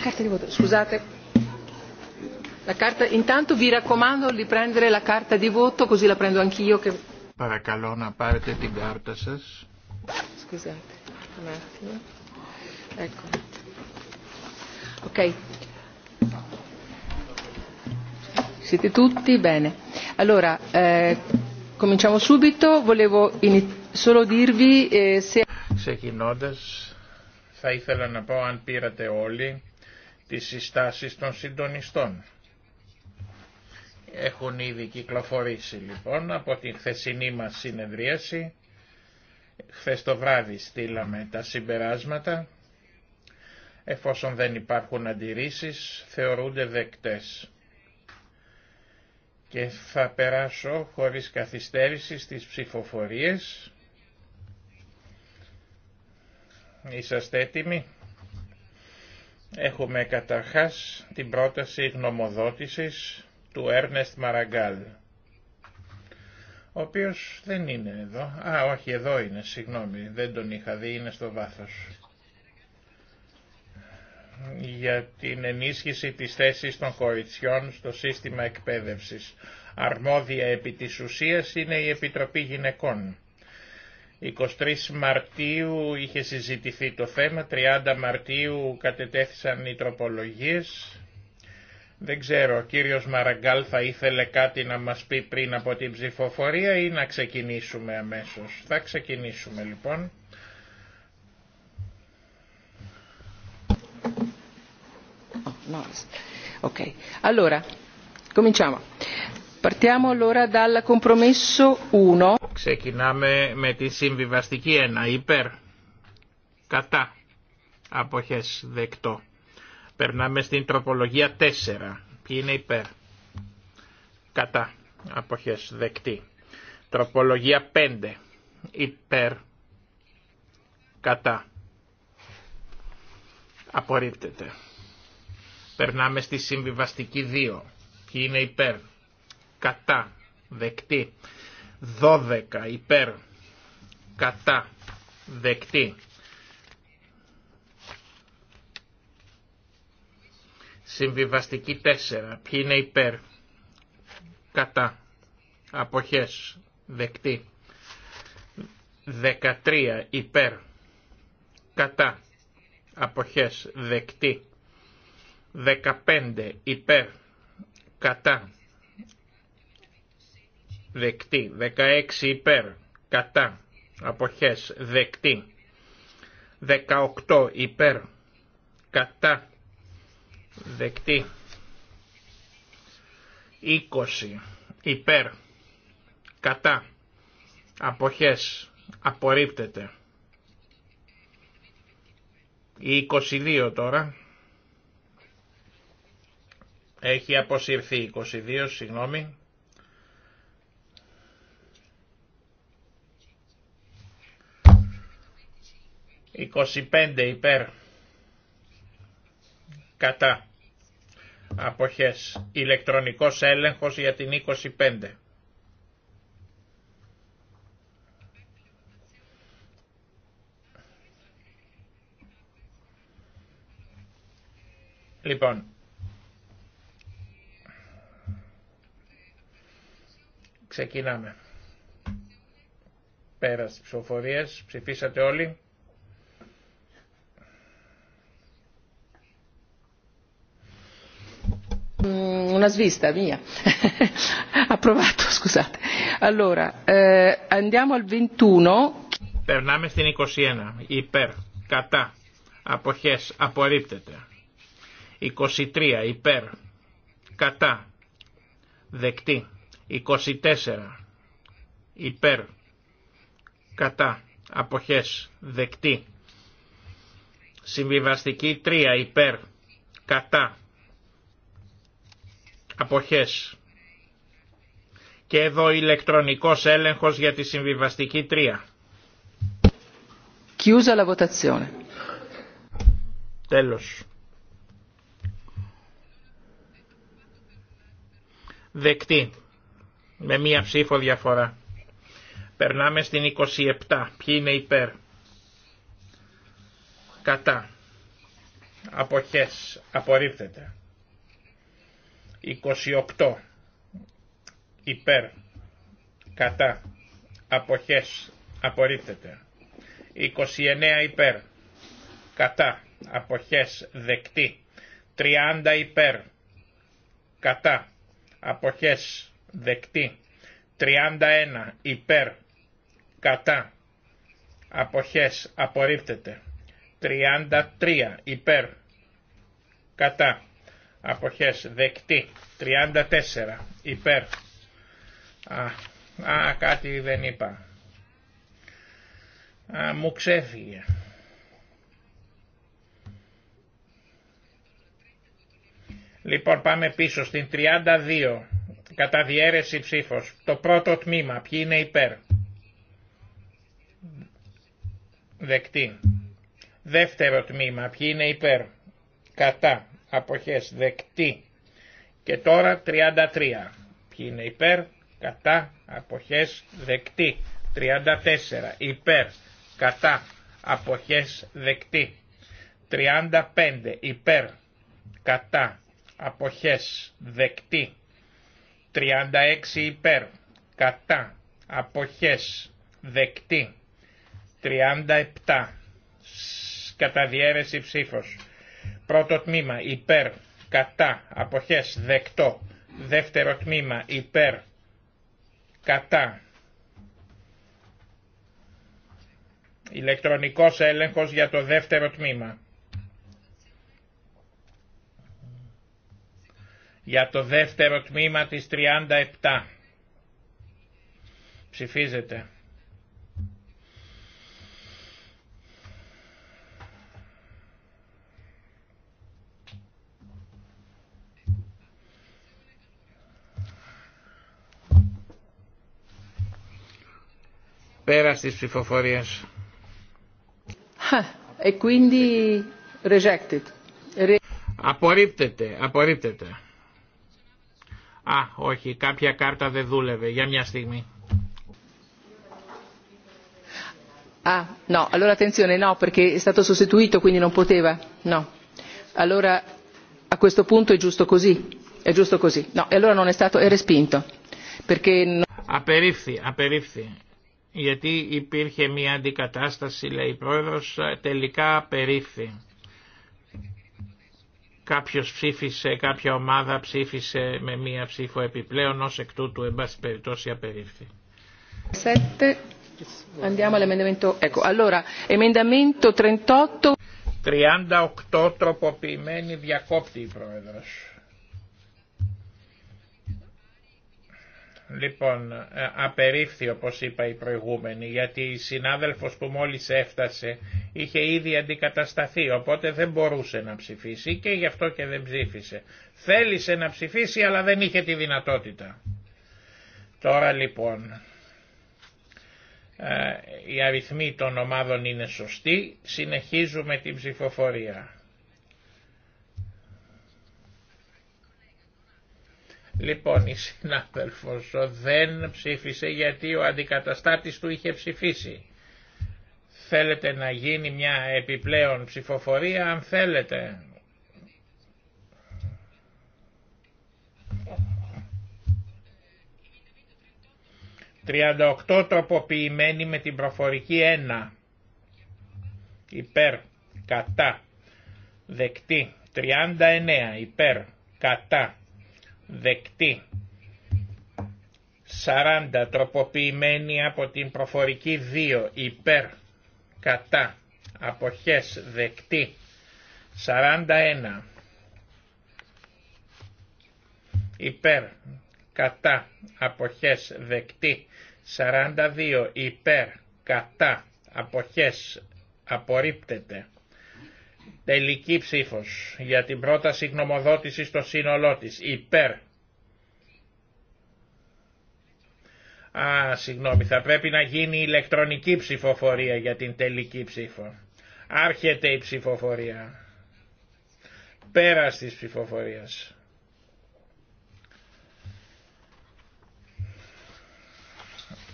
carta di voto, scusate. La carta... Intanto vi raccomando di prendere la carta di voto, così la prendo anch'io. Che... Παρακαλώ να πάρετε την κάρτα σας. Scusate, un attimo. Ecco. Ok. Siete tutti? Bene. Allora, eh, cominciamo subito. Volevo solo dirvi eh, se... Ξεκινώντας, θα ήθελα να πω αν πήρατε όλοι τις συστάσεις των συντονιστών. Έχουν ήδη κυκλοφορήσει λοιπόν από την χθεσινή μας συνεδρίαση. Χθες το βράδυ στείλαμε τα συμπεράσματα. Εφόσον δεν υπάρχουν αντιρρήσεις, θεωρούνται δεκτές. Και θα περάσω χωρίς καθυστέρηση στις ψηφοφορίες. Είσαστε έτοιμοι. Έχουμε καταρχάς την πρόταση γνωμοδότησης του Έρνεστ Μαραγκάλ, ο οποίος δεν είναι εδώ. Α, όχι, εδώ είναι, συγγνώμη, δεν τον είχα δει, είναι στο βάθος. Για την ενίσχυση της θέσης των κοριτσιών στο σύστημα εκπαίδευσης. Αρμόδια επί της ουσίας είναι η Επιτροπή Γυναικών. 23 Μαρτίου είχε συζητηθεί το θέμα, 30 Μαρτίου κατετέθησαν οι τροπολογίες. Δεν ξέρω, ο κύριος Μαραγκάλ θα ήθελε κάτι να μας πει πριν από την ψηφοφορία ή να ξεκινήσουμε αμέσως. Θα ξεκινήσουμε λοιπόν. Okay. Allora, cominciamo. Partiamo allora dal compromesso 1. Ξεκινάμε με τη συμβιβαστική 1. Υπέρ. Κατά. Αποχές δεκτό. Περνάμε στην τροπολογία 4. Ποιοι είναι υπέρ. Κατά. Αποχές δεκτή. Τροπολογία 5. Υπέρ. Κατά. Απορρίπτεται. Περνάμε στη συμβιβαστική 2. Ποιοι είναι υπέρ. Κατά. Δεκτή. 12 υπέρ κατά δεκτή. Συμβιβαστική 4. Ποιοι είναι υπέρ. Κατά. Αποχές. Δεκτή. 13. Υπέρ. Κατά. Αποχές. Δεκτή. 15. Υπέρ. Κατά δεκτή. 16 υπέρ, κατά, αποχές, δεκτή. 18 υπέρ, κατά, δεκτή. 20 υπέρ, κατά, αποχές, απορρίπτεται. 22 τώρα. Έχει αποσυρθεί 22, συγγνώμη. 25 υπέρ κατά αποχές ηλεκτρονικός έλεγχος για την 25 Λοιπόν, ξεκινάμε. Πέρας ψηφοφορίες ψηφίσατε όλοι. una svista mia approvato scusate allora eh, andiamo al 21 περνάμε στην 21 υπέρ κατά αποχές απορρίπτεται 23 υπέρ κατά δεκτή 24 υπέρ κατά αποχές δεκτή συμβιβαστική 3 υπέρ κατά Αποχές. Και εδώ ηλεκτρονικός έλεγχος για τη συμβιβαστική 3. Chiusa la Τέλος. Δεκτή. Με μία ψήφο διαφορά. Περνάμε στην 27. Ποιοι είναι υπέρ. Κατά. Αποχές. Απορρίπτεται. 28 υπέρ κατά αποχές απορρίπτεται 29 υπέρ κατά αποχές δεκτή 30 υπέρ κατά αποχές δεκτή 31 υπέρ κατά αποχές απορρίπτεται 33 υπέρ κατά αποχές δεκτή 34 υπέρ α, κάτι δεν είπα α, μου ξέφυγε λοιπόν πάμε πίσω στην 32 κατά διέρεση ψήφος το πρώτο τμήμα ποιοι είναι υπέρ δεκτή δεύτερο τμήμα ποιοι είναι υπέρ κατά αποχές δεκτή. Και τώρα 33. Ποιοι είναι υπέρ, κατά, αποχές δεκτή. 34. Υπέρ, κατά, αποχές δεκτή. 35. Υπέρ, κατά, αποχές δεκτή. 36. Υπέρ, κατά, αποχές δεκτή. 37. Κατά διέρεση ψήφος. Πρώτο τμήμα υπέρ κατά αποχές δεκτό. Δεύτερο τμήμα υπέρ κατά ηλεκτρονικός έλεγχος για το δεύτερο τμήμα. Για το δεύτερο τμήμα της 37. Ψηφίζεται. Πέρα στις ψηφοφορίες. E quindi rejected. Απορρίπτεται, απορρίπτεται. Α, όχι, κάποια κάρτα δεν δούλευε, για μια στιγμή. Α, no, allora attenzione, no, perché è stato sostituito, quindi non poteva, no. Allora, a questo punto è giusto così, è giusto così. No, e allora non è stato, è respinto. Perché... Απερίφθη, απερίφθη γιατί υπήρχε μια αντικατάσταση, λέει η πρόεδρος, τελικά απερίφθη. Κάποιος ψήφισε, κάποια ομάδα ψήφισε με μία ψήφο επιπλέον, ως εκ τούτου, εν πάση περιπτώσει, απερίφθη. Andiamo all'emendamento. Ecco, allora, 38. 38 διακόπτη η Πρόεδρος. Λοιπόν, ε, απερίφθη όπως είπα η προηγούμενη, γιατί η συνάδελφος που μόλις έφτασε είχε ήδη αντικατασταθεί, οπότε δεν μπορούσε να ψηφίσει και γι' αυτό και δεν ψήφισε. Θέλησε να ψηφίσει αλλά δεν είχε τη δυνατότητα. Τώρα λοιπόν, ε, οι αριθμοί των ομάδων είναι σωστοί, συνεχίζουμε την ψηφοφορία. Λοιπόν, η συνάδελφος δεν ψήφισε γιατί ο αντικαταστάτης του είχε ψηφίσει. Θέλετε να γίνει μια επιπλέον ψηφοφορία αν θέλετε. «38 τροποποιημένη με την προφορική 1» υπέρ, κατά, δεκτή, 39, υπέρ, κατά, δεκτή. 40 τροποποιημένη από την προφορική 2 υπέρ κατά αποχές δεκτή. 41 υπέρ κατά αποχές δεκτή. 42 υπέρ κατά αποχές απορρίπτεται. Τελική ψήφος για την πρόταση γνωμοδότηση στο σύνολό της. Υπέρ. Α, συγγνώμη, θα πρέπει να γίνει ηλεκτρονική ψηφοφορία για την τελική ψήφο. Άρχεται η ψηφοφορία. Πέρας της ψηφοφορίας.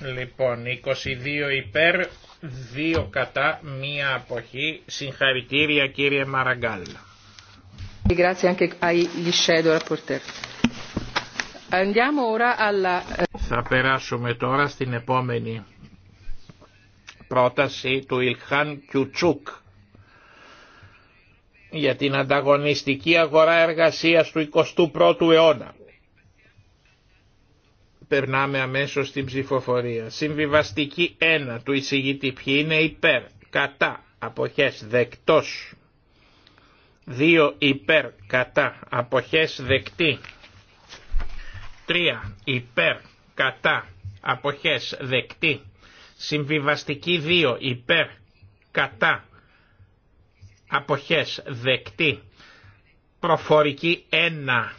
Λοιπόν, 22 υπέρ, Δύο κατά, μία αποχή. Συγχαρητήρια κύριε Μαραγκάλ. Θα περάσουμε τώρα στην επόμενη πρόταση του Ιλχάν Κιουτσούκ για την ανταγωνιστική αγορά εργασίας του 21ου αιώνα. Περνάμε αμέσως στην ψηφοφορία. Συμβιβαστική 1 του εισηγητή. Ποιοι είναι υπέρ, κατά, αποχές, δεκτός. 2 υπέρ, κατά, αποχές, δεκτή. 3 υπέρ, κατά, αποχές, δεκτή. Συμβιβαστική 2 υπέρ, κατά, αποχές, δεκτή. Προφορική 1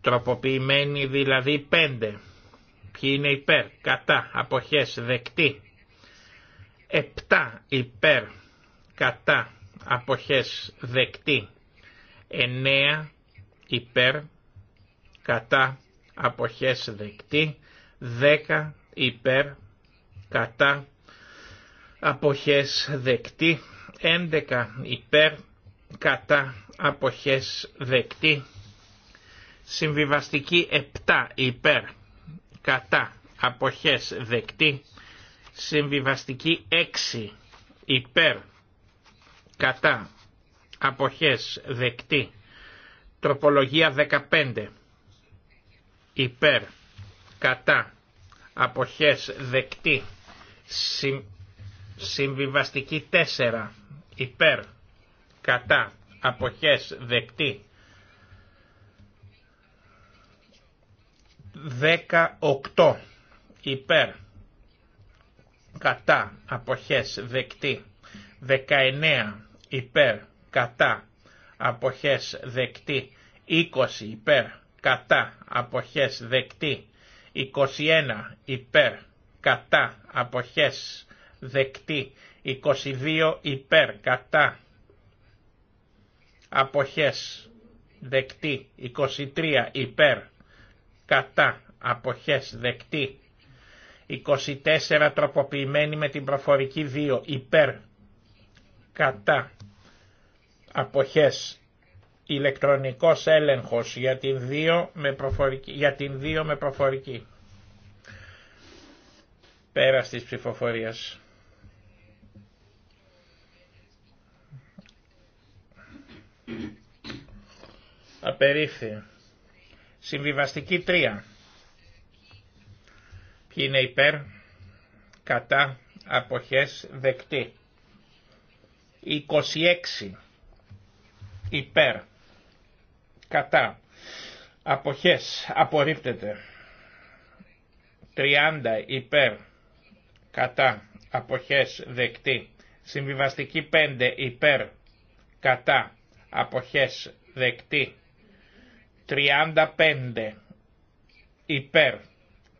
Τροποποιημένοι δηλαδή 5, ποιοι είναι υπέρ, κατά, αποχές, δεκτή, 7 υπέρ, κατά, αποχές, δεκτή, 9 υπέρ, κατά, αποχές, δεκτή, 10 υπέρ, κατά, αποχές, δεκτή, 11 υπέρ, κατά, αποχές, δεκτή, Συμβιβαστική 7 υπέρ κατά αποχές δεκτή. Συμβιβαστική 6 υπέρ κατά αποχές δεκτή. Τροπολογία 15 υπέρ κατά αποχές δεκτή. Συμ, συμβιβαστική 4 υπέρ κατά αποχές δεκτή 18 υπέρ κατά αποχές δεκτή 19 υπέρ κατά αποχές δεκτή 20 υπέρ κατά αποχές δεκτή 21 υπέρ κατά αποχές δεκτή 22 υπέρ κατά αποχές δεκτή 23 υπέρ κατά, αποχές, δεκτή. 24 τροποποιημένη με την προφορική 2, υπέρ, κατά, αποχές, ηλεκτρονικός έλεγχος για την 2 με προφορική. Για την 2 με προφορική. Πέρα της ψηφοφορίας. Απερίφθη. Συμβιβαστική 3. Ποιοι είναι υπέρ, κατά, αποχές, δεκτή. 26. Υπέρ, κατά, αποχές, απορρίπτεται. 30. Υπέρ, κατά, αποχές, δεκτή. Συμβιβαστική 5. Υπέρ, κατά, αποχές, δεκτή. 35 υπέρ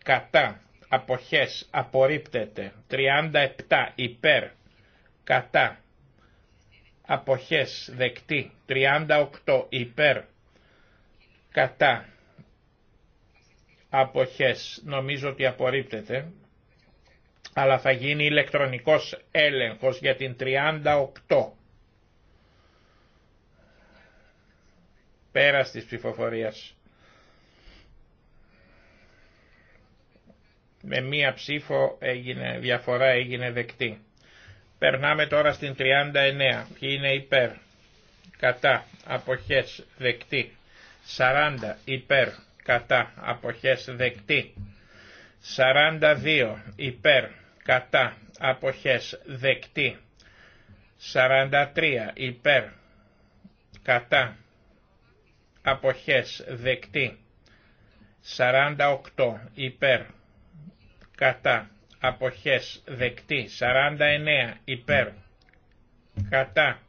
κατά αποχές απορρίπτεται 37 υπέρ κατά αποχές δεκτή 38 υπέρ κατά αποχές νομίζω ότι απορρίπτεται αλλά θα γίνει ηλεκτρονικός έλεγχος για την 38 Πέραστης της ψηφοφορίας. Με μία ψήφο έγινε, διαφορά έγινε δεκτή. Περνάμε τώρα στην 39. Ποιοι είναι υπέρ. Κατά. Αποχές. Δεκτή. 40. Υπέρ. Κατά. Αποχές. Δεκτή. 42. Υπέρ. Κατά. Αποχές. Δεκτή. 43. Υπέρ. Κατά αποχές δεκτή 48 υπέρ κατά αποχές δεκτή 49 υπέρ κατά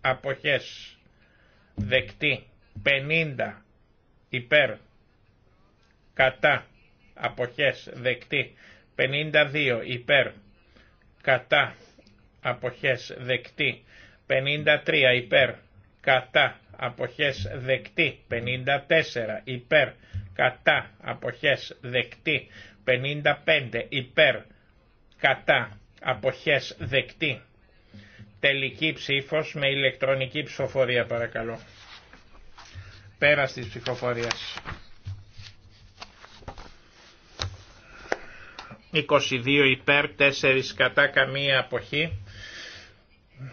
αποχές δεκτή 50 υπέρ κατά αποχές δεκτή 52 υπέρ κατά αποχές δεκτή 53 υπέρ κατά αποχές δεκτή 54 υπέρ κατά αποχές δεκτή 55 υπέρ κατά αποχές δεκτή τελική ψήφος με ηλεκτρονική ψηφοφορία παρακαλώ πέρα της ψηφοφορίας 22 υπέρ 4 κατά καμία αποχή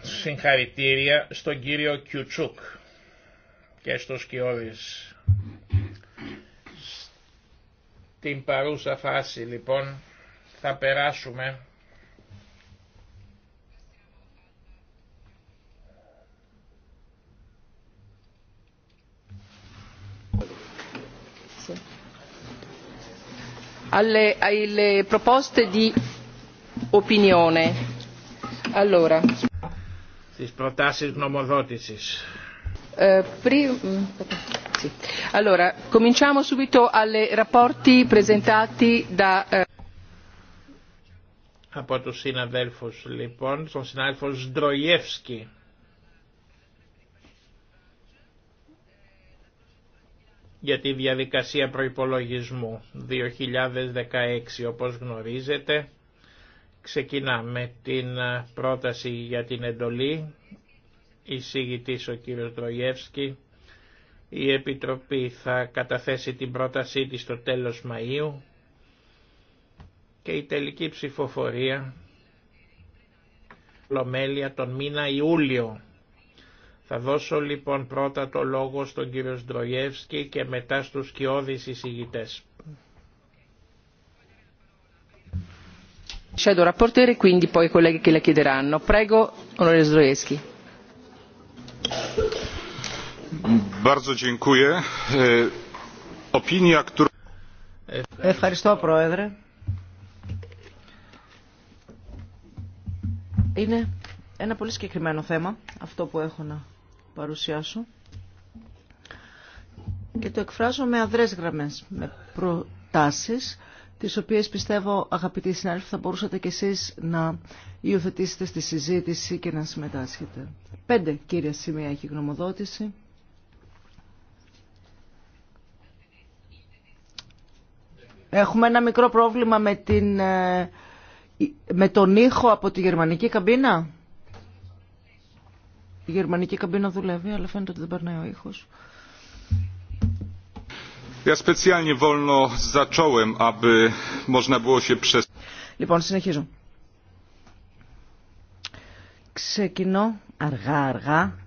συγχαρητήρια στον κύριο Κιουτσούκ και στο Σκιώδης. Στην παρούσα φάση λοιπόν θα περάσουμε alle, alle proposte di opinione. Allora. Στις προτάσεις γνωμοδότησης. Eh, mm, allora, cominciamo subito alle rapporti presentati da... Eh, Από τους συναδέλφους λοιπόν, τον συνάδελφο Σντροιεύσκη. για τη διαδικασία προϋπολογισμού 2016 όπως γνωρίζετε. Ξεκινάμε την ε, πρόταση για την εντολή εισηγητής ο κύριος Δρογεύσκη. Η Επιτροπή θα καταθέσει την πρότασή της στο τέλος Μαΐου και η τελική ψηφοφορία λομέλια τον μήνα Ιούλιο. Θα δώσω λοιπόν πρώτα το λόγο στον κύριο Σντρογεύσκη και μετά στους κοιόδης εισηγητές. Shadow rapporteur e quindi poi i colleghi che E, Ευχαριστώ, Πρόεδρε. Είναι ένα πολύ συγκεκριμένο θέμα αυτό που έχω να παρουσιάσω και το εκφράζω με αδρές γραμμές, με προτάσεις τις οποίες πιστεύω αγαπητοί συνάδελφοι θα μπορούσατε κι εσείς να υιοθετήσετε στη συζήτηση και να συμμετάσχετε. Πέντε κύρια σημεία έχει γνωμοδότηση. Έχουμε ένα μικρό πρόβλημα με, την, ε, με τον ήχο από τη γερμανική καμπίνα. Η γερμανική καμπίνα δουλεύει, αλλά φαίνεται ότι δεν περνάει ο ήχος. Λοιπόν, συνεχίζω. Ξεκινώ αργά-αργά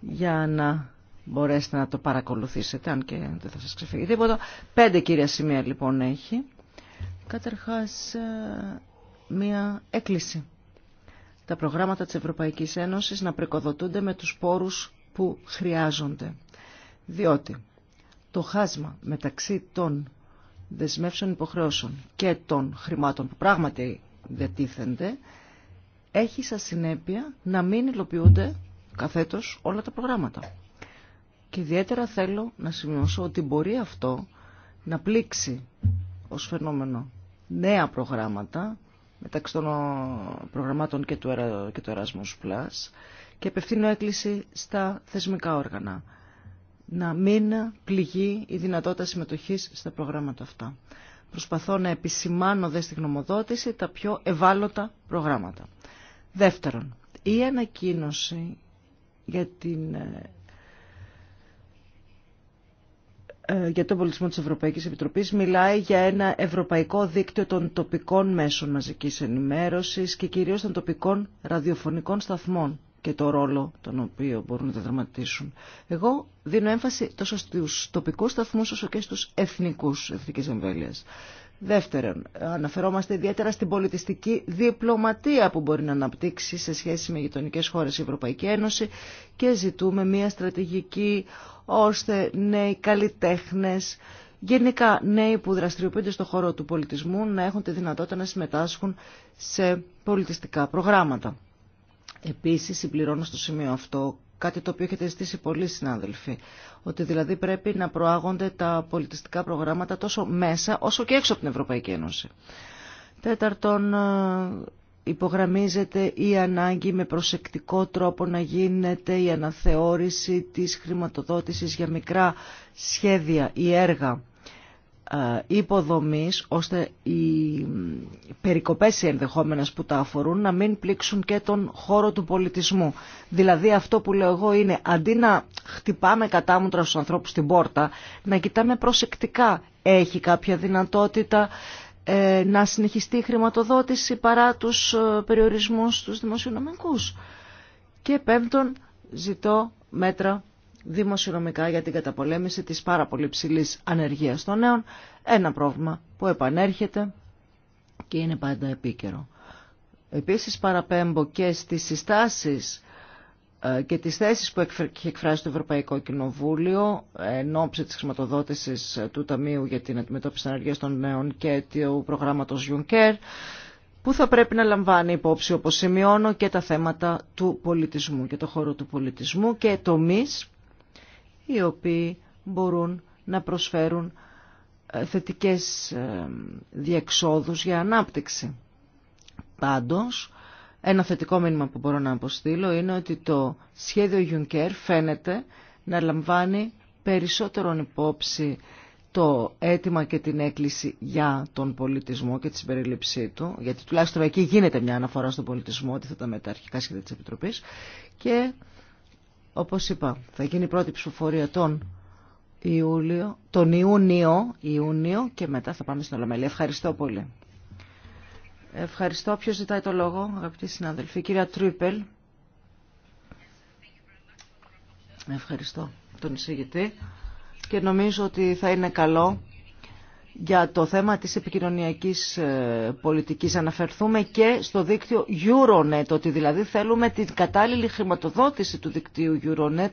για να μπορέσετε να το παρακολουθήσετε, αν και δεν θα σας ξεφύγει τίποτα. Πέντε κύρια σημεία λοιπόν έχει. Καταρχάς, ε, μία έκκληση. Τα προγράμματα της Ευρωπαϊκής Ένωσης να πρεκοδοτούνται με τους πόρους που χρειάζονται. Διότι το χάσμα μεταξύ των δεσμεύσεων υποχρεώσεων και των χρημάτων που πράγματι διατίθενται έχει σαν συνέπεια να μην υλοποιούνται καθέτος όλα τα προγράμματα. Και ιδιαίτερα θέλω να σημειώσω ότι μπορεί αυτό να πλήξει ως φαινόμενο νέα προγράμματα μεταξύ των ε, προγραμμάτων και του, και του Erasmus Plus και απευθύνω έκκληση στα θεσμικά όργανα να μην πληγεί η δυνατότητα συμμετοχής στα προγράμματα αυτά. Προσπαθώ να επισημάνω δε στη γνωμοδότηση τα πιο ευάλωτα προγράμματα. Δεύτερον, η ανακοίνωση για την ε, ε, τον πολιτισμό της Ευρωπαϊκής Επιτροπής μιλάει για ένα ευρωπαϊκό δίκτυο των τοπικών μέσων μαζικής ενημέρωσης και κυρίως των τοπικών ραδιοφωνικών σταθμών και το ρόλο τον οποίο μπορούν να δραματίσουν. Εγώ δίνω έμφαση τόσο στους τοπικούς σταθμούς όσο και στους εθνικούς εθνικής εμβέλειας. Δεύτερον, αναφερόμαστε ιδιαίτερα στην πολιτιστική διπλωματία που μπορεί να αναπτύξει σε σχέση με γειτονικές χώρες η Ευρωπαϊκή Ένωση και ζητούμε μια στρατηγική ώστε νέοι καλλιτέχνες, γενικά νέοι που δραστηριοποιούνται στον χώρο του πολιτισμού να έχουν τη δυνατότητα να συμμετάσχουν σε πολιτιστικά προγράμματα. Επίσης, συμπληρώνω στο σημείο αυτό κάτι το οποίο έχετε ζητήσει πολλοί συνάδελφοι. Ότι δηλαδή πρέπει να προάγονται τα πολιτιστικά προγράμματα τόσο μέσα όσο και έξω από την Ευρωπαϊκή Ένωση. Τέταρτον, ε, υπογραμμίζεται η ανάγκη με προσεκτικό τρόπο να γίνεται η αναθεώρηση της χρηματοδότησης για μικρά σχέδια ή έργα ε, υποδομής ώστε οι περικοπές οι ενδεχόμενες που τα αφορούν να μην πλήξουν και τον χώρο του πολιτισμού. Δηλαδή αυτό που λέω εγώ είναι αντί να χτυπάμε κατάμουτρα στους ανθρώπους στην πόρτα να κοιτάμε προσεκτικά έχει κάποια δυνατότητα ε, να συνεχιστεί η χρηματοδότηση παρά τους ε, περιορισμούς τους δημοσιονομικούς. Και πέμπτον ζητώ μέτρα δημοσιονομικά για την καταπολέμηση της πάρα πολύ ψηλής ανεργίας των νέων, ένα πρόβλημα που επανέρχεται και είναι πάντα επίκαιρο. Επίσης παραπέμπω και στις συστάσεις ε, και τις θέσεις που έχει εκφράσει το Ευρωπαϊκό Κοινοβούλιο εν ώψη της χρηματοδότησης του Ταμείου για την Αντιμετώπιση της Ανεργίας των Νέων και του προγράμματος Juncker που θα πρέπει να λαμβάνει υπόψη όπως σημειώνω και τα θέματα του πολιτισμού και το χώρο του πολιτισμού και τομείς οι οποίοι μπορούν να προσφέρουν ε, θετικές ε, διεξόδους για ανάπτυξη. Πάντως, ένα θετικό μήνυμα που μπορώ να αποστείλω είναι ότι το σχέδιο Juncker φαίνεται να λαμβάνει περισσότερον υπόψη το αίτημα και την έκκληση για τον πολιτισμό και τη συμπερίληψή του, γιατί τουλάχιστον εκεί γίνεται μια αναφορά στον πολιτισμό, ότι θα τα μεταρχικά σχέδια της Επιτροπής, και όπως είπα, θα γίνει η πρώτη ψηφοφορία τον τον Ιούνιο, Ιούνιο και μετά θα πάμε στην ολομέλη. Ευχαριστώ πολύ. Ευχαριστώ. Ποιος ζητάει το λόγο, αγαπητοί συνάδελφοι. κυρία Τρίπελ. Ευχαριστώ τον εισηγητή και νομίζω ότι θα είναι καλό για το θέμα της επικοινωνιακής ε, πολιτικής. Αναφερθούμε και στο δίκτυο Euronet, ότι δηλαδή θέλουμε την κατάλληλη χρηματοδότηση του δικτύου Euronet.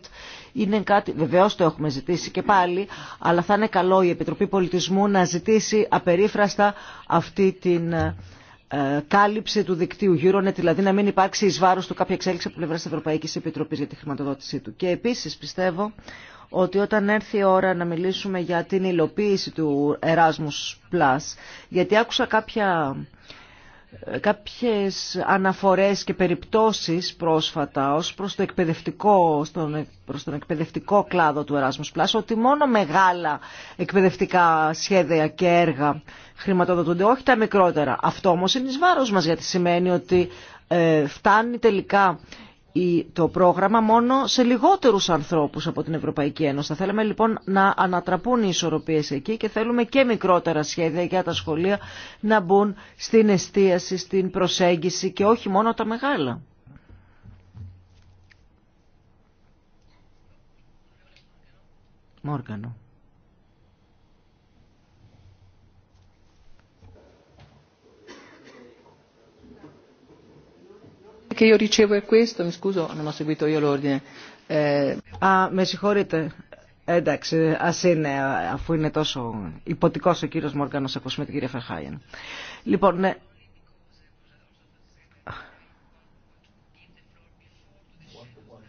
Είναι κάτι, βεβαίως το έχουμε ζητήσει και πάλι, αλλά θα είναι καλό η Επιτροπή Πολιτισμού να ζητήσει απερίφραστα αυτή την ε, ε, κάλυψη του δικτύου Euronet, δηλαδή να μην υπάρξει εις βάρος του κάποια εξέλιξη από πλευράς της Ευρωπαϊκής Επιτροπής για τη χρηματοδότησή του. Και επίσης πιστεύω ότι όταν έρθει η ώρα να μιλήσουμε για την υλοποίηση του Erasmus Plus, γιατί άκουσα κάποια, ε, κάποιες αναφορές και περιπτώσεις πρόσφατα ως προς, το εκπαιδευτικό, στον, προς τον εκπαιδευτικό κλάδο του Erasmus Plus, ότι μόνο μεγάλα εκπαιδευτικά σχέδια και έργα χρηματοδοτούνται, όχι τα μικρότερα. Αυτό όμως είναι εις βάρος μας, γιατί σημαίνει ότι ε, φτάνει τελικά το πρόγραμμα μόνο σε λιγότερους ανθρώπους από την Ευρωπαϊκή Ένωση. θέλουμε θέλαμε λοιπόν να ανατραπούν οι ισορροπίες εκεί και θέλουμε και μικρότερα σχέδια για τα σχολεία να μπουν στην εστίαση, στην προσέγγιση και όχι μόνο τα μεγάλα. Μόργανο. che io ricevo è questo, mi scuso, non ho seguito io l'ordine. Eh, με συγχωρείτε. Εντάξει, α είναι, αφού είναι τόσο υποτικό ο κύριο Μόργαν, να ακούσουμε την κυρία Φερχάιεν. Λοιπόν, ναι.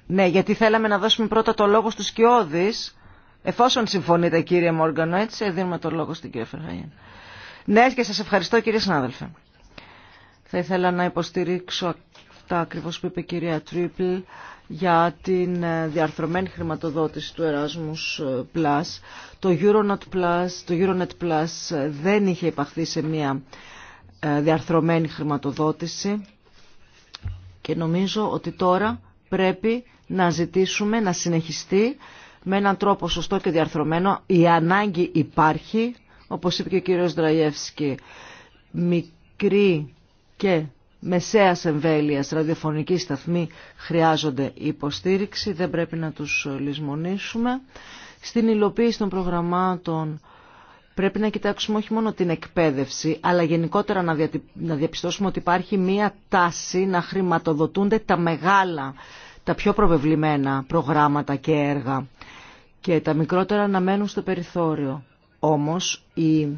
Ναι, γιατί θέλαμε να δώσουμε πρώτα το λόγο στους Σκιώδης. Εφόσον συμφωνείτε κύριε Μόργαν έτσι δίνουμε το λόγο στην κυρία Φερχάιεν. Ναι, και σας ευχαριστώ κύριε συνάδελφε. Θα ήθελα να υποστηρίξω αυτά ακριβώς που είπε η κυρία Τρίπλ για την ε, διαρθρωμένη χρηματοδότηση του Erasmus ε, Plus. Το Euronet Plus, το Euronet Plus ε, δεν είχε υπαχθεί σε μια διαρθρωμένη χρηματοδότηση και νομίζω ότι τώρα πρέπει να ζητήσουμε να συνεχιστεί με έναν τρόπο σωστό και διαρθρωμένο. Η ανάγκη υπάρχει, όπως είπε και ο κύριος Δραγεύσκη, μικρή και μεσαίας εμβέλειας ραδιοφωνική σταθμή χρειάζονται υποστήριξη, δεν πρέπει να τους λησμονήσουμε. Στην υλοποίηση των προγραμμάτων πρέπει να κοιτάξουμε όχι μόνο την εκπαίδευση, αλλά γενικότερα να διαπιστώσουμε ότι υπάρχει μία τάση να χρηματοδοτούνται τα μεγάλα, τα πιο προβεβλημένα προγράμματα και έργα και τα μικρότερα να μένουν στο περιθώριο. Όμως η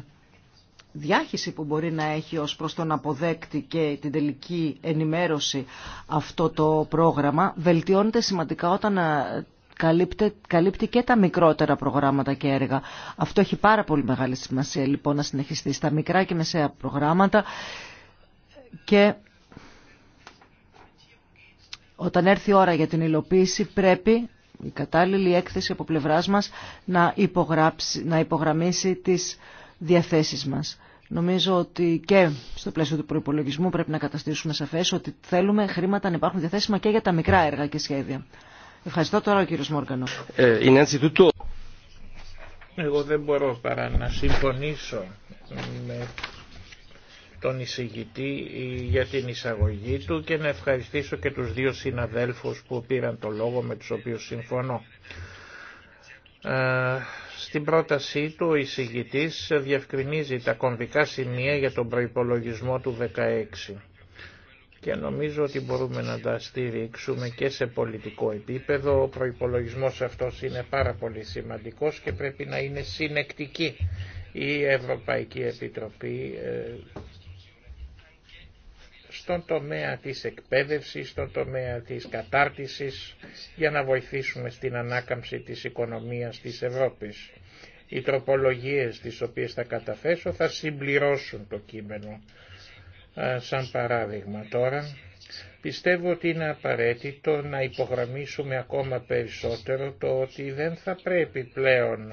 διάχυση που μπορεί να έχει ως προς τον αποδέκτη και την τελική ενημέρωση αυτό το πρόγραμμα βελτιώνεται σημαντικά όταν ε, καλύπτει και τα μικρότερα προγράμματα και έργα. Αυτό έχει πάρα πολύ μεγάλη σημασία λοιπόν να συνεχιστεί στα μικρά και μεσαία προγράμματα και όταν έρθει η ώρα για την υλοποίηση πρέπει η κατάλληλη έκθεση από πλευράς μας να, υπογράψει, να υπογραμμίσει τις διαθέσεις μας. Νομίζω ότι και στο πλαίσιο του προπολογισμού πρέπει να καταστήσουμε σαφές ότι θέλουμε χρήματα να υπάρχουν διαθέσιμα και για τα μικρά έργα και σχέδια. Ευχαριστώ τώρα ο κύριο Μόργανο. Ε, Εγώ δεν μπορώ παρά να συμφωνήσω με τον εισηγητή για την εισαγωγή του και να ευχαριστήσω και τους δύο συναδέλφους που πήραν το λόγο με τους οποίους συμφωνώ. Ε, στην πρότασή του ο εισηγητής διευκρινίζει τα κομβικά σημεία για τον προϋπολογισμό του 16 και νομίζω ότι μπορούμε να τα στηρίξουμε και σε πολιτικό επίπεδο. Ο προϋπολογισμός αυτός είναι πάρα πολύ σημαντικός και πρέπει να είναι συνεκτική η Ευρωπαϊκή Επιτροπή ε, στον τομέα της εκπαίδευσης, στον τομέα της κατάρτισης για να βοηθήσουμε στην ανάκαμψη της οικονομίας της Ευρώπης. Οι τροπολογίες τις οποίες θα καταθέσω θα συμπληρώσουν το κείμενο. Σαν παράδειγμα τώρα, πιστεύω ότι είναι απαραίτητο να υπογραμμίσουμε ακόμα περισσότερο το ότι δεν θα πρέπει πλέον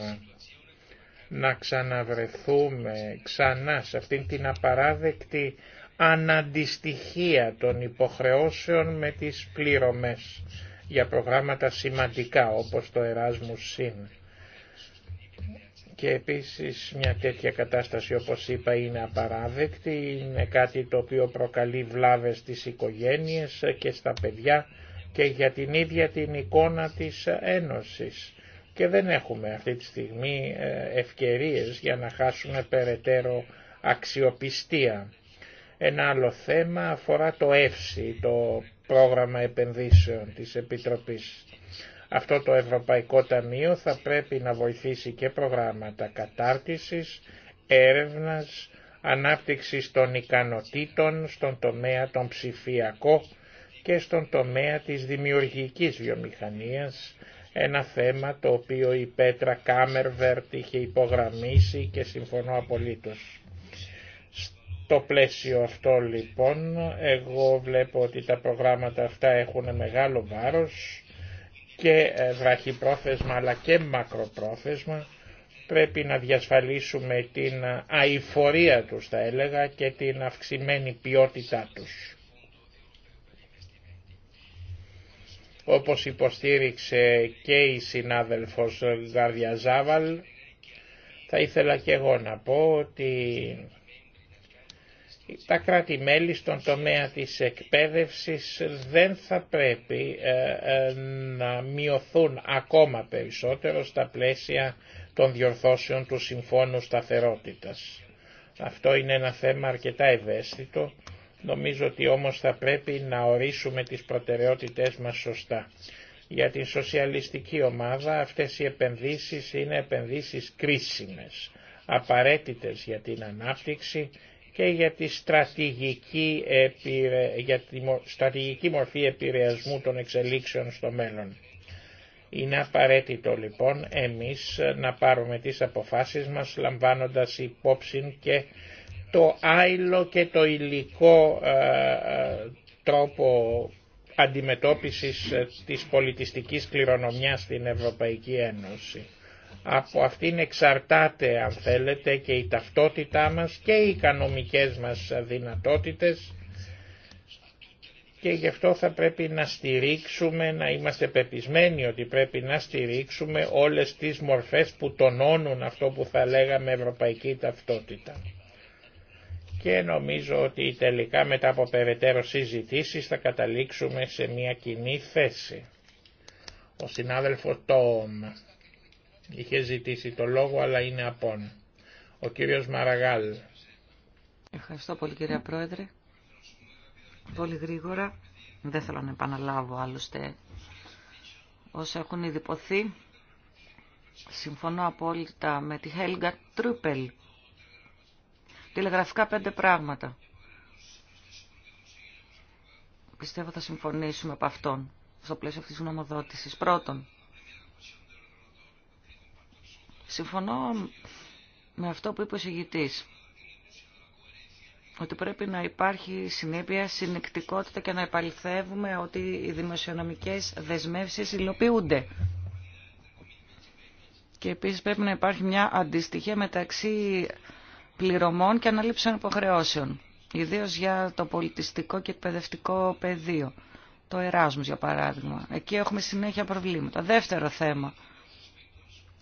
να ξαναβρεθούμε ξανά σε αυτήν την απαράδεκτη αναντιστοιχεία των υποχρεώσεων με τις πληρωμές για προγράμματα σημαντικά όπως το Erasmus Συν. Και επίσης μια τέτοια κατάσταση όπως είπα είναι απαράδεκτη, είναι κάτι το οποίο προκαλεί βλάβες στις οικογένειες και στα παιδιά και για την ίδια την εικόνα της Ένωσης. Και δεν έχουμε αυτή τη στιγμή ε, ευκαιρίες για να χάσουμε περαιτέρω αξιοπιστία. Ένα άλλο θέμα αφορά το ΕΦΣΙ, το πρόγραμμα επενδύσεων της Επιτροπής. Αυτό το Ευρωπαϊκό Ταμείο θα πρέπει να βοηθήσει και προγράμματα κατάρτισης, έρευνας, ανάπτυξης των ικανοτήτων στον τομέα των ψηφιακό και στον τομέα της δημιουργικής βιομηχανίας, ένα θέμα το οποίο η Πέτρα Κάμερβερτ είχε υπογραμμίσει και συμφωνώ απολύτως το πλαίσιο αυτό λοιπόν εγώ βλέπω ότι τα προγράμματα αυτά έχουν μεγάλο βάρος και ε, βραχυπρόθεσμα αλλά και μακροπρόθεσμα πρέπει να διασφαλίσουμε την αηφορία τους θα έλεγα και την αυξημένη ποιότητά τους. Όπως υποστήριξε και η συνάδελφος Ζάβαλ θα ήθελα και εγώ να πω ότι τα κράτη-μέλη στον τομέα της εκπαίδευσης δεν θα πρέπει ε, ε, να μειωθούν ακόμα περισσότερο στα πλαίσια των διορθώσεων του Συμφώνου Σταθερότητας. Αυτό είναι ένα θέμα αρκετά ευαίσθητο, νομίζω ότι όμως θα πρέπει να ορίσουμε τις προτεραιότητές μας σωστά. Για την σοσιαλιστική ομάδα αυτές οι επενδύσεις είναι επενδύσεις κρίσιμες, απαραίτητες για την ανάπτυξη και για τη στρατηγική, για μορφή επηρεασμού των εξελίξεων στο μέλλον. Είναι απαραίτητο λοιπόν εμείς να πάρουμε τις αποφάσεις μας λαμβάνοντας υπόψη και το άειλο και το υλικό ε, ε, τρόπο αντιμετώπισης ε, της πολιτιστικής κληρονομιάς στην Ευρωπαϊκή Ένωση από αυτήν εξαρτάται αν θέλετε και η ταυτότητά μας και οι οικονομικές μας δυνατότητες και γι' αυτό θα πρέπει να στηρίξουμε, να είμαστε πεπισμένοι ότι πρέπει να στηρίξουμε όλες τις μορφές που τονώνουν αυτό που θα λέγαμε ευρωπαϊκή ταυτότητα. Και νομίζω ότι τελικά μετά από περαιτέρω συζητήσεις θα καταλήξουμε σε μια κοινή θέση. Ο συνάδελφος Τόμ. Είχε ζητήσει το λόγο αλλά είναι απόν. Ο κύριος Μαραγάλ. Ευχαριστώ πολύ κυρία Πρόεδρε. Πολύ γρήγορα. Δεν θέλω να επαναλάβω άλλωστε όσα έχουν ειδηποθεί. Συμφωνώ απόλυτα με τη Χέλγκα Τρούπελ. Τηλεγραφικά πέντε πράγματα. Πιστεύω θα συμφωνήσουμε από αυτόν στο πλαίσιο αυτής της νομοδότησης. Πρώτον, Συμφωνώ με αυτό που είπε ο συγητής, ότι πρέπει να υπάρχει συνέπεια, συνεκτικότητα και να επαληθεύουμε ότι οι δημοσιονομικές δεσμεύσεις υλοποιούνται. Και επίσης πρέπει να υπάρχει μια αντιστοιχεία μεταξύ πληρωμών και αναλήψεων υποχρεώσεων, ιδίως για το πολιτιστικό και εκπαιδευτικό πεδίο. Το Εράσμος, για παράδειγμα. Εκεί έχουμε συνέχεια προβλήματα. Δεύτερο θέμα,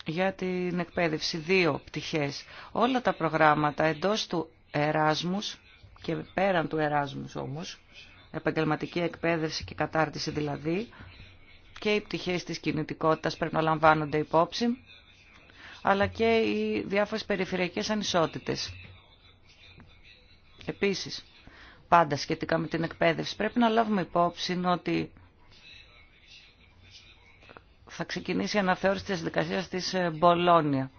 για την εκπαίδευση. Δύο πτυχές. Όλα τα προγράμματα εντός του Εράσμους και πέραν του Εράσμους όμως, επαγγελματική εκπαίδευση και κατάρτιση δηλαδή, και οι πτυχές της κινητικότητας πρέπει να λαμβάνονται υπόψη, αλλά και οι διάφορες περιφερειακές ανισότητες. Επίσης, πάντα σχετικά με την εκπαίδευση, πρέπει να λάβουμε υπόψη ότι θα ξεκινήσει η αναθεώρηση της δικασίας της ε, Μπολόνια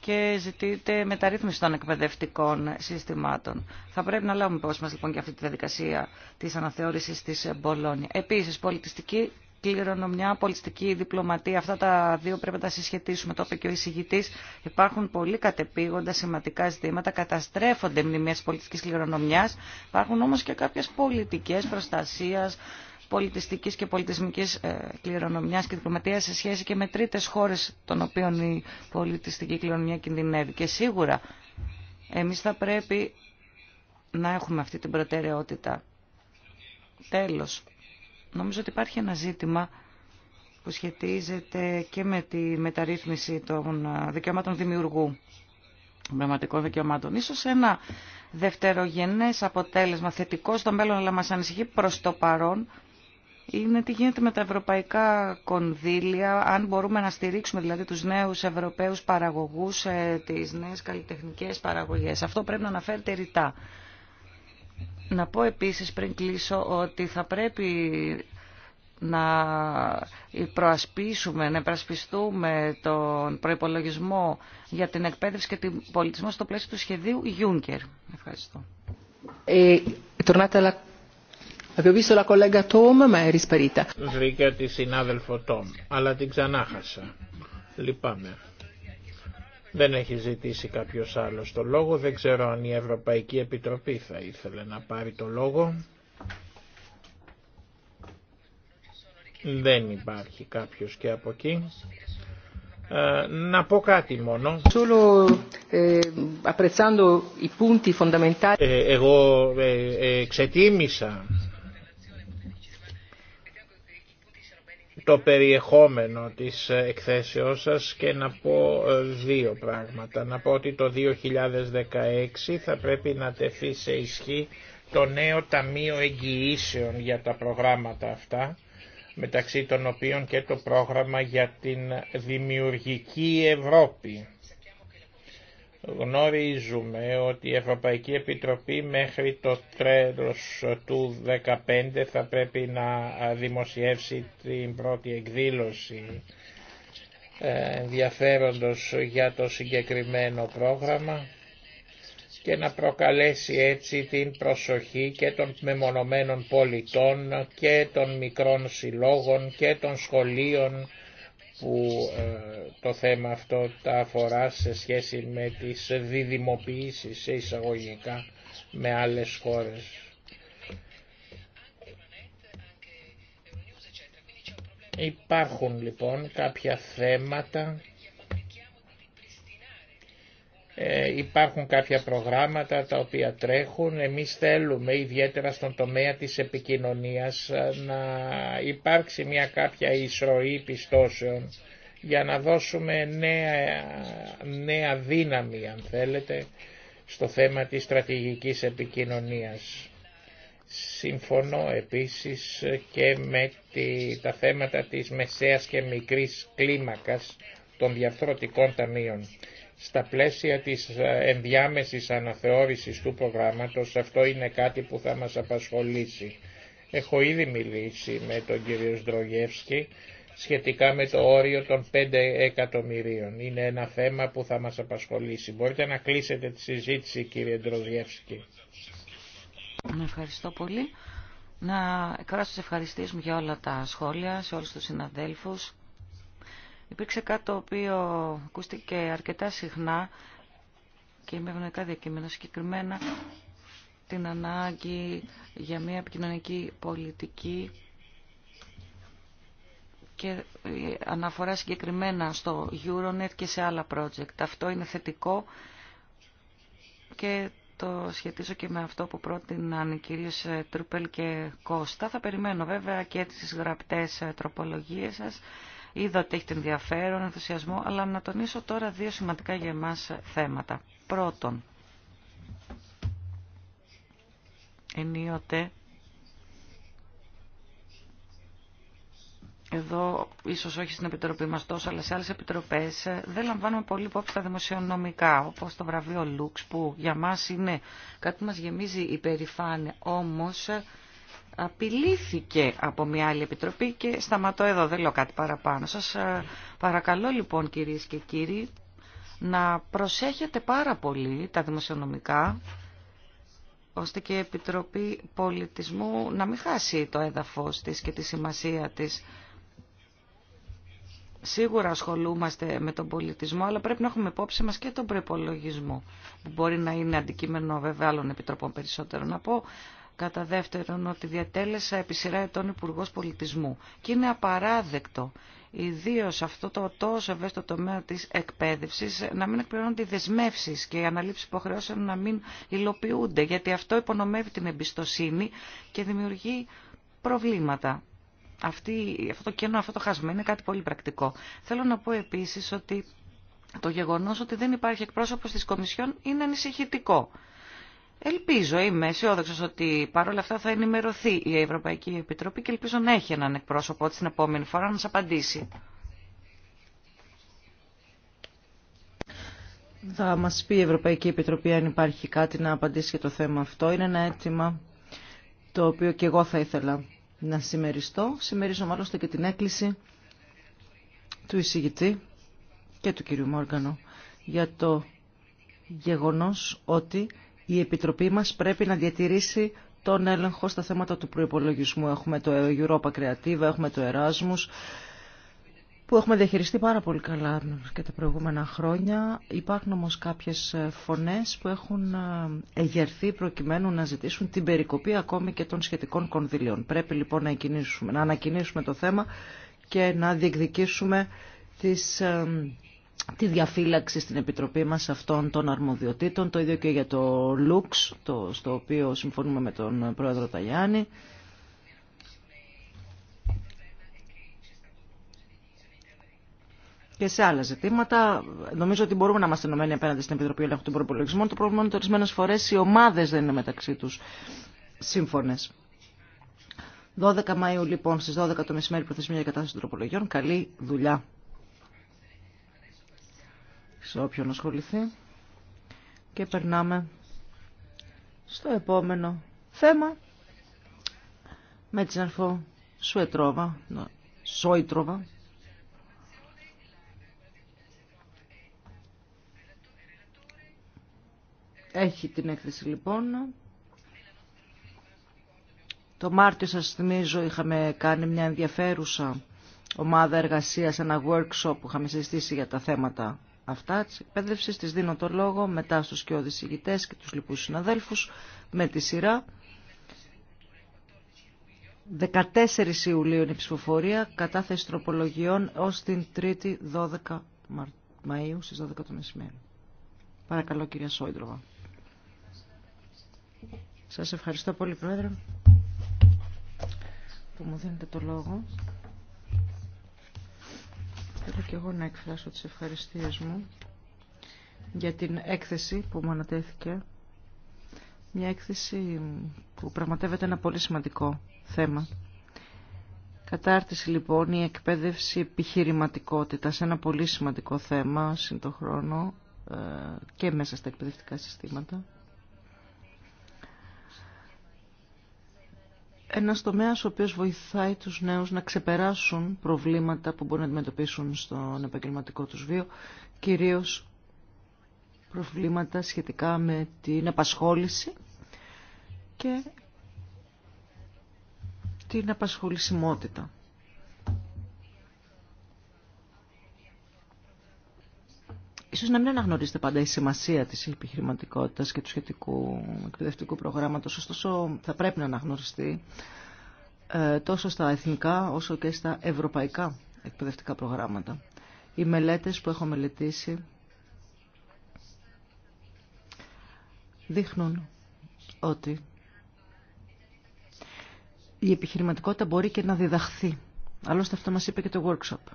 και ζητείται μεταρρύθμιση των εκπαιδευτικών συστημάτων. Θα πρέπει να λάβουμε υπόψη μας λοιπόν και αυτή τη διαδικασία της αναθεώρησης της ε, Μπολόνια. Επίσης, πολιτιστική κληρονομιά, πολιτιστική διπλωματία, αυτά τα δύο πρέπει να τα συσχετίσουμε. Το είπε και ο εισηγητή. Υπάρχουν πολύ κατεπήγοντα σημαντικά ζητήματα, καταστρέφονται μνημεία τη πολιτιστική κληρονομιά. Υπάρχουν όμω και κάποιε πολιτικέ προστασία πολιτιστικής και πολιτισμικής ε, κληρονομιάς και διπλωματία σε σχέση και με τρίτες χώρες των οποίων η πολιτιστική κληρονομιά κινδυνεύει. Και σίγουρα εμείς θα πρέπει να έχουμε αυτή την προτεραιότητα. Τέλος, νομίζω ότι υπάρχει ένα ζήτημα που σχετίζεται και με τη μεταρρύθμιση των ε, δικαιωμάτων δημιουργού, των πνευματικών δικαιωμάτων. Ίσως ένα δευτερογενές αποτέλεσμα θετικό στο μέλλον, αλλά μας ανησυχεί προς το παρόν, είναι τι γίνεται με τα ευρωπαϊκά κονδύλια, αν μπορούμε να στηρίξουμε δηλαδή τους νέους ευρωπαίους παραγωγούς, ε, τις νέες καλλιτεχνικές παραγωγές. Αυτό πρέπει να αναφέρεται ρητά. Να πω επίσης πριν κλείσω ότι θα πρέπει να προασπίσουμε, να επρασπιστούμε τον προϋπολογισμό για την εκπαίδευση και την πολιτισμό στο πλαίσιο του σχεδίου Juncker. Ευχαριστώ. Ε, Βρήκα τη συνάδελφο Τόμ, αλλά την ξανάχασα. Λυπάμαι. Δεν έχει ζητήσει κάποιο άλλο το λόγο. Δεν ξέρω αν η Ευρωπαϊκή Επιτροπή θα ήθελε να πάρει το λόγο. Δεν υπάρχει κάποιος και από εκεί. Ε, να πω κάτι μόνο. Ε, ε, εγώ εξετίμησα το περιεχόμενο της ε, εκθέσεώς σας και να πω ε, δύο πράγματα. Να πω ότι το 2016 θα πρέπει να τεθεί σε ισχύ το νέο Ταμείο Εγγυήσεων για τα προγράμματα αυτά, μεταξύ των οποίων και το πρόγραμμα για την Δημιουργική Ευρώπη Γνωρίζουμε ότι η Ευρωπαϊκή Επιτροπή μέχρι το τρέλος του 2015 θα πρέπει να δημοσιεύσει την πρώτη εκδήλωση ε, ενδιαφέροντος για το συγκεκριμένο πρόγραμμα και να προκαλέσει έτσι την προσοχή και των μεμονωμένων πολιτών και των μικρών συλλόγων και των σχολείων που ε, το θέμα αυτό τα αφορά σε σχέση με τις διδημοποιήσεις σε εισαγωγικά με άλλες χώρες. Υπάρχουν λοιπόν κάποια θέματα ε, υπάρχουν κάποια προγράμματα τα οποία τρέχουν. Εμείς θέλουμε ιδιαίτερα στον τομέα της επικοινωνίας ε, να υπάρξει μια κάποια ισροή πιστώσεων για να δώσουμε νέα, νέα δύναμη αν θέλετε στο θέμα της στρατηγικής επικοινωνίας. Συμφωνώ επίσης και με τη, τα θέματα της μεσαίας και μικρής κλίμακας των διαφθρωτικών ταμείων στα πλαίσια της ε, ενδιάμεσης αναθεώρησης του προγράμματος αυτό είναι κάτι που θα μας απασχολήσει. Έχω ήδη μιλήσει με τον κύριο Σδρογεύσκη σχετικά με το όριο των 5 εκατομμυρίων. Είναι ένα θέμα που θα μας απασχολήσει. Μπορείτε να κλείσετε τη συζήτηση κύριε Ντροζιεύσκη. Ναι, ευχαριστώ πολύ. Να εκφράσω τις ευχαριστήσεις μου για όλα τα σχόλια, σε όλους τους συναδέλφους. Υπήρξε κάτι το οποίο ακούστηκε αρκετά συχνά και είμαι ευνοϊκά διακείμενο συγκεκριμένα την ανάγκη για μια επικοινωνική πολιτική και αναφορά συγκεκριμένα στο Euronet και σε άλλα project. Αυτό είναι θετικό και το σχετίζω και με αυτό που πρότειναν οι κυρίες Τρούπελ και Κώστα. Θα περιμένω βέβαια και τις γραπτές τροπολογίες σας Είδα ότι έχει ενδιαφέρον, ενθουσιασμό, αλλά να τονίσω τώρα δύο σημαντικά για εμάς θέματα. Πρώτον, ενίοτε εδώ ίσως όχι στην Επιτροπή μας τόσο, αλλά σε άλλες επιτροπές, δεν λαμβάνουμε πολύ υπόψη τα δημοσιονομικά, όπως το βραβείο Λουξ, που για μας είναι κάτι που μας γεμίζει υπερηφάνεια, όμως απειλήθηκε από μια άλλη επιτροπή και σταματώ εδώ, δεν λέω κάτι παραπάνω. Σας ε, παρακαλώ λοιπόν κυρίες και κύριοι να προσέχετε πάρα πολύ τα δημοσιονομικά ώστε και η Επιτροπή Πολιτισμού να μην χάσει το έδαφος της και τη σημασία της. Σίγουρα ασχολούμαστε με τον πολιτισμό, αλλά πρέπει να έχουμε υπόψη μας και τον προπολογισμό, που μπορεί να είναι αντικείμενο βέβαια άλλων επιτροπών περισσότερο. Να πω Κατά δεύτερον, ότι διατέλεσα επί σειρά ετών Υπουργό Πολιτισμού. Και είναι απαράδεκτο, ιδίω αυτό το τόσο ευαίσθητο τομέα τη εκπαίδευση, να μην εκπληρώνονται οι δεσμεύσει και οι αναλήψει υποχρεώσεων να μην υλοποιούνται. Γιατί αυτό υπονομεύει την εμπιστοσύνη και δημιουργεί προβλήματα. Αυτή, αυτό το κενό, αυτό το χάσμα είναι κάτι πολύ πρακτικό. Θέλω να πω επίση ότι το γεγονό ότι δεν υπάρχει εκπρόσωπο τη Κομισιόν είναι ανησυχητικό. Ελπίζω, είμαι αισιόδοξο ότι παρόλα αυτά θα ενημερωθεί η Ευρωπαϊκή Επιτροπή και ελπίζω να έχει έναν εκπρόσωπο την επόμενη φορά να μα απαντήσει. Θα μας πει η Ευρωπαϊκή Επιτροπή αν υπάρχει κάτι να απαντήσει για το θέμα αυτό. Είναι ένα αίτημα το οποίο και εγώ θα ήθελα να συμμεριστώ. Συμμερίζω μάλιστα και την έκκληση του εισηγητή και του κυρίου Μόργανο για το γεγονός ότι η Επιτροπή μας πρέπει να διατηρήσει τον έλεγχο στα θέματα του προϋπολογισμού. Έχουμε το Europa Creative, έχουμε το Erasmus, που έχουμε διαχειριστεί πάρα πολύ καλά και τα προηγούμενα χρόνια. Υπάρχουν όμως κάποιες φωνές που έχουν ε, εγερθεί προκειμένου να ζητήσουν την περικοπή ακόμη και των σχετικών κονδυλίων. Πρέπει λοιπόν να, να ανακοινήσουμε το θέμα και να διεκδικήσουμε τις ε, τη διαφύλαξη στην Επιτροπή μας αυτών των αρμοδιοτήτων, το ίδιο και για το Λουξ, το, στο οποίο συμφωνούμε με τον Πρόεδρο Ταγιάννη. Και σε άλλα ζητήματα, νομίζω ότι μπορούμε να είμαστε ενωμένοι απέναντι στην Επιτροπή Ελέγχου των Προπολογισμών. Το πρόβλημα είναι ότι ορισμένε φορέ οι ομάδε δεν είναι μεταξύ του σύμφωνε. 12 Μαΐου λοιπόν στις 12 το μεσημέρι προθεσμία για κατάσταση των τροπολογιών. Καλή δουλειά σε όποιον ασχοληθεί. Και περνάμε στο επόμενο θέμα με την αρφό Σουετρόβα, Σόιτροβα. Έχει την έκθεση λοιπόν. Το Μάρτιο σας θυμίζω είχαμε κάνει μια ενδιαφέρουσα ομάδα εργασίας, ένα workshop που είχαμε συζητήσει για τα θέματα αυτά τη εκπαίδευση. Τη δίνω το λόγο μετά στου και ηγητές και τους λοιπού συναδέλφου με τη σειρά. 14 Ιουλίου είναι η ψηφοφορία, κατάθεση τροπολογιών ω την 3η 12 Μαου στι 12 το μεσημέρι. Παρακαλώ κυρία Σόιντροβα. Σας ευχαριστώ πολύ Πρόεδρε που μου δίνετε το λόγο. Θέλω και εγώ να εκφράσω τις ευχαριστίες μου για την έκθεση που μου ανατέθηκε. Μια έκθεση που πραγματεύεται ένα πολύ σημαντικό θέμα. Κατάρτιση λοιπόν, η εκπαίδευση επιχειρηματικότητα σε ένα πολύ σημαντικό θέμα χρόνο ε, και μέσα στα εκπαιδευτικά συστήματα. ένας τομέας ο οποίος βοηθάει τους νέους να ξεπεράσουν προβλήματα που μπορούν να αντιμετωπίσουν στον επαγγελματικό τους βίο, κυρίως προβλήματα σχετικά με την απασχόληση και την απασχολησιμότητα. ίσως να μην αναγνωρίζετε πάντα η σημασία της επιχειρηματικότητας και του σχετικού εκπαιδευτικού προγράμματος, ωστόσο θα πρέπει να αναγνωριστεί ε, τόσο στα εθνικά όσο και στα ευρωπαϊκά εκπαιδευτικά προγράμματα. Οι μελέτες που έχω μελετήσει δείχνουν ότι η επιχειρηματικότητα μπορεί και να διδαχθεί. Άλλωστε αυτό μας είπε και το workshop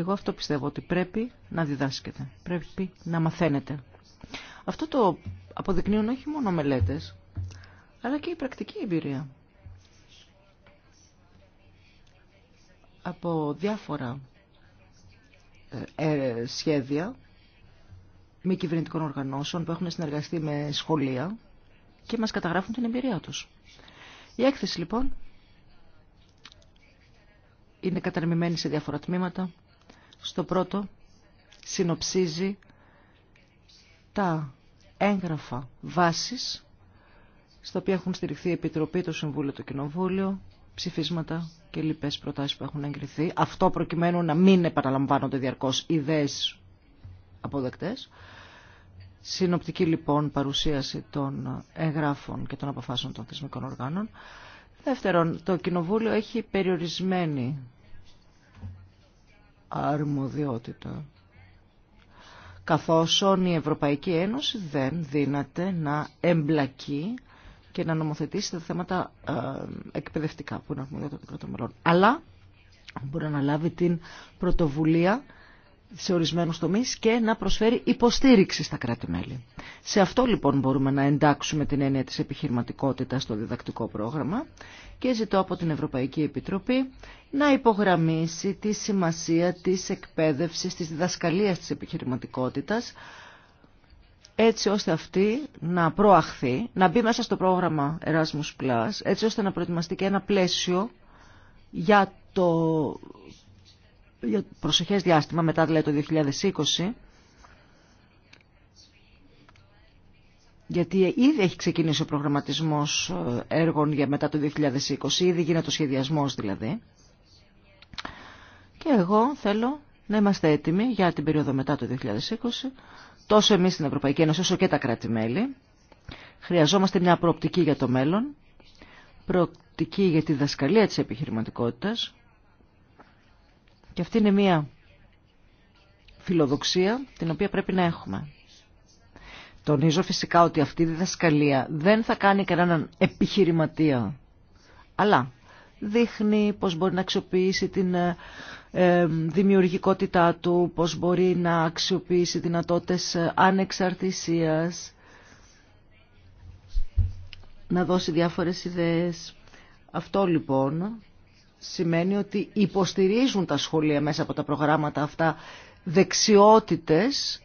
εγώ αυτό πιστεύω ότι πρέπει να διδάσκεται, πρέπει να μαθαίνετε. Αυτό το αποδεικνύουν όχι μόνο μελέτες, αλλά και η πρακτική εμπειρία. Από διάφορα ε, ε, σχέδια μη κυβερνητικών οργανώσεων που έχουν συνεργαστεί με σχολεία και μας καταγράφουν την εμπειρία τους. Η έκθεση λοιπόν είναι καταρμημένη σε διάφορα τμήματα στο πρώτο συνοψίζει τα έγγραφα βάσης στα οποία έχουν στηριχθεί η Επιτροπή, το Συμβούλιο, το Κοινοβούλιο, ψηφίσματα και λοιπές προτάσεις που έχουν εγκριθεί. Αυτό προκειμένου να μην επαναλαμβάνονται διαρκώς ιδέες αποδεκτές. Συνοπτική λοιπόν παρουσίαση των εγγράφων και των αποφάσεων των θεσμικών οργάνων. Δεύτερον, το Κοινοβούλιο έχει περιορισμένη αρμοδιότητα. Καθώς η Ευρωπαϊκή Ένωση δεν δύναται να εμπλακεί και να νομοθετήσει τα θέματα ε, εκπαιδευτικά που είναι αρμοδιότητα των κρατών μελών. Αλλά μπορεί να λάβει την πρωτοβουλία σε ορισμένου τομεί και να προσφέρει υποστήριξη στα κράτη-μέλη. Σε αυτό λοιπόν μπορούμε να εντάξουμε την έννοια τη επιχειρηματικότητα στο διδακτικό πρόγραμμα και ζητώ από την Ευρωπαϊκή Επιτροπή να υπογραμμίσει τη σημασία τη εκπαίδευση, τη διδασκαλία τη επιχειρηματικότητα έτσι ώστε αυτή να προαχθεί, να μπει μέσα στο πρόγραμμα Erasmus+, έτσι ώστε να προετοιμαστεί και ένα πλαίσιο για το για προσεχές διάστημα μετά δηλαδή το 2020 γιατί ήδη έχει ξεκινήσει ο προγραμματισμός ε, έργων για μετά το 2020, ήδη γίνεται ο σχεδιασμός δηλαδή. Και εγώ θέλω να είμαστε έτοιμοι για την περίοδο μετά το 2020, τόσο εμείς στην Ευρωπαϊκή Ένωση όσο και τα κράτη-μέλη. Χρειαζόμαστε μια προοπτική για το μέλλον, προοπτική για τη δασκαλία της επιχειρηματικότητας, και αυτή είναι μια φιλοδοξία την οποία πρέπει να έχουμε. Τονίζω φυσικά ότι αυτή η διδασκαλία δεν θα κάνει κανέναν επιχειρηματία, αλλά δείχνει πώς μπορεί να αξιοποιήσει την ε, ε, δημιουργικότητά του, πώς μπορεί να αξιοποιήσει δυνατότητες ε, ανεξαρτησίας, να δώσει διάφορες ιδέες. Αυτό λοιπόν σημαίνει ότι υποστηρίζουν τα σχολεία μέσα από τα προγράμματα αυτά δεξιότητες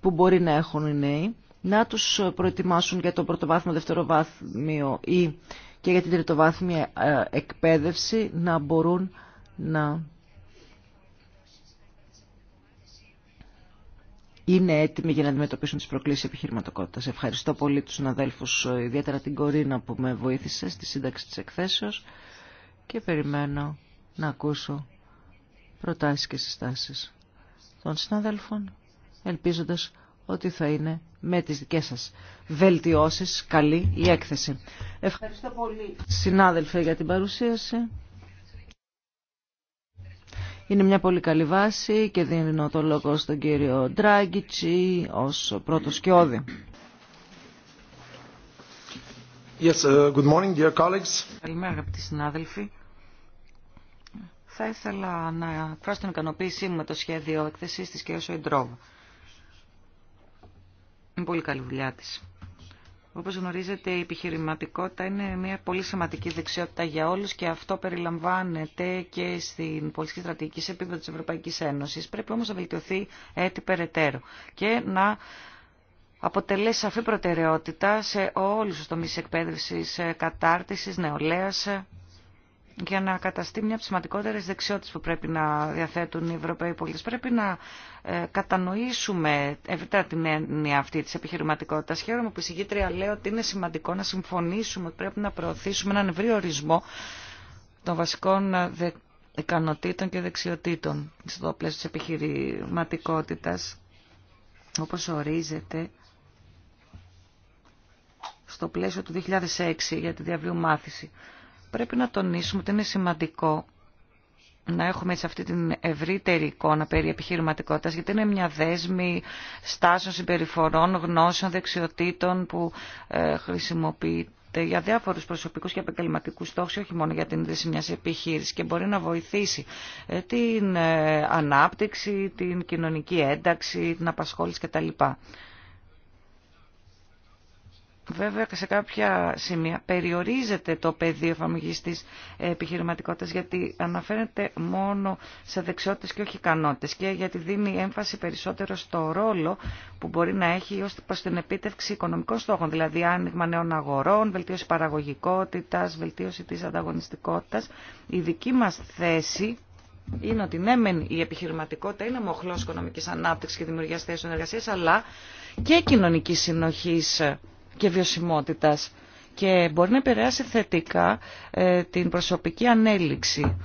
που μπορεί να έχουν οι νέοι, να τους προετοιμάσουν για το πρωτοβάθμιο, δευτεροβάθμιο ή και για την τριτοβάθμια ε, εκπαίδευση να μπορούν να είναι έτοιμοι για να αντιμετωπίσουν τις προκλήσεις επιχειρηματικότητας. Ευχαριστώ πολύ τους αδέλφους, ε, ιδιαίτερα την Κορίνα που με βοήθησε στη σύνταξη της εκθέσεως και περιμένω να ακούσω προτάσεις και συστάσεις των συναδέλφων, ελπίζοντας ότι θα είναι με τις δικές σας βελτιώσεις καλή η έκθεση. Ευχαριστώ πολύ συνάδελφε για την παρουσίαση. Είναι μια πολύ καλή βάση και δίνω το λόγο στον κύριο Ντράγκητσι ως πρώτο σκιώδη. Yes, uh, good morning, dear colleagues. Καλημέρα αγαπητοί συνάδελφοι. Θα ήθελα να εκφράσω την ικανοποίησή μου με το σχέδιο έκθεσης της κ. Σοϊντρόβα. Είναι πολύ καλή δουλειά της. Όπως γνωρίζετε η επιχειρηματικότητα είναι μια πολύ σημαντική δεξιότητα για όλους και αυτό περιλαμβάνεται και στην πολιτική στρατηγική σε επίπεδο της Ευρωπαϊκής Ένωσης. Πρέπει όμως να βελτιωθεί έτσι περαιτέρω και να αποτελέσει σαφή προτεραιότητα σε όλους τους τομείς εκπαίδευσης, κατάρτιση νεολαία για να καταστεί μια από τι σημαντικότερε δεξιότητε που πρέπει να διαθέτουν οι Ευρωπαίοι πολίτε. Πρέπει να ε, κατανοήσουμε ευρύτερα την έννοια αυτή τη επιχειρηματικότητα. Χαίρομαι που η συγκήτρια λέει ότι είναι σημαντικό να συμφωνήσουμε ότι πρέπει να προωθήσουμε έναν ευρύ ορισμό των βασικών ε, ικανοτήτων και δεξιοτήτων στο πλαίσιο τη επιχειρηματικότητα, όπω ορίζεται στο πλαίσιο του 2006 για τη διαβίου μάθηση. Πρέπει να τονίσουμε ότι είναι σημαντικό να έχουμε σε αυτή την ευρύτερη εικόνα περί επιχειρηματικότητας, γιατί είναι μια δέσμη στάσεων, συμπεριφορών, γνώσεων, δεξιοτήτων που ε, χρησιμοποιείται για διάφορους προσωπικούς και επαγγελματικούς στόχους, όχι μόνο για την ίδρυση μιας επιχείρησης και μπορεί να βοηθήσει ε, την ε, ανάπτυξη, την κοινωνική ένταξη, την απασχόληση κτλ. Βέβαια σε κάποια σημεία περιορίζεται το πεδίο εφαρμογής της επιχειρηματικότητας γιατί αναφέρεται μόνο σε δεξιότητες και όχι ικανότητες και γιατί δίνει έμφαση περισσότερο στο ρόλο που μπορεί να έχει ως προς την επίτευξη οικονομικών στόχων, δηλαδή άνοιγμα νέων αγορών, βελτίωση παραγωγικότητας, βελτίωση της ανταγωνιστικότητας. Η δική μας θέση είναι ότι ναι, η επιχειρηματικότητα είναι μοχλός οικονομικής ανάπτυξη και δημιουργίας θέσεων εργασίας, αλλά και κοινωνικής συνοχής και βιωσιμότητας και μπορεί να επηρεάσει θετικά ε, την προσωπική ανέλυξη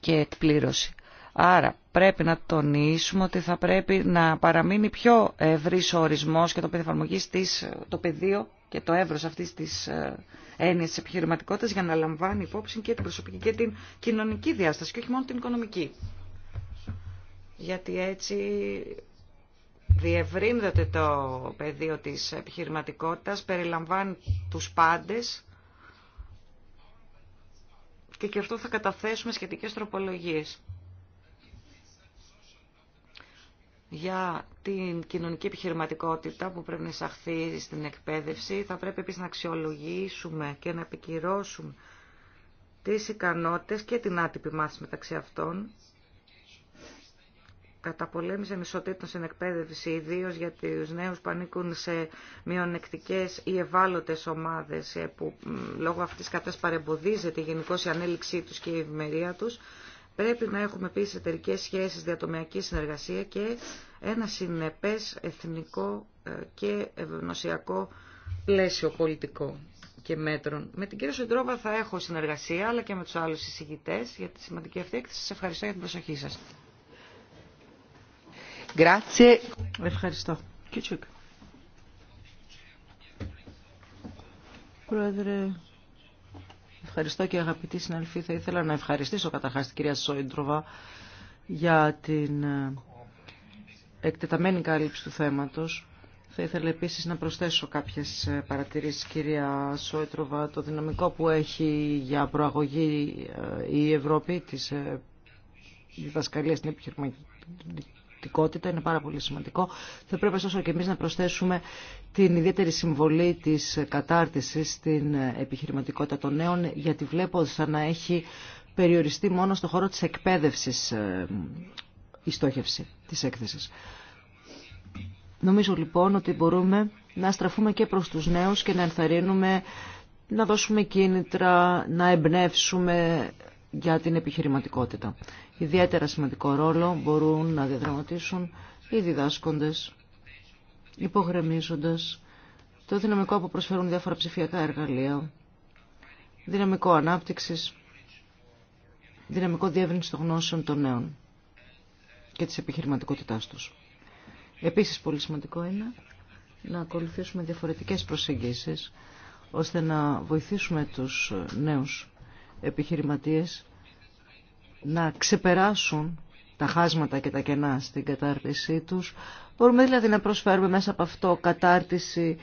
και εκπλήρωση. Άρα πρέπει να τονίσουμε ότι θα πρέπει να παραμείνει πιο ευρύς ο ορισμός και το πεδίο το πεδίο και το εύρος αυτής της ε, έννοιας της επιχειρηματικότητας για να λαμβάνει υπόψη και την προσωπική και την κοινωνική διάσταση και όχι μόνο την οικονομική. Γιατί έτσι Διευρύνδεται το πεδίο της επιχειρηματικότητας, περιλαμβάνει τους πάντες και και αυτό θα καταθέσουμε σχετικές τροπολογίες. για την κοινωνική επιχειρηματικότητα που πρέπει να εισαχθεί στην εκπαίδευση. Θα πρέπει επίσης να αξιολογήσουμε και να επικυρώσουμε τις ικανότητες και την άτυπη μάθηση μεταξύ αυτών καταπολέμηση ανισοτήτων στην εκπαίδευση, ιδίω για του νέου που ανήκουν σε μειονεκτικέ ή ευάλωτε ομάδε, ε, που λόγω αυτή τη κατάσταση παρεμποδίζεται γενικώ η ανέλυξή του και η ευημερία του. Πρέπει να έχουμε επίση εταιρικέ σχέσει, διατομιακή συνεργασία και ένα συνεπέ εθνικό ε, και ευνοσιακό πλαίσιο πολιτικό και μέτρων. Με την κυρία Σοντρόβα θα έχω συνεργασία, αλλά και με τους άλλους συζητητές για τη σημαντική αυτή έκθεση. Σα ευχαριστώ για την προσοχή σα. Ευχαριστώ. ευχαριστώ και αγαπητοί συναλφοί. Θα ήθελα να ευχαριστήσω καταρχάς την κυρία Σόιντροβα για την ε, εκτεταμένη κάλυψη του θέματος. Θα ήθελα επίσης να προσθέσω κάποιες ε, παρατηρήσεις, κυρία Σόιντροβα. το δυναμικό που έχει για προαγωγή ε, η Ευρώπη της διδασκαλίας στην επιχειρηματική είναι πάρα πολύ σημαντικό. Θα πρέπει ωστόσο και εμείς να προσθέσουμε την ιδιαίτερη συμβολή της κατάρτισης στην επιχειρηματικότητα των νέων γιατί βλέπω σαν να έχει περιοριστεί μόνο στο χώρο της εκπαίδευσης ε, η στόχευση της έκθεσης. Νομίζω λοιπόν ότι μπορούμε να στραφούμε και προς τους νέους και να ενθαρρύνουμε, να δώσουμε κίνητρα, να εμπνεύσουμε για την επιχειρηματικότητα. Ιδιαίτερα σημαντικό ρόλο μπορούν να διαδραματίσουν οι διδάσκοντες, υπογρεμίζοντας το δυναμικό που προσφέρουν διάφορα ψηφιακά εργαλεία, δυναμικό ανάπτυξης, δυναμικό διεύρυνση των γνώσεων των νέων και της επιχειρηματικότητάς τους. Επίσης πολύ σημαντικό είναι να ακολουθήσουμε διαφορετικές προσεγγίσεις ώστε να βοηθήσουμε τους νέους επιχειρηματίες να ξεπεράσουν τα χάσματα και τα κενά στην κατάρτισή τους. Μπορούμε δηλαδή να προσφέρουμε μέσα από αυτό κατάρτιση,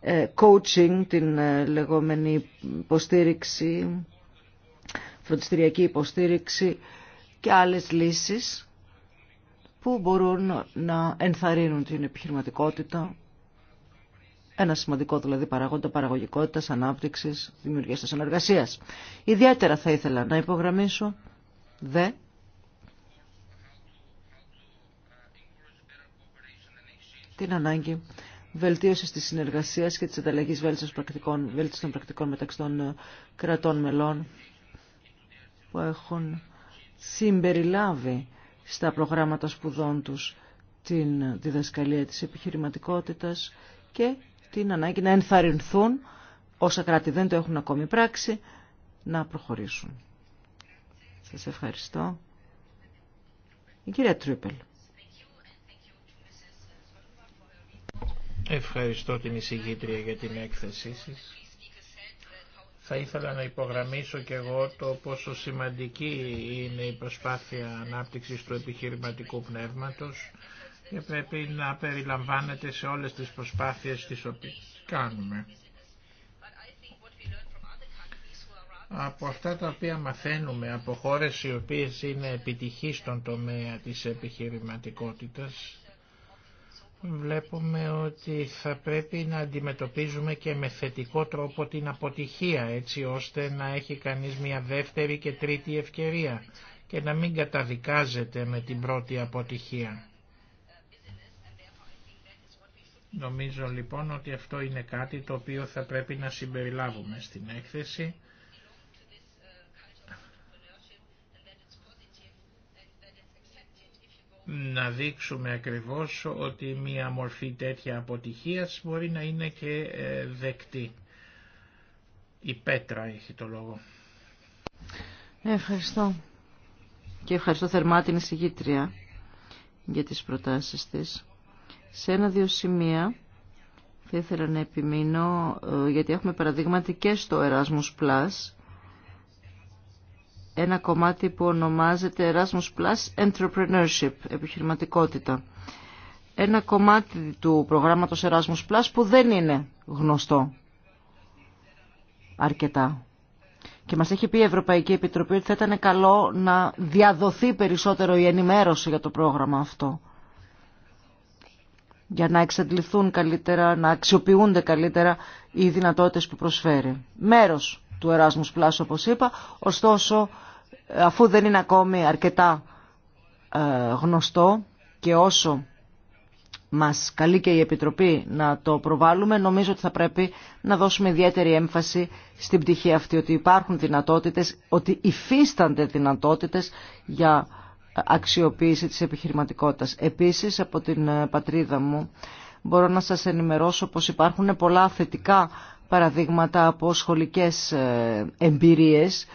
ε, coaching, την ε, λεγόμενη υποστήριξη, φροντιστηριακή υποστήριξη και άλλες λύσεις που μπορούν να ενθαρρύνουν την επιχειρηματικότητα ένα σημαντικό δηλαδή παράγοντα παραγωγικότητας, ανάπτυξης, δημιουργίας της Η Ιδιαίτερα θα ήθελα να υπογραμμίσω δε την ανάγκη βελτίωση τη συνεργασίας και τη ανταλλαγή βέλτιστων πρακτικών, πρακτικών μεταξύ των ε, κρατών μελών που έχουν συμπεριλάβει στα προγράμματα σπουδών τους την διδασκαλία της επιχειρηματικότητας και την ανάγκη να ενθαρρυνθούν όσα κράτη δεν το έχουν ακόμη πράξει να προχωρήσουν. Σας ευχαριστώ. Η κυρία Τρίπελ. Ευχαριστώ την εισηγήτρια για την έκθεσή σας. Θα ήθελα να υπογραμμίσω και εγώ το πόσο σημαντική είναι η προσπάθεια ανάπτυξης του επιχειρηματικού πνεύματος και πρέπει να περιλαμβάνεται σε όλες τις προσπάθειες τις οποίες κάνουμε. Από αυτά τα οποία μαθαίνουμε από χώρες οι οποίες είναι επιτυχείς στον τομέα της επιχειρηματικότητας, βλέπουμε ότι θα πρέπει να αντιμετωπίζουμε και με θετικό τρόπο την αποτυχία, έτσι ώστε να έχει κανείς μια δεύτερη και τρίτη ευκαιρία και να μην καταδικάζεται με την πρώτη αποτυχία. Νομίζω λοιπόν ότι αυτό είναι κάτι το οποίο θα πρέπει να συμπεριλάβουμε στην έκθεση. να δείξουμε ακριβώς ότι μια μορφή τέτοια αποτυχίας μπορεί να είναι και ε, δεκτή. Η Πέτρα έχει το λόγο. Ναι, ευχαριστώ. Και ευχαριστώ θερμά την εισηγήτρια για τις προτάσεις της. Σε ένα-δύο σημεία θα ήθελα να επιμείνω, ε, γιατί έχουμε παραδείγματι και στο Erasmus Plus, ένα κομμάτι που ονομάζεται Erasmus Plus Entrepreneurship, επιχειρηματικότητα. Ένα κομμάτι του προγράμματος Erasmus Plus που δεν είναι γνωστό αρκετά. Και μας έχει πει η Ευρωπαϊκή Επιτροπή ότι θα ήταν καλό να διαδοθεί περισσότερο η ενημέρωση για το πρόγραμμα αυτό για να εξαντληθούν καλύτερα, να αξιοποιούνται καλύτερα οι δυνατότητες που προσφέρει. Μέρος του Erasmus πλάσου, όπως είπα, ωστόσο, αφού δεν είναι ακόμη αρκετά ε, γνωστό και όσο μας καλεί και η Επιτροπή να το προβάλλουμε, νομίζω ότι θα πρέπει να δώσουμε ιδιαίτερη έμφαση στην πτυχή αυτή, ότι υπάρχουν δυνατότητες, ότι υφίστανται δυνατότητες για αξιοποίηση της επιχειρηματικότητας. Επίσης, από την ε, πατρίδα μου, μπορώ να σας ενημερώσω πως υπάρχουν πολλά θετικά παραδείγματα από σχολικές ε, εμπειρίες,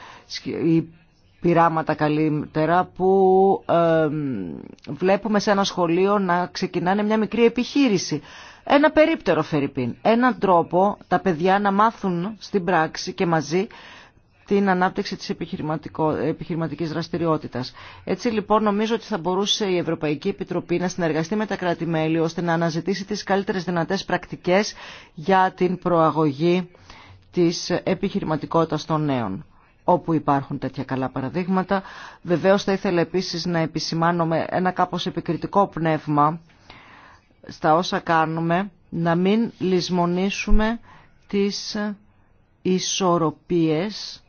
πειράματα καλύτερα, που ε, βλέπουμε σε ένα σχολείο να ξεκινάνε μια μικρή επιχείρηση. Ένα περίπτερο φερρυπίν, έναν τρόπο τα παιδιά να μάθουν στην πράξη και μαζί την ανάπτυξη της επιχειρηματικής δραστηριότητας. Έτσι λοιπόν νομίζω ότι θα μπορούσε η Ευρωπαϊκή Επιτροπή να συνεργαστεί με τα κράτη-μέλη ώστε να αναζητήσει τις καλύτερες δυνατές πρακτικές για την προαγωγή της επιχειρηματικότητας των νέων όπου υπάρχουν τέτοια καλά παραδείγματα. Βεβαίως θα ήθελα επίσης να επισημάνω ένα κάπως επικριτικό πνεύμα στα όσα κάνουμε, να μην λησμονήσουμε τις ισορροπίες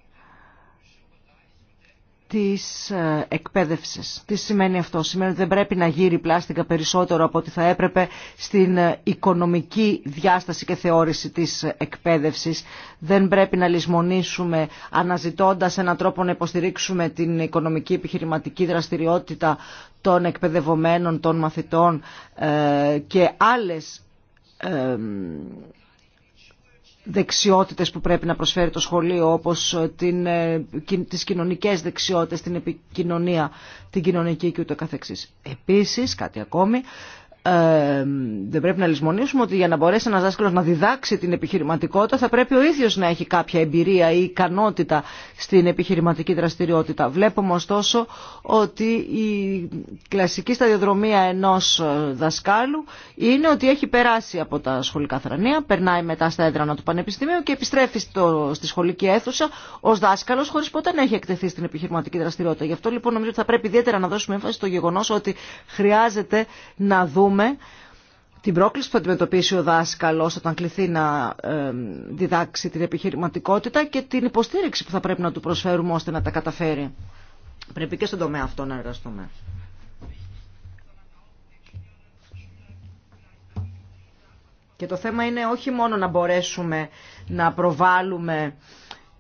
της ε, εκπαίδευσης. Τι σημαίνει αυτό. Σημαίνει ότι δεν πρέπει να γύρει πλάστικα περισσότερο από ό,τι θα έπρεπε στην ε, οικονομική διάσταση και θεώρηση της ε, εκπαίδευσης. Δεν πρέπει να λησμονήσουμε αναζητώντας έναν τρόπο να υποστηρίξουμε την οικονομική επιχειρηματική δραστηριότητα των εκπαιδευομένων, των μαθητών και άλλες δεξιότητες που πρέπει να προσφέρει το σχολείο όπως ε, την, ε, τις κοινωνικές δεξιότητες, την επικοινωνία, την κοινωνική και ούτω καθεξής. Επίσης, κάτι ακόμη, ε, δεν πρέπει να λησμονήσουμε ότι για να μπορέσει ένα δάσκαλο να διδάξει την επιχειρηματικότητα θα πρέπει ο ίδιο να έχει κάποια εμπειρία ή ικανότητα στην επιχειρηματική δραστηριότητα. Βλέπουμε ωστόσο ότι η κλασική σταδιοδρομία ενό ε, δασκάλου είναι ότι έχει περάσει από τα σχολικά θρανία, περνάει μετά στα έδρανα του Πανεπιστημίου και επιστρέφει στο, στη σχολική αίθουσα ω δάσκαλο χωρί ποτέ να έχει εκτεθεί στην επιχειρηματική δραστηριότητα. Γι' αυτό λοιπόν νομίζω ότι θα πρέπει ιδιαίτερα να δώσουμε έμφαση στο γεγονό ότι χρειάζεται να δούμε δούμε την πρόκληση που αντιμετωπίσει ο δάσκαλος όταν κληθεί να διδάξει την επιχειρηματικότητα και την υποστήριξη που θα πρέπει να του προσφέρουμε ώστε να τα καταφέρει. Πρέπει και στον τομέα αυτό να εργαστούμε. Και το θέμα είναι όχι μόνο να μπορέσουμε να προβάλλουμε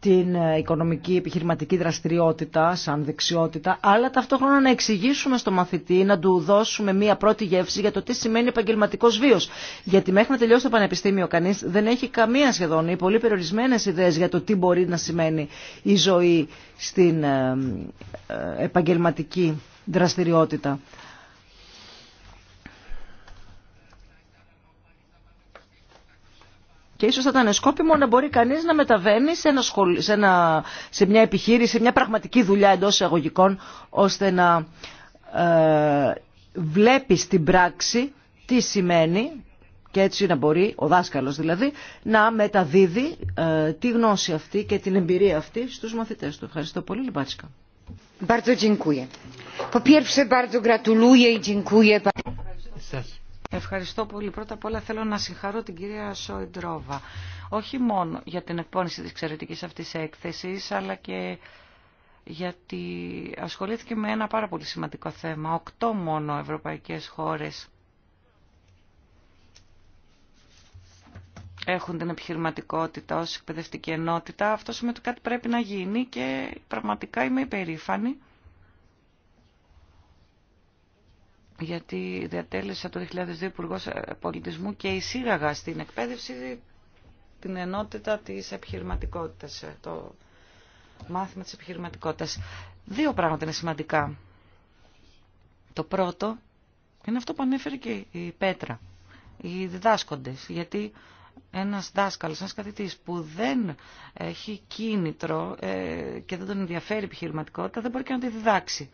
την ε, οικονομική επιχειρηματική δραστηριότητα σαν δεξιότητα, αλλά ταυτόχρονα να εξηγήσουμε στο μαθητή, να του δώσουμε μία πρώτη γεύση για το τι σημαίνει επαγγελματικό βίο. Γιατί μέχρι να τελειώσει το πανεπιστήμιο κανεί δεν έχει καμία σχεδόν ή πολύ περιορισμένε ιδέε για το τι μπορεί να σημαίνει η ζωή στην ε, ε, επαγγελματική δραστηριότητα. Και ίσως θα ήταν σκόπιμο να μπορεί κανείς να μεταβαίνει σε, μια επιχείρηση, σε μια πραγματική δουλειά εντός εισαγωγικών, ώστε να ε, βλέπει στην πράξη τι σημαίνει και έτσι να μπορεί ο δάσκαλος δηλαδή να μεταδίδει ε, τη γνώση αυτή και την εμπειρία αυτή στους μαθητές του. Ευχαριστώ πολύ Λιμπάτσικα. Ευχαριστώ πολύ. Πρώτα απ' όλα θέλω να συγχαρώ την κυρία Σόιντρόβα. Όχι μόνο για την εκπόνηση της εξαιρετικής αυτής έκθεσης, αλλά και γιατί ασχολήθηκε με ένα πάρα πολύ σημαντικό θέμα. Οκτώ μόνο ευρωπαϊκές χώρες έχουν την επιχειρηματικότητα ως εκπαιδευτική ενότητα. Αυτό σημαίνει ότι κάτι πρέπει να γίνει και πραγματικά είμαι υπερήφανη γιατί διατέλεσα το 2002 υπουργό Πολιτισμού και εισήγαγα στην εκπαίδευση την ενότητα της επιχειρηματικότητας, το μάθημα της επιχειρηματικότητας. Δύο πράγματα είναι σημαντικά. Το πρώτο είναι αυτό που ανέφερε και η Πέτρα, οι διδάσκοντες, γιατί ένας δάσκαλος, ένας καθητής που δεν έχει κίνητρο ε, και δεν τον ενδιαφέρει η επιχειρηματικότητα, δεν μπορεί και να τη διδάξει.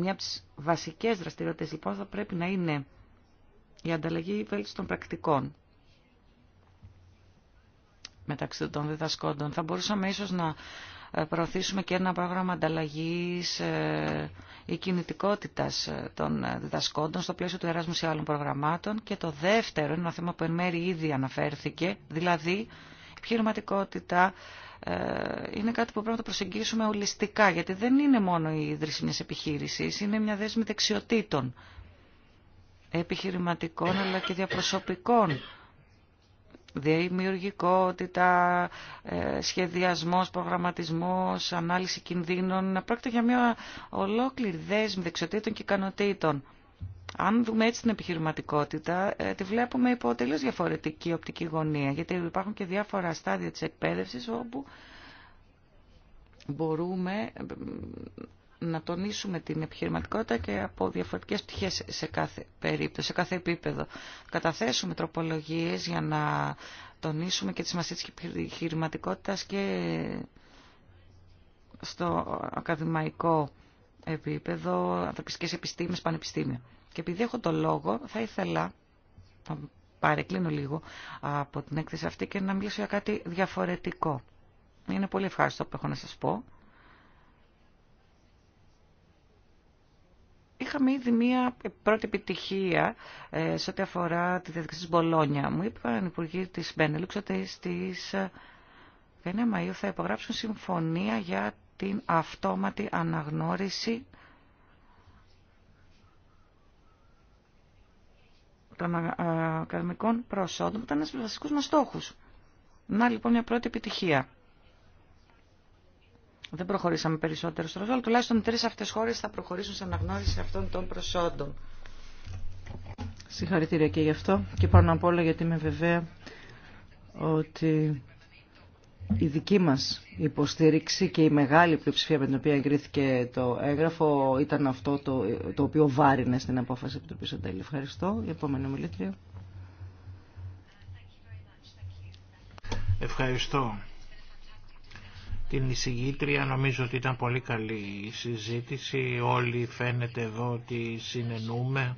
Μια από τις βασικές δραστηριότητες λοιπόν θα πρέπει να είναι η ανταλλαγή βέλτιση των πρακτικών μεταξύ των διδασκόντων. Θα μπορούσαμε ίσως να ε, προωθήσουμε και ένα πρόγραμμα ανταλλαγής ε, ή κινητικότητα ε, των διδασκόντων στο πλαίσιο του Εράσμου σε άλλων προγραμμάτων. Και το δεύτερο είναι ένα θέμα που εν μέρει ήδη αναφέρθηκε, δηλαδή επιχειρηματικότητα, ε, είναι κάτι που πρέπει να το προσεγγίσουμε ολιστικά, γιατί δεν είναι μόνο η ίδρυση μιας επιχείρησης, είναι μια δέσμη δεξιοτήτων επιχειρηματικών αλλά και διαπροσωπικών. Δημιουργικότητα, ε, σχεδιασμός, προγραμματισμός, ανάλυση κινδύνων. Πρόκειται για μια ολόκληρη δέσμη δεξιοτήτων και ικανοτήτων αν δούμε έτσι την επιχειρηματικότητα, ε, τη βλέπουμε υπό τελείως διαφορετική οπτική γωνία, γιατί υπάρχουν και διάφορα στάδια της εκπαίδευσης όπου μπορούμε να τονίσουμε την επιχειρηματικότητα και από διαφορετικές πτυχές σε κάθε περίπτωση, σε κάθε επίπεδο. Καταθέσουμε τροπολογίες για να τονίσουμε και τη σημασία της επιχειρηματικότητας και στο ακαδημαϊκό επίπεδο, ανθρωπιστικές επιστήμες, πανεπιστήμια. Και επειδή έχω το λόγο, θα ήθελα να παρεκκλίνω λίγο από την έκθεση αυτή και να μιλήσω για κάτι διαφορετικό. Είναι πολύ ευχάριστο που έχω να σας πω. Είχαμε ήδη μία πρώτη επιτυχία ε, σε ό,τι αφορά τη διαδικασία της Μπολόνια. Μου είπαν οι υπουργοί της Μπένελουξ ότι στις 9 ε, Μαΐου θα υπογράψουν συμφωνία για την αυτόματη αναγνώριση των ε, ακαδημικών προσόντων, που ήταν ένας βασικούς μας στόχους. Να λοιπόν μια πρώτη επιτυχία. Δεν προχωρήσαμε περισσότερο στο αλλά τουλάχιστον τρεις αυτές χώρες θα προχωρήσουν σε αναγνώριση αυτών των προσόντων. Συγχαρητήρια και γι' αυτό και πάνω απ' όλα γιατί είμαι βεβαία ότι η δική μας υποστήριξη και η μεγάλη πλειοψηφία με την οποία εγκρίθηκε το έγγραφο ήταν αυτό το, το οποίο βάρινε στην απόφαση το Αντέλη. Ευχαριστώ. Η επόμενη ομιλήτρια. Ευχαριστώ. Την εισηγήτρια νομίζω ότι ήταν πολύ καλή η συζήτηση. Όλοι φαίνεται εδώ ότι συνενούμε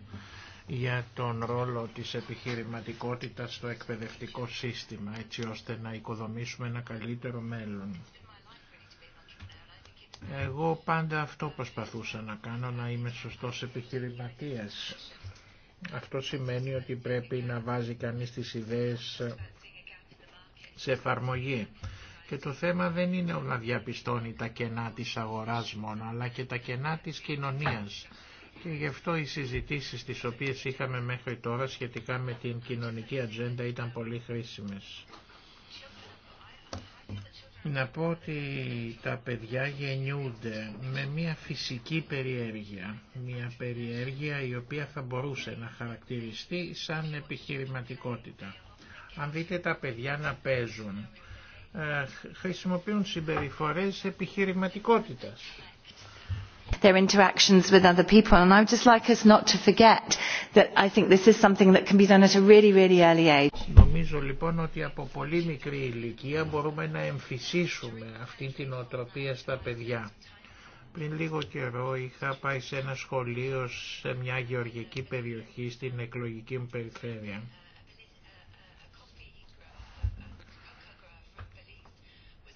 για τον ρόλο της επιχειρηματικότητας στο εκπαιδευτικό σύστημα, έτσι ώστε να οικοδομήσουμε ένα καλύτερο μέλλον. Εγώ πάντα αυτό προσπαθούσα να κάνω, να είμαι σωστός επιχειρηματίας. Αυτό σημαίνει ότι πρέπει να βάζει κανείς τις ιδέες σε εφαρμογή. Και το θέμα δεν είναι να διαπιστώνει τα κενά της αγοράς μόνο, αλλά και τα κενά της κοινωνίας και γι' αυτό οι συζητήσεις τις οποίες είχαμε μέχρι τώρα σχετικά με την κοινωνική ατζέντα ήταν πολύ χρήσιμες. Να πω ότι τα παιδιά γεννιούνται με μια φυσική περιέργεια, μια περιέργεια η οποία θα μπορούσε να χαρακτηριστεί σαν επιχειρηματικότητα. Αν δείτε τα παιδιά να παίζουν, ε, χρησιμοποιούν συμπεριφορές επιχειρηματικότητας their interactions with other people. And I would just like us not to forget that I think this is something that can be done at a really, really early age. Νομίζω λοιπόν ότι από πολύ μικρή ηλικία μπορούμε να εμφυσίσουμε αυτή την οτροπία στα παιδιά. Πριν λίγο καιρό είχα πάει σε ένα σχολείο σε μια γεωργική περιοχή στην εκλογική μου περιφέρεια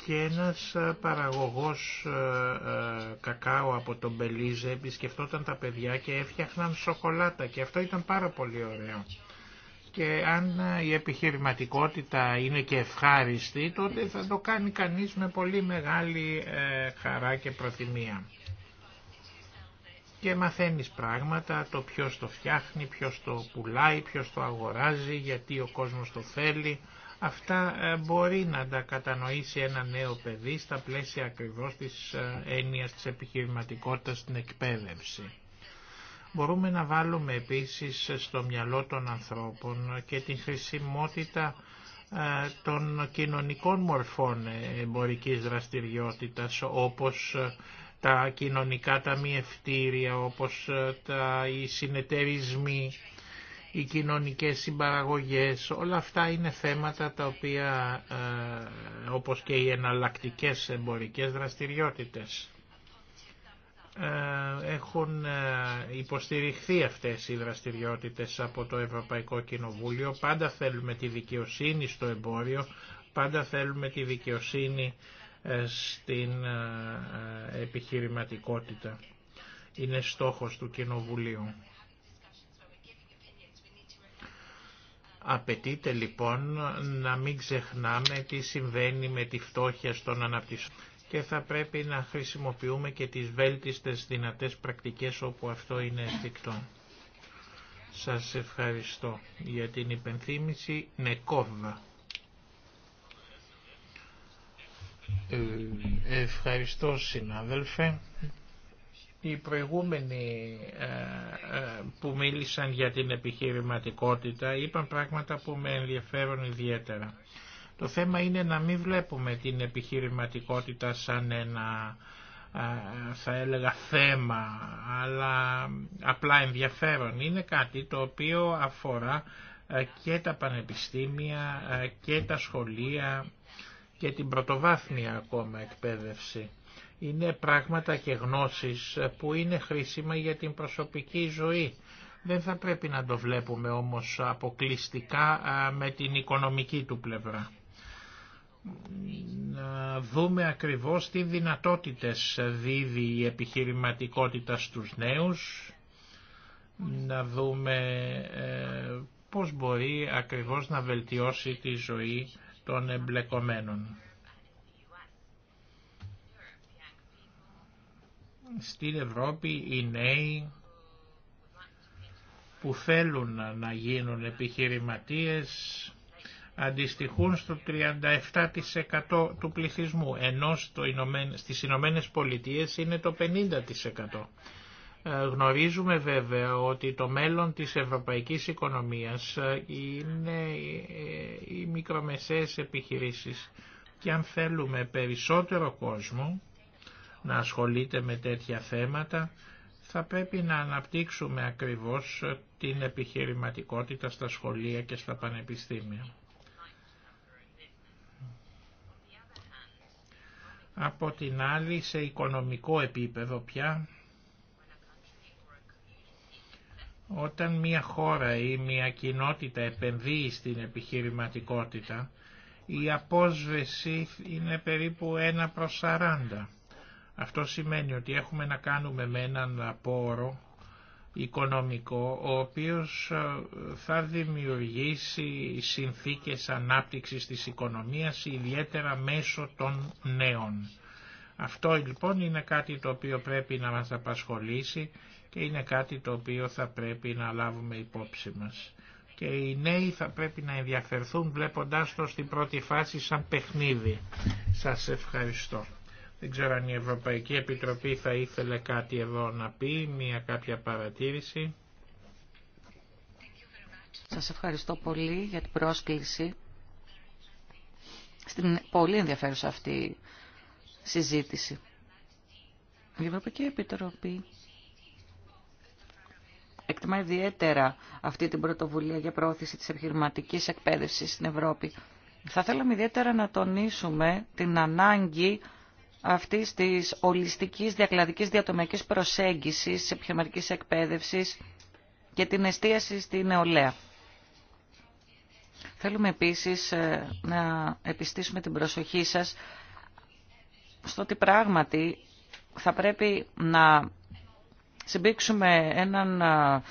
και ένας ε, παραγωγός ε, ε, κακάο από τον Μπελίζε επισκεφτόταν τα παιδιά και έφτιαχναν σοκολάτα και αυτό ήταν πάρα πολύ ωραίο. Και αν η επιχειρηματικότητα είναι και ευχάριστη τότε θα το κάνει κανείς με πολύ μεγάλη χαρά και προθυμία. Και μαθαίνεις πράγματα, το ποιος το φτιάχνει, ποιος το πουλάει, ποιος το αγοράζει, γιατί ο κόσμος το θέλει Αυτά ε, μπορεί να τα κατανοήσει ένα νέο παιδί στα πλαίσια ακριβώς της ε, έννοιας της επιχειρηματικότητας στην εκπαίδευση. Μπορούμε να βάλουμε επίσης στο μυαλό των ανθρώπων και την χρησιμότητα ε, των κοινωνικών μορφών εμπορικής δραστηριότητας όπως τα κοινωνικά ταμιευτήρια, όπως τα, οι συνεταιρισμοί οι κοινωνικές συμπαραγωγές, όλα αυτά είναι θέματα τα οποία, ε, όπως και οι εναλλακτικέ εμπορικές δραστηριότητες, ε, έχουν ε, υποστηριχθεί αυτές οι δραστηριότητες από το Ευρωπαϊκό Κοινοβούλιο. Πάντα θέλουμε τη δικαιοσύνη στο εμπόριο, πάντα θέλουμε τη δικαιοσύνη στην επιχειρηματικότητα. Είναι στόχος του Κοινοβουλίου. Απαιτείται λοιπόν να μην ξεχνάμε τι συμβαίνει με τη φτώχεια στον αναπτυσσό και θα πρέπει να χρησιμοποιούμε και τις βέλτιστες δυνατές πρακτικές όπου αυτό είναι εφικτό. Σας ευχαριστώ για την υπενθύμηση Νεκόβα. Ε, ευχαριστώ συνάδελφε. Οι προηγούμενοι ε, ε, που μίλησαν για την επιχειρηματικότητα είπαν πράγματα που με ενδιαφέρουν ιδιαίτερα. Το θέμα είναι να μην βλέπουμε την επιχειρηματικότητα σαν ένα ε, θα έλεγα θέμα, αλλά απλά ενδιαφέρον. Είναι κάτι το οποίο αφορά και τα πανεπιστήμια και τα σχολεία και την πρωτοβάθμια ακόμα εκπαίδευση είναι πράγματα και γνώσεις που είναι χρήσιμα για την προσωπική ζωή. Δεν θα πρέπει να το βλέπουμε όμως αποκλειστικά με την οικονομική του πλευρά. Να δούμε ακριβώς τι δυνατότητες δίδει η επιχειρηματικότητα στους νέους, να δούμε ε, πώς μπορεί ακριβώς να βελτιώσει τη ζωή των εμπλεκομένων. στην Ευρώπη οι νέοι που θέλουν να γίνουν επιχειρηματίες αντιστοιχούν στο 37% του πληθυσμού, ενώ στο στις Ηνωμένε Πολιτείες είναι το 50%. Ε, γνωρίζουμε βέβαια ότι το μέλλον της ευρωπαϊκής οικονομίας ε, είναι ε, οι μικρομεσαίες επιχειρήσεις και αν θέλουμε περισσότερο κόσμο να ασχολείται με τέτοια θέματα, θα πρέπει να αναπτύξουμε ακριβώς την επιχειρηματικότητα στα σχολεία και στα πανεπιστήμια. Από την άλλη, σε οικονομικό επίπεδο πια, όταν μια χώρα ή μια κοινότητα επενδύει στην επιχειρηματικότητα, η απόσβεση είναι περίπου 1 προς 40. Αυτό σημαίνει ότι έχουμε να κάνουμε με έναν πόρο οικονομικό, ο οποίος ε, θα δημιουργήσει συνθήκες ανάπτυξης της οικονομίας, ιδιαίτερα μέσω των νέων. Αυτό λοιπόν είναι κάτι το οποίο πρέπει να μας απασχολήσει και είναι κάτι το οποίο θα πρέπει να λάβουμε υπόψη μας. Και οι νέοι θα πρέπει να ενδιαφερθούν βλέποντάς το στην πρώτη φάση σαν παιχνίδι. Σας ευχαριστώ. Δεν ξέρω αν η Ευρωπαϊκή Επιτροπή θα ήθελε κάτι εδώ να πει, μια κάποια παρατήρηση. Σας ευχαριστώ πολύ για την πρόσκληση στην πολύ ενδιαφέρουσα αυτή συζήτηση. Η Ευρωπαϊκή Επιτροπή εκτιμά ιδιαίτερα αυτή την πρωτοβουλία για πρόθεση της επιχειρηματικής εκπαίδευσης στην Ευρώπη. Θα θέλαμε ιδιαίτερα να τονίσουμε την ανάγκη αυτής της ολιστικής διακλαδικής διατομιακής προσέγγισης τη επιχειρηματική εκπαίδευση και την εστίαση στη νεολαία. Θέλουμε επίσης ε, να επιστήσουμε την προσοχή σας στο ότι πράγματι θα πρέπει να συμπίξουμε έναν ε,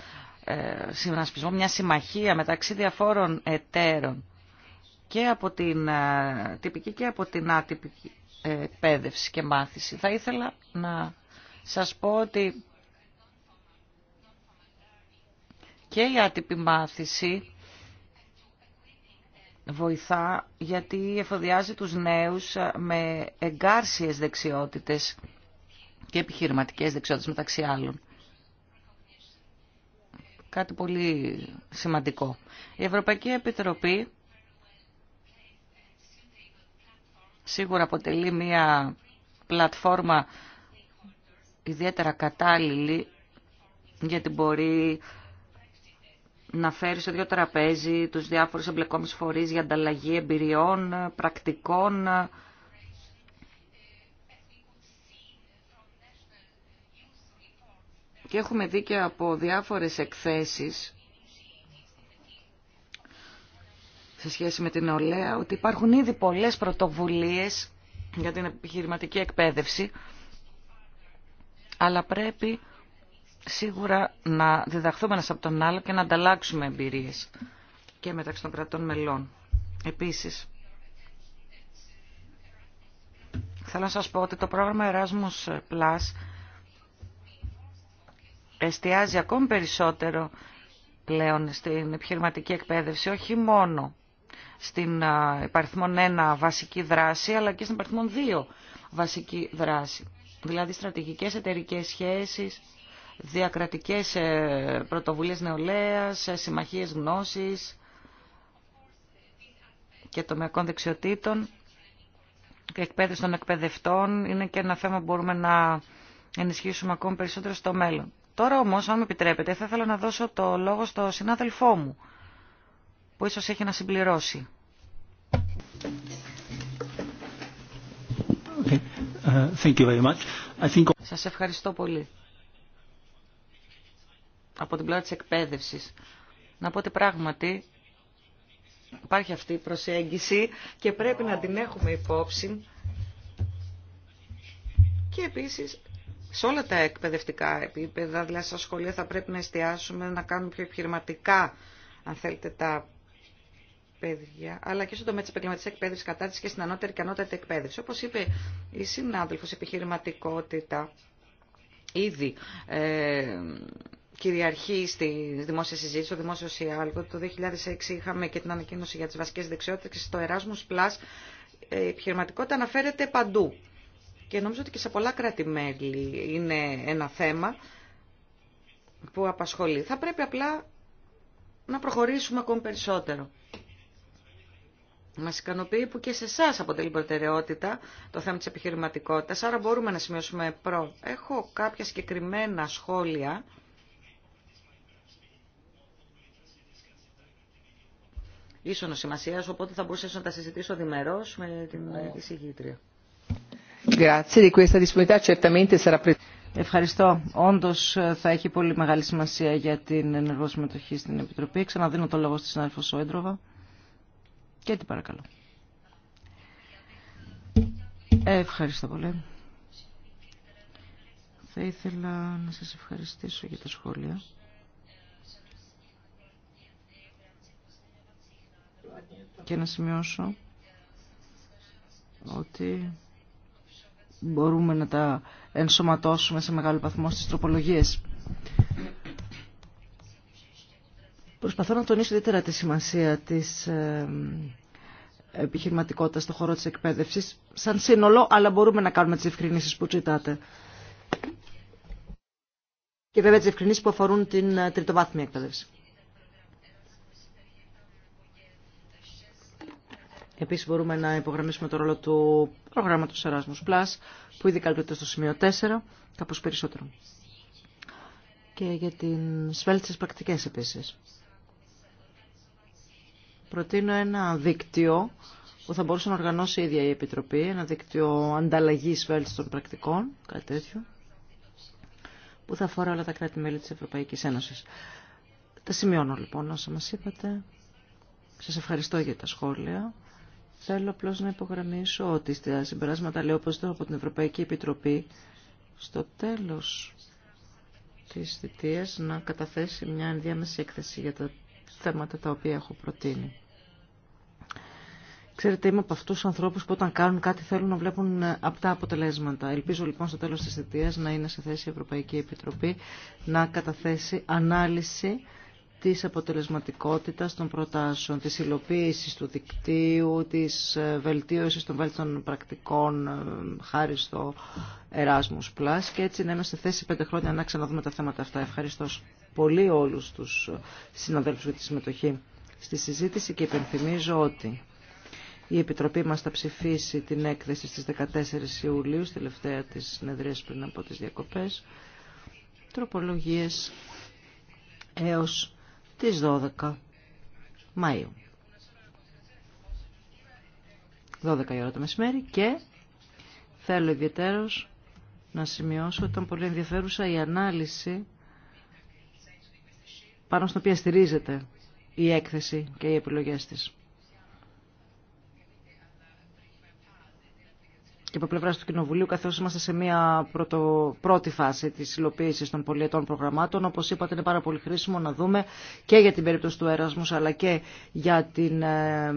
ε, συνασπισμό, μια συμμαχία μεταξύ διαφόρων εταίρων και από την τυπική και από την άτυπη εκπαίδευση και μάθηση. Θα ήθελα να σας πω ότι και η άτυπη μάθηση βοηθά γιατί εφοδιάζει τους νέους με εγκάρσιες δεξιότητες και επιχειρηματικές δεξιότητες μεταξύ άλλων. Κάτι πολύ σημαντικό. Η Ευρωπαϊκή Επιτροπή σίγουρα αποτελεί μια πλατφόρμα ιδιαίτερα κατάλληλη γιατί μπορεί να φέρει σε δύο τραπέζι τους διάφορους εμπλεκόμενους φορείς για ανταλλαγή εμπειριών, πρακτικών, και έχουμε δει και από διάφορες εκθέσεις σε σχέση με την νεολαία ότι υπάρχουν ήδη πολλές πρωτοβουλίες για την επιχειρηματική εκπαίδευση, αλλά πρέπει σίγουρα να διδαχθούμε ένας από τον άλλο και να ανταλλάξουμε εμπειρίες και μεταξύ των κρατών μελών. Επίσης, θέλω να σας πω ότι το πρόγραμμα Erasmus Plus εστιάζει ακόμη περισσότερο πλέον στην επιχειρηματική εκπαίδευση, όχι μόνο στην υπαριθμόν 1 βασική δράση, αλλά και στην υπαριθμόν 2 βασική δράση. Δηλαδή στρατηγικές εταιρικές σχέσεις, διακρατικές ε, πρωτοβουλίες νεολαίας, ε, συμμαχίες γνώσης και τομεακών δεξιοτήτων και εκπαίδευση των εκπαιδευτών είναι και ένα θέμα που μπορούμε να ενισχύσουμε ακόμη περισσότερο στο μέλλον. Τώρα όμως, αν με επιτρέπετε, θα ήθελα να δώσω το λόγο στο συνάδελφό μου, που ίσως έχει να συμπληρώσει. Uh, Σας ευχαριστώ πολύ. Από την πλάτη της εκπαίδευσης. Να πω ότι πράγματι υπάρχει αυτή η προσέγγιση και πρέπει να την έχουμε υπόψη και επίσης σε όλα τα εκπαιδευτικά επίπεδα, δηλαδή στα σχολεία θα πρέπει να εστιάσουμε, να κάνουμε πιο επιχειρηματικά, αν θέλετε, τα παιδιά, αλλά και στον τομέα τη επαγγελματική εκπαίδευση κατά τη και στην ανώτερη και ανώτατη εκπαίδευση. Όπω είπε η συνάδελφο, επιχειρηματικότητα ήδη ε, κυριαρχεί στη δημόσια συζήτηση, στο δημόσιο σιάλκο. Το 2006 είχαμε και την ανακοίνωση για τι βασικέ δεξιότητε και στο Erasmus Plus ε, η επιχειρηματικότητα αναφέρεται παντού. Και νομίζω ότι και σε πολλά κράτη-μέλη είναι ένα θέμα που απασχολεί. Θα πρέπει απλά να προχωρήσουμε ακόμη περισσότερο. Μα ικανοποιεί που και σε εσά αποτελεί προτεραιότητα το θέμα τη επιχειρηματικότητα. άρα μπορούμε να σημειώσουμε προ. Έχω κάποια συγκεκριμένα σχόλια. ίσονο σημασία, οπότε θα μπορούσα να τα συζητήσω διμερώ με την εισηγήτρια. Ευχαριστώ. Όντω ε, θα έχει πολύ μεγάλη σημασία για την ενεργό συμμετοχή στην Επιτροπή. Ξαναδίνω το λόγο στη συνάδελφο Σόεντροβα. Και τι παρακαλώ. Ευχαριστώ πολύ. Θα ήθελα να σας ευχαριστήσω για τα σχόλια. Και να σημειώσω ότι μπορούμε να τα ενσωματώσουμε σε μεγάλο βαθμό στις τροπολογίες. Προσπαθώ να τονίσω ιδιαίτερα τη σημασία της ε, επιχειρηματικότητα στον χώρο της εκπαίδευσης σαν σύνολο, αλλά μπορούμε να κάνουμε τις ευκρινήσεις που ζητάτε. Και βέβαια τις ευκρινήσεις που αφορούν την ε, τριτοβάθμια εκπαίδευση. Επίσης μπορούμε να υπογραμμίσουμε το ρόλο του προγράμματος Erasmus Plus, που ήδη καλύπτεται στο σημείο 4, κάπως περισσότερο. Και για τις βέλτιστες πρακτικές επίσης προτείνω ένα δίκτυο που θα μπορούσε να οργανώσει η ίδια η Επιτροπή, ένα δίκτυο ανταλλαγής βέλτιστων πρακτικών, κάτι τέτοιο, που θα αφορά όλα τα κράτη-μέλη τη Ευρωπαϊκή Ένωση. Τα σημειώνω λοιπόν όσα μα είπατε. σα ευχαριστώ για τα σχόλια. Θέλω απλώ να υπογραμμίσω ότι στα συμπεράσματα λέω όπως από την Ευρωπαϊκή Επιτροπή στο τέλος τη θητεία να καταθέσει μια ενδιάμεση έκθεση για τα θέματα τα οποία έχω προτείνει. Ξέρετε, είμαι από αυτού του ανθρώπου που όταν κάνουν κάτι θέλουν να βλέπουν ε, απτά αποτελέσματα. Ελπίζω λοιπόν στο τέλο τη θητεία να είναι σε θέση η Ευρωπαϊκή Επιτροπή να καταθέσει ανάλυση τη αποτελεσματικότητα των προτάσεων, τη υλοποίηση του δικτύου, τη ε, βελτίωση των βέλτιστων πρακτικών ε, χάρη στο Erasmus Plus και έτσι να σε θέση πέντε χρόνια να ξαναδούμε τα θέματα αυτά. Ευχαριστώ πολύ όλου του συναδέλφου για τη συμμετοχή στη συζήτηση και υπενθυμίζω ότι. Η Επιτροπή μας θα ψηφίσει την έκθεση στις 14 Ιουλίου, στη τελευταία της συνεδρίας πριν από τις διακοπές. Τροπολογίες έως τις 12 Μαΐου. 12 η ώρα το μεσημέρι και θέλω ιδιαίτερος να σημειώσω ότι ήταν πολύ ενδιαφέρουσα η ανάλυση πάνω στην οποία στηρίζεται η έκθεση και οι επιλογές της. και από πλευρά του Κοινοβουλίου, καθώ είμαστε σε μια πρωτο, πρώτη φάση τη υλοποίηση των πολιετών προγραμμάτων. Όπω είπατε, είναι πάρα πολύ χρήσιμο να δούμε και για την περίπτωση του Erasmus, αλλά και για την ε,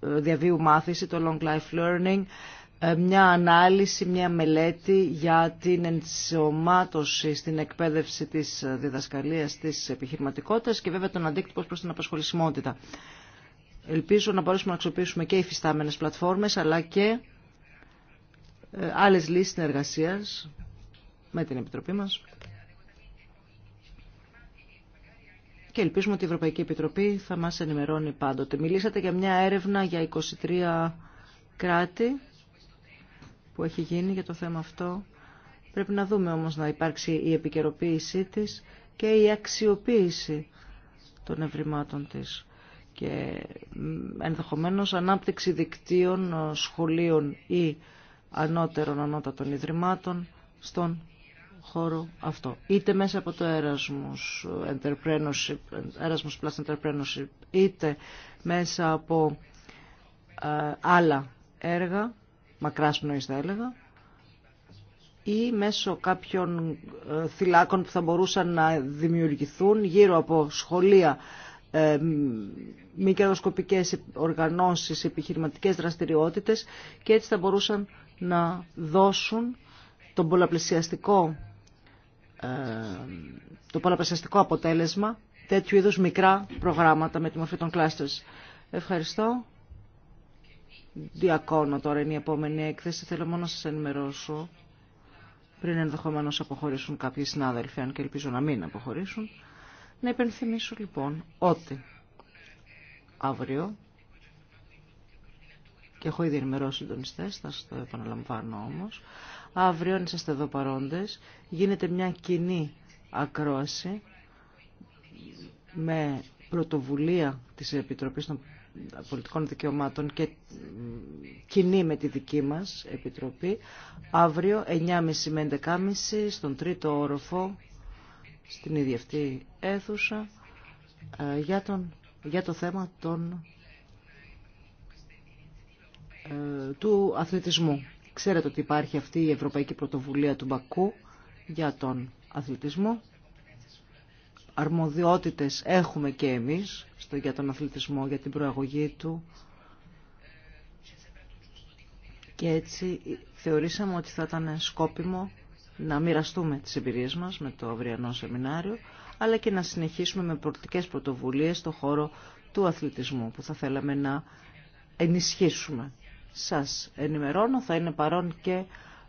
διαβίου μάθηση, το long life learning, ε, μια ανάλυση, μια μελέτη για την ενσωμάτωση στην εκπαίδευση της διδασκαλίας της επιχειρηματικότητας και βέβαια τον αντίκτυπο προς την απασχολησιμότητα. Ελπίζω να μπορέσουμε να αξιοποιήσουμε και οι φυστάμενες πλατφόρμες αλλά και ε, άλλες λύσεις συνεργασίας με την Επιτροπή μας. Και ελπίζουμε ότι η Ευρωπαϊκή Επιτροπή θα μας ενημερώνει πάντοτε. Μιλήσατε για μια έρευνα για 23 κράτη που έχει γίνει για το θέμα αυτό. Πρέπει να δούμε όμως να υπάρξει η επικαιροποίησή της και η αξιοποίηση των ευρημάτων της και ενδεχομένως ανάπτυξη δικτύων ε, σχολείων ή ανώτερων ανώτατων ιδρυμάτων στον χώρο αυτό. Είτε μέσα από το Erasmus, Entrepreneurship, Erasmus Plus Entrepreneurship, είτε μέσα από ε, άλλα έργα, μακράς πνοής θα έλεγα, ή μέσω κάποιων ε, θυλάκων που θα μπορούσαν να δημιουργηθούν γύρω από σχολεία ε, μη κερδοσκοπικές οργανώσεις, επιχειρηματικές δραστηριότητες και έτσι θα μπορούσαν να δώσουν τον πολλαπλασιαστικό, ε, το πολλαπλασιαστικό αποτέλεσμα τέτοιου είδους μικρά προγράμματα με τη μορφή των clusters. Ευχαριστώ. Διακόνω τώρα είναι η επόμενη έκθεση. Θέλω μόνο να σας ενημερώσω πριν ενδεχομένως αποχωρήσουν κάποιοι συνάδελφοι, αν και ελπίζω να μην αποχωρήσουν. Να υπενθυμίσω λοιπόν ότι αύριο και έχω ήδη ενημερώσει τον ιστές, θα το επαναλαμβάνω όμως. Αύριο, αν είσαστε εδώ παρόντες, γίνεται μια κοινή ακρόαση με πρωτοβουλία της Επιτροπής των Πολιτικών Δικαιωμάτων και κοινή με τη δική μας Επιτροπή. Αύριο, 9.30 με 11.30, στον τρίτο όροφο στην ίδια αυτή αίθουσα ε, για, τον, για το θέμα των, ε, του αθλητισμού. Ξέρετε ότι υπάρχει αυτή η Ευρωπαϊκή Πρωτοβουλία του Μπακού για τον αθλητισμό. Αρμοδιότητες έχουμε και εμείς στο, για τον αθλητισμό, για την προαγωγή του. Και έτσι θεωρήσαμε ότι θα ήταν σκόπιμο να μοιραστούμε τις εμπειρίες μας με το αυριανό σεμινάριο, αλλά και να συνεχίσουμε με πολιτικές πρωτοβουλίες στο χώρο του αθλητισμού που θα θέλαμε να ενισχύσουμε. Σας ενημερώνω, θα είναι παρόν και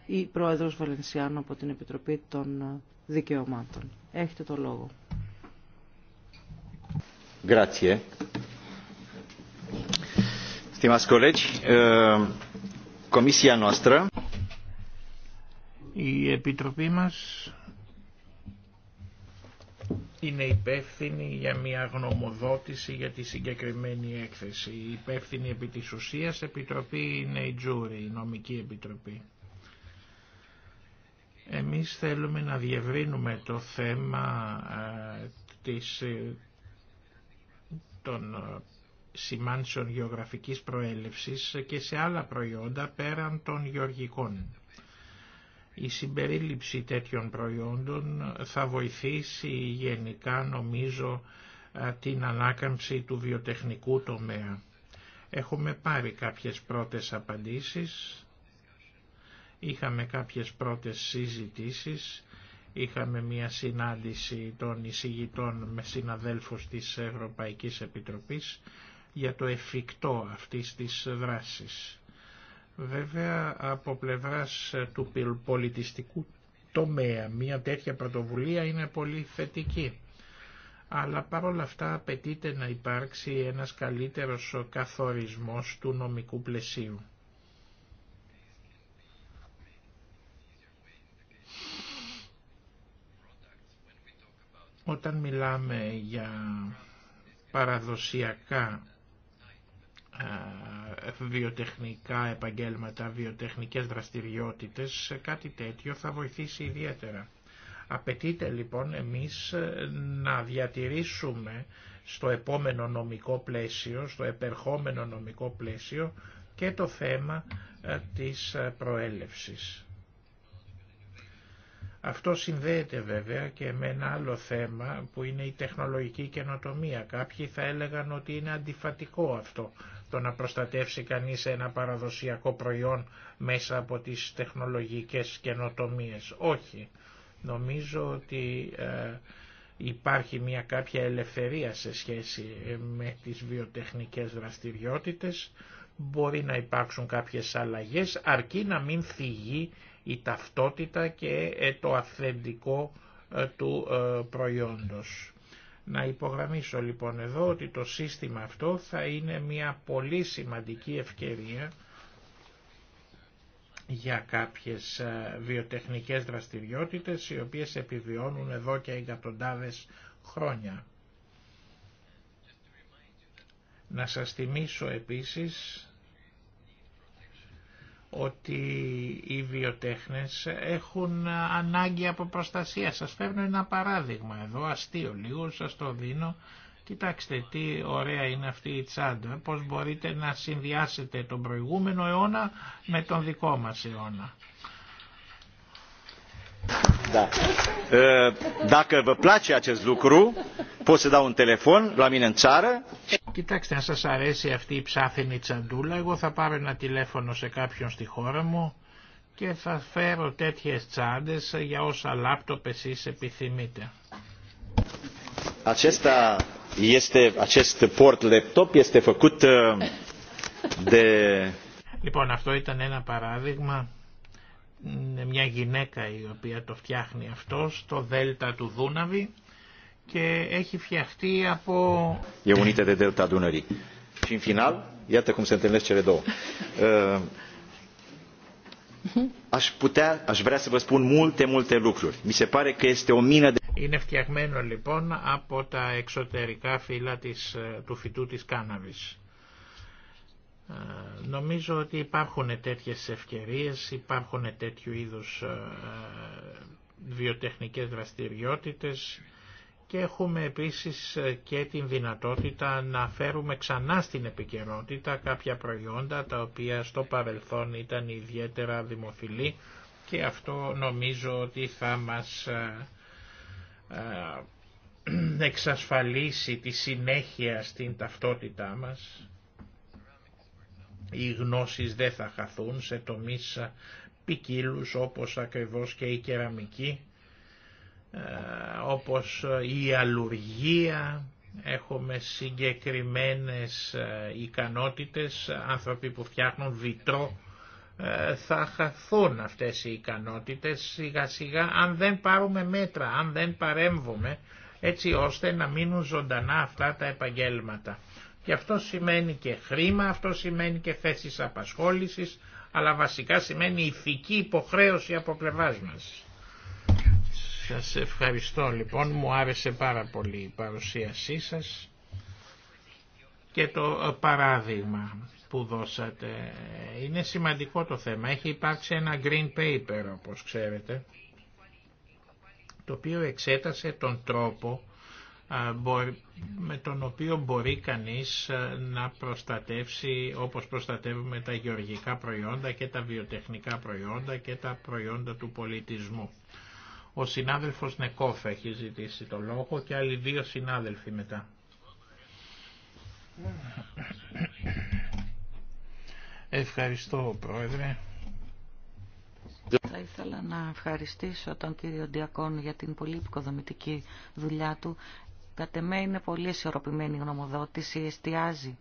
η Πρόεδρος Βαλενσιάνου από την Επιτροπή των Δικαιωμάτων. Έχετε το λόγο. Grazie. Stimați colegi, eh, comisia η Επιτροπή μας είναι υπεύθυνη για μια γνωμοδότηση για τη συγκεκριμένη έκθεση. Η υπεύθυνη επί της ουσίας Επιτροπή είναι η Τζούρη, η Νομική Επιτροπή. Εμείς θέλουμε να διευρύνουμε το θέμα ε, της, ε, των ε, σημάνσεων γεωγραφικής προέλευσης και σε άλλα προϊόντα πέραν των γεωργικών. Η συμπερίληψη τέτοιων προϊόντων θα βοηθήσει γενικά νομίζω την ανάκαμψη του βιοτεχνικού τομέα. Έχουμε πάρει κάποιες πρώτες απαντήσεις, είχαμε κάποιες πρώτες συζητήσεις, είχαμε μια συνάντηση των εισηγητών με συναδέλφους της Ευρωπαϊκής Επιτροπής για το εφικτό αυτής της δράσης. Βέβαια από πλευράς ε, του πολιτιστικού τομέα μια τέτοια πρωτοβουλία είναι πολύ θετική. Αλλά παρόλα αυτά απαιτείται να υπάρξει ένας καλύτερος καθορισμός του νομικού πλαισίου. Όταν μιλάμε για παραδοσιακά ε, βιοτεχνικά επαγγέλματα, βιοτεχνικές δραστηριότητες, κάτι τέτοιο θα βοηθήσει ιδιαίτερα. Απαιτείται λοιπόν εμείς ε, να διατηρήσουμε στο επόμενο νομικό πλαίσιο, στο επερχόμενο νομικό πλαίσιο και το θέμα ε, της προέλευσης. Αυτό συνδέεται βέβαια και με ένα άλλο θέμα που είναι η τεχνολογική καινοτομία. Κάποιοι θα έλεγαν ότι είναι αντιφατικό αυτό το να προστατεύσει κανείς ένα παραδοσιακό προϊόν μέσα από τις τεχνολογικές καινοτομίες. Όχι. Νομίζω ότι ε, υπάρχει μια κάποια ελευθερία σε σχέση ε, με τις βιοτεχνικές δραστηριότητες. Μπορεί να υπάρξουν κάποιες αλλαγές αρκεί να μην θυγεί η ταυτότητα και ε, το αυθεντικό του προϊόντος. Να υπογραμμίσω λοιπόν εδώ ότι το σύστημα αυτό θα είναι μια πολύ σημαντική ευκαιρία για κάποιες ε, βιοτεχνικές δραστηριότητες οι οποίες επιβιώνουν εδώ και εκατοντάδες χρόνια. Να σας θυμίσω επίσης ότι οι βιοτέχνες έχουν ανάγκη από προστασία. Σας φέρνω ένα παράδειγμα εδώ, αστείο λίγο, σας το δίνω. Κοιτάξτε τι ωραία είναι αυτή η τσάντα, πώς μπορείτε να συνδυάσετε τον προηγούμενο αιώνα με τον δικό μας αιώνα. Dacă vă place Κοιτάξτε, αν σας αρέσει αυτή η ψάφινη τσαντούλα, εγώ θα πάρω ένα τηλέφωνο σε κάποιον στη χώρα μου και θα φέρω τέτοιες τσάντες για όσα λάπτοπ εσείς επιθυμείτε. Λοιπόν, αυτό ήταν ένα παράδειγμα είναι μια γυναίκα η οποία το φτιάχνει αυτό στο δέλτα του Δούναβη και έχει φτιαχτεί από... η ε, ουνίτε Delta Δέλτα Și în final, iată cum se întâlnesc cele două. Aș putea, aș vrea să vă spun multe, multe lucruri. Mi se pare că este o Είναι φτιαγμένο λοιπόν από τα εξωτερικά φύλλα της, ε, του φυτού της κάναβης. Νομίζω ότι υπάρχουν τέτοιες ευκαιρίες, υπάρχουν τέτοιου είδους βιοτεχνικές δραστηριότητες και έχουμε επίσης ε, και την δυνατότητα να φέρουμε ξανά στην επικαιρότητα κάποια προϊόντα τα οποία στο παρελθόν ήταν ιδιαίτερα δημοφιλή και αυτό νομίζω ότι θα μας ε, ε, εξασφαλίσει τη συνέχεια στην ταυτότητά μας οι γνώσεις δεν θα χαθούν σε τομείς ποικίλου όπως ακριβώς και η κεραμική, ε, όπως η αλλουργία, έχουμε συγκεκριμένες ε, ικανότητες, άνθρωποι που φτιάχνουν βιτρό ε, θα χαθούν αυτές οι ικανότητες σιγά σιγά αν δεν πάρουμε μέτρα, αν δεν παρέμβουμε έτσι ώστε να μείνουν ζωντανά αυτά τα επαγγέλματα και αυτό σημαίνει και χρήμα, αυτό σημαίνει και θέσεις απασχόλησης, αλλά βασικά σημαίνει ηθική υποχρέωση από πλευράς Σας ευχαριστώ λοιπόν, μου άρεσε πάρα πολύ η παρουσίασή σας και το παράδειγμα που δώσατε. Είναι σημαντικό το θέμα. Έχει υπάρξει ένα green paper όπως ξέρετε, το οποίο εξέτασε τον τρόπο ε, με τον οποίο μπορεί κανείς ε, να προστατεύσει όπως προστατεύουμε τα γεωργικά προϊόντα και τα βιοτεχνικά προϊόντα και τα προϊόντα του πολιτισμού. Ο συνάδελφος Νεκόφ έχει ζητήσει το λόγο και άλλοι δύο συνάδελφοι μετά. Ευχαριστώ Πρόεδρε. Θα ήθελα να ευχαριστήσω τον κύριο Ντιακόν για την πολύ υποδομητική δουλειά του. Κατ' εμέ είναι πολύ ισορροπημένη η γνωμοδότηση, εστιάζει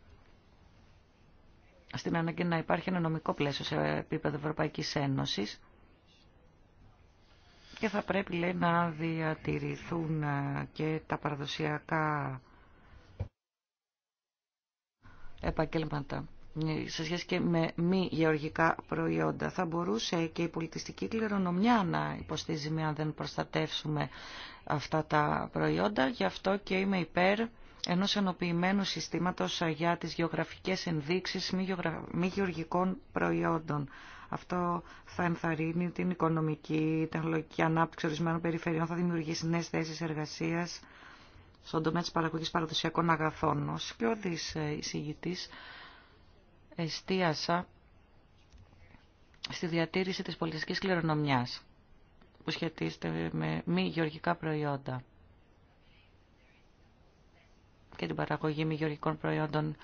στην ανάγκη να υπάρχει ένα νομικό πλαίσιο σε επίπεδο Ευρωπαϊκής Ένωσης και θα πρέπει να διατηρηθούν ε, και τα παραδοσιακά επαγγέλματα σε σχέση και με μη γεωργικά προϊόντα. Θα μπορούσε και η πολιτιστική κληρονομιά να υποστίζει με αν δεν προστατεύσουμε αυτά τα προϊόντα. Γι' αυτό και είμαι υπέρ ενός ενοποιημένου συστήματος για τις γεωγραφικές ενδείξεις μη γεωργικών προϊόντων. Αυτό θα ενθαρρύνει την οικονομική, τεχνολογική ανάπτυξη ορισμένων περιφερειών, θα δημιουργήσει νέες θέσεις εργασίας στον τομέα της παραγωγής παραδοσιακών αγαθών. Ο ε, εστίασα στη διατήρηση της πολιτιστικής κληρονομιάς που σχετίζεται με μη γεωργικά προϊόντα και την παραγωγή μη γεωργικών προϊόντων.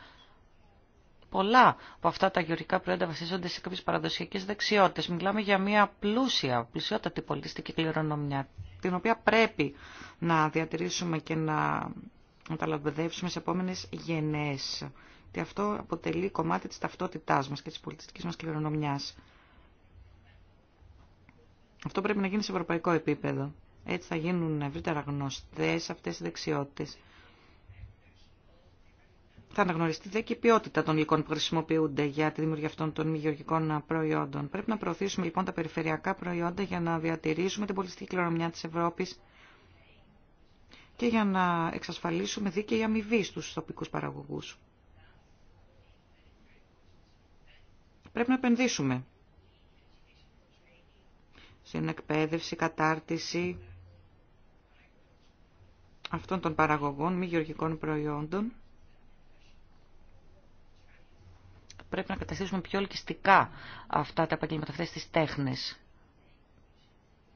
Πολλά από αυτά τα γεωργικά προϊόντα βασίζονται σε κάποιες παραδοσιακές δεξιότητες. Μιλάμε για μια πλούσια, πλουσιότατη πολιτιστική κληρονομιά, την οποία πρέπει να διατηρήσουμε και να, να τα σε επόμενες γενναίες ότι αυτό αποτελεί κομμάτι της ταυτότητάς μας και της πολιτιστικής μας κληρονομιάς. Αυτό πρέπει να γίνει σε ευρωπαϊκό επίπεδο. Έτσι θα γίνουν ευρύτερα γνωστές αυτές οι δεξιότητες. Θα αναγνωριστεί δε και η ποιότητα των υλικών που χρησιμοποιούνται για τη δημιουργία αυτών των μη γεωργικών προϊόντων. Πρέπει να προωθήσουμε λοιπόν τα περιφερειακά προϊόντα για να διατηρήσουμε την πολιτιστική κληρονομιά της Ευρώπης και για να εξασφαλίσουμε δίκαιη αμοιβή στους τοπικούς παραγωγούς. Πρέπει να επενδύσουμε στην εκπαίδευση, κατάρτιση αυτών των παραγωγών μη γεωργικών προϊόντων. Πρέπει να καταστήσουμε πιο ελκυστικά αυτά τα επαγγελματα, αυτές τις τέχνες.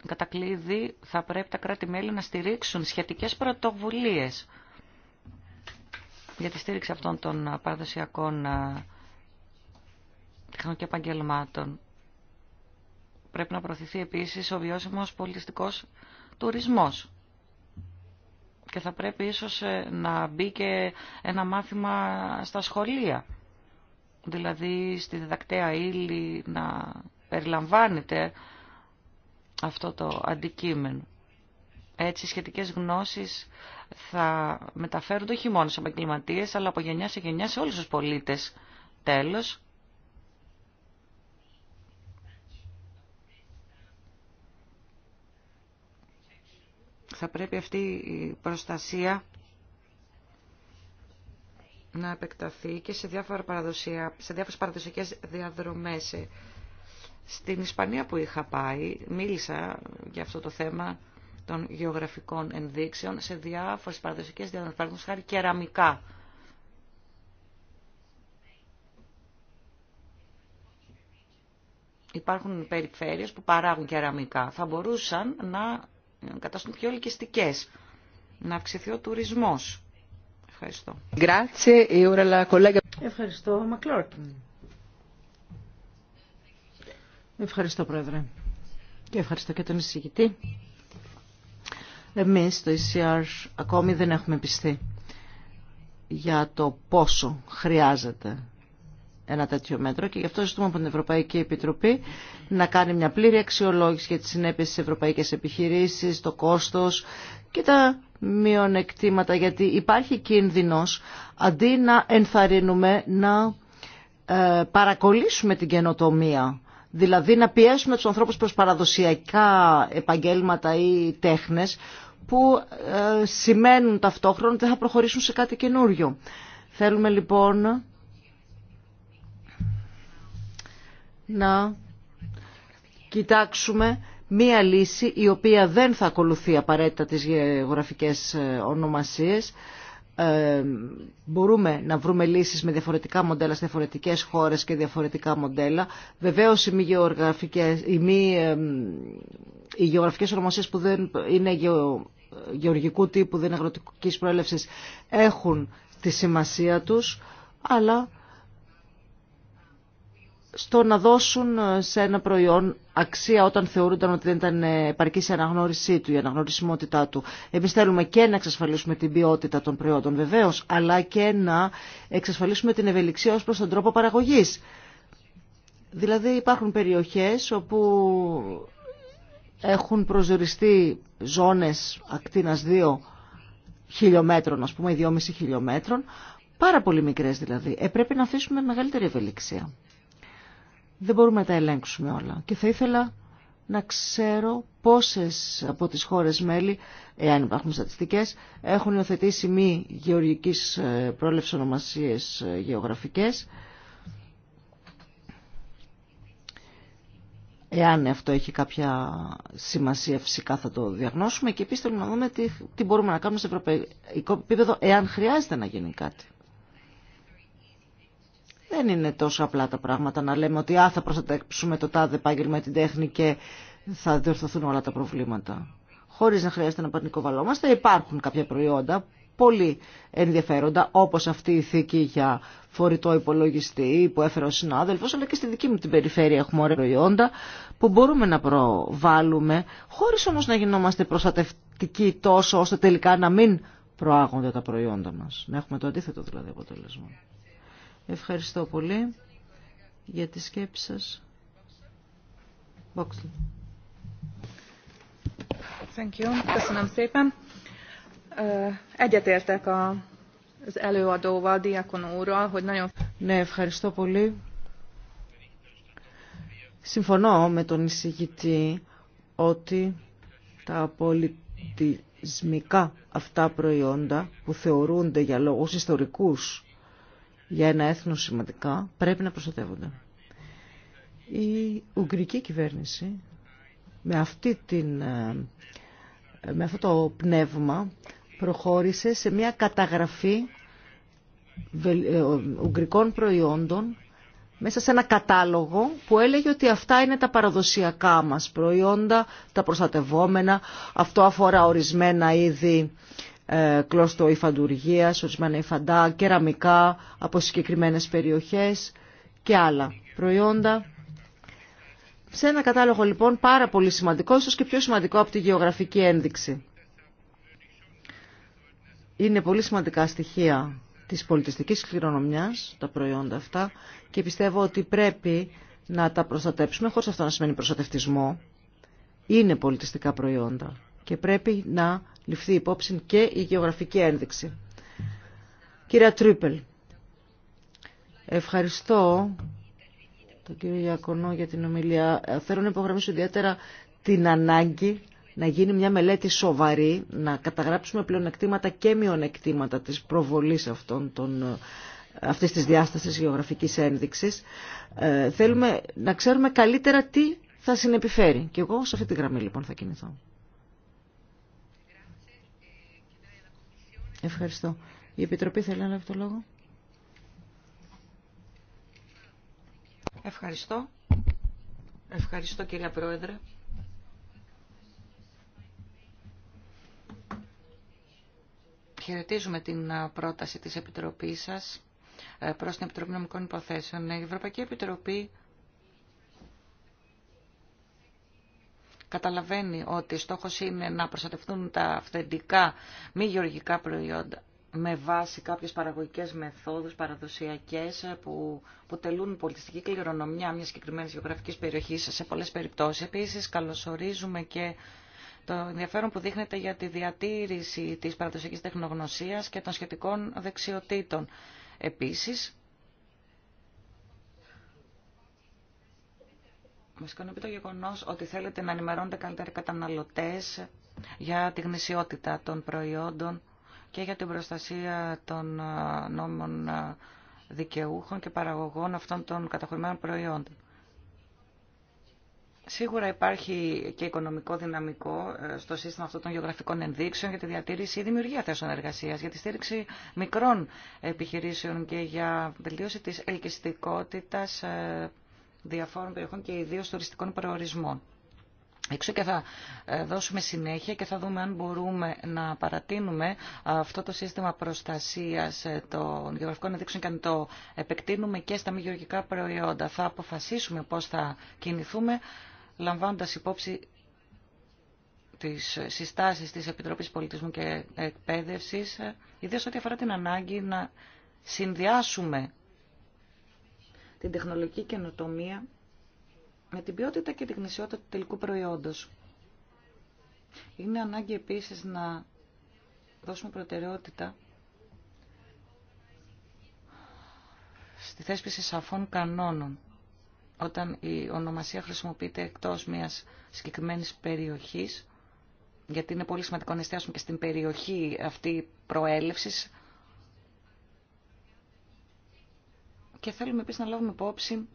Κατά κλείδι θα πρέπει τα κράτη-μέλη να στηρίξουν σχετικές πρωτοβουλίες για τη στήριξη αυτών των παραδοσιακών και επαγγελμάτων. Πρέπει να προωθηθεί επίσης ο βιώσιμος πολιτιστικός τουρισμός. Και θα πρέπει ίσως ε, να μπει και ένα μάθημα στα σχολεία. Δηλαδή στη διδακτέα ύλη να περιλαμβάνεται αυτό το αντικείμενο. Έτσι, οι σχετικέ γνώσει θα μεταφέρονται όχι μόνο σε επαγγελματίε, αλλά από γενιά σε γενιά σε όλου του πολίτε. Τέλο, Θα πρέπει αυτή η προστασία να επεκταθεί και σε, διάφορα παραδοσία, σε διάφορες παραδοσιακές διαδρομές. Στην Ισπανία που είχα πάει, μίλησα για αυτό το θέμα των γεωγραφικών ενδείξεων σε διάφορες παραδοσιακές διαδρομές, παραδοσιακές χάρη κεραμικά. Υπάρχουν περιφέρειες που παράγουν κεραμικά. Θα μπορούσαν να να καταστούν πιο ελκυστικέ. να αυξηθεί ο τουρισμός. Ευχαριστώ. E ευχαριστώ, Μακλόρκιν. Ευχαριστώ, Πρόεδρε. Και ευχαριστώ και τον εισηγητή. Εμείς στο ECR ακόμη δεν έχουμε πιστεί για το πόσο χρειάζεται ένα τέτοιο μέτρο και γι' αυτό ζητούμε από την Ευρωπαϊκή Επιτροπή να κάνει μια πλήρη αξιολόγηση για τις συνέπειες στις ευρωπαϊκές επιχειρήσεις, το κόστος και τα μειονεκτήματα γιατί υπάρχει κίνδυνος αντί να ενθαρρύνουμε να ε, παρακολύσουμε την καινοτομία. Δηλαδή να πιέσουμε τους ανθρώπους προς παραδοσιακά επαγγέλματα ή τέχνες που ε, σημαίνουν ταυτόχρονα ότι θα προχωρήσουν σε κάτι καινούριο. Θέλουμε λοιπόν να κοιτάξουμε μία λύση η οποία δεν θα ακολουθεί απαραίτητα τις γεωγραφικές ε, ονομασίες. Ε, μπορούμε να βρούμε λύσεις με διαφορετικά μοντέλα σε διαφορετικές χώρες και διαφορετικά μοντέλα. Βεβαίως οι μη γεωγραφικές, οι ε, ονομασίες που δεν είναι γεω, γεωργικού τύπου, δεν είναι αγροτικής προέλευσης, έχουν τη σημασία τους, αλλά στο να δώσουν ε, σε ένα προϊόν αξία όταν θεωρούνταν ότι δεν ήταν ε, επαρκή η αναγνώρισή του, η αναγνωρισιμότητά του. Εμεί θέλουμε και να εξασφαλίσουμε την ποιότητα των προϊόντων βεβαίω, αλλά και να εξασφαλίσουμε την ευελιξία ω προ τον τρόπο παραγωγή. Δηλαδή υπάρχουν περιοχές όπου έχουν προσδιοριστεί ζώνες ακτίνας 2 χιλιόμετρων, ας πούμε, 2,5 χιλιόμετρων, πάρα πολύ μικρές δηλαδή. Ε, πρέπει να αφήσουμε μεγαλύτερη ευελιξία δεν μπορούμε να τα ελέγξουμε όλα. Και θα ήθελα να ξέρω πόσες από τις χώρες μέλη, εάν υπάρχουν στατιστικές, έχουν υιοθετήσει μη γεωργικής ε, πρόλευσης ονομασίες ε, γεωγραφικές. Εάν αυτό έχει κάποια σημασία φυσικά θα το διαγνώσουμε και επίσης θέλουμε να δούμε τι, τι μπορούμε να κάνουμε σε ευρωπαϊκό επίπεδο εάν χρειάζεται να γίνει κάτι. Δεν είναι τόσο απλά τα πράγματα να λέμε ότι α, θα προστατεύσουμε το τάδε επάγγελμα την τέχνη και θα διορθωθούν όλα τα προβλήματα. Χωρίς να χρειάζεται να πανικοβαλόμαστε, υπάρχουν κάποια προϊόντα πολύ ενδιαφέροντα, όπως αυτή η θήκη για φορητό υπολογιστή που έφερε ο συνάδελφος, αλλά και στη δική μου την περιφέρεια έχουμε ωραία προϊόντα που μπορούμε να προβάλλουμε, χωρίς όμως να γινόμαστε προστατευτικοί τόσο ώστε τελικά να μην προάγονται τα προϊόντα μας. Να έχουμε το αντίθετο δηλαδή αποτέλεσμα. Ευχαριστώ πολύ για τη σκέψη σας. ευχαριστώ πολύ. Συμφωνώ με τον εισηγητή ότι τα πολιτισμικά αυτά προϊόντα που θεωρούνται για λόγους ιστορικούς για ένα έθνο σημαντικά πρέπει να προστατεύονται. Η Ουγγρική κυβέρνηση με, αυτή την, ε, με αυτό το πνεύμα προχώρησε σε μια καταγραφή ε, ουγγρικών προϊόντων μέσα σε ένα κατάλογο που έλεγε ότι αυτά είναι τα παραδοσιακά μας προϊόντα, τα προστατευόμενα. Αυτό αφορά ορισμένα είδη ε, κλώστο υφαντουργίας, ορισμένα υφαντά, κεραμικά από συγκεκριμένες περιοχές και άλλα προϊόντα. Σε ένα κατάλογο λοιπόν πάρα πολύ σημαντικό, ίσως και πιο σημαντικό από τη γεωγραφική ένδειξη. Είναι πολύ σημαντικά στοιχεία της πολιτιστικής κληρονομιάς, τα προϊόντα αυτά, και πιστεύω ότι πρέπει να τα προστατέψουμε, χωρίς αυτό να σημαίνει προστατευτισμό. Είναι πολιτιστικά προϊόντα και πρέπει να ληφθεί υπόψη και η γεωγραφική ένδειξη. Κυρία Τρίπελ, ευχαριστώ τον κύριο Γιακονό για την ομιλία. Θέλω να υπογραμμίσω ιδιαίτερα την ανάγκη να γίνει μια μελέτη σοβαρή, να καταγράψουμε πλεονεκτήματα και μειονεκτήματα της προβολής αυτών των αυτής της διάστασης γεωγραφικής ένδειξης. Ε, θέλουμε να ξέρουμε καλύτερα τι θα συνεπιφέρει. Και εγώ σε αυτή τη γραμμή λοιπόν θα κινηθώ. Ευχαριστώ. Η Επιτροπή θέλει να λάβει το λόγο. Ευχαριστώ. Ευχαριστώ κυρία Πρόεδρε. Χαιρετίζουμε την πρόταση της Επιτροπής σας ε, προς την Επιτροπή Νομικών Υποθέσεων. Η Ευρωπαϊκή Επιτροπή καταλαβαίνει ότι στόχος είναι να προστατευτούν τα αυθεντικά μη γεωργικά προϊόντα με βάση κάποιες παραγωγικές μεθόδους παραδοσιακές που, που τελούν πολιτιστική κληρονομιά μιας συγκεκριμένη γεωγραφικής περιοχής σε πολλές περιπτώσεις. Επίσης καλωσορίζουμε και το ενδιαφέρον που δείχνεται για τη διατήρηση της παραδοσιακής τεχνογνωσίας και των σχετικών δεξιοτήτων. Επίσης, Με ικανοποιεί το γεγονό ότι θέλετε να ενημερώνετε καλύτερα καταναλωτέ για τη γνησιότητα των προϊόντων και για την προστασία των ε, νόμων ε, δικαιούχων και παραγωγών αυτών των καταχωρημένων προϊόντων. Σίγουρα υπάρχει και οικονομικό δυναμικό ε, στο σύστημα αυτών των γεωγραφικών ενδείξεων για τη διατήρηση ή δημιουργία θέσεων εργασία, για τη στήριξη μικρών επιχειρήσεων και για βελτίωση τη ελκυστικότητα διαφόρων περιοχών και ιδίω τουριστικών προορισμών. Εξού και θα ε, δώσουμε συνέχεια και θα δούμε αν μπορούμε να παρατείνουμε αυτό το σύστημα προστασίας ε, των γεωγραφικών ενδείξεων και αν το επεκτείνουμε και στα μη γεωργικά προϊόντα. Θα αποφασίσουμε πώς θα κινηθούμε λαμβάνοντας υπόψη τις συστάσεις της Επιτροπής Πολιτισμού και Εκπαίδευσης, ε, ιδίως ό,τι αφορά την ανάγκη να συνδυάσουμε την τεχνολογική καινοτομία με την ποιότητα και την γνησιότητα του τελικού προϊόντος. Είναι ανάγκη επίσης να δώσουμε προτεραιότητα στη θέσπιση σαφών κανόνων όταν η ονομασία χρησιμοποιείται εκτός μιας συγκεκριμένης περιοχής, γιατί είναι πολύ σημαντικό να εστιάσουμε και στην περιοχή αυτή προέλευσης, Και θέλουμε επίσης να λάβουμε υπόψη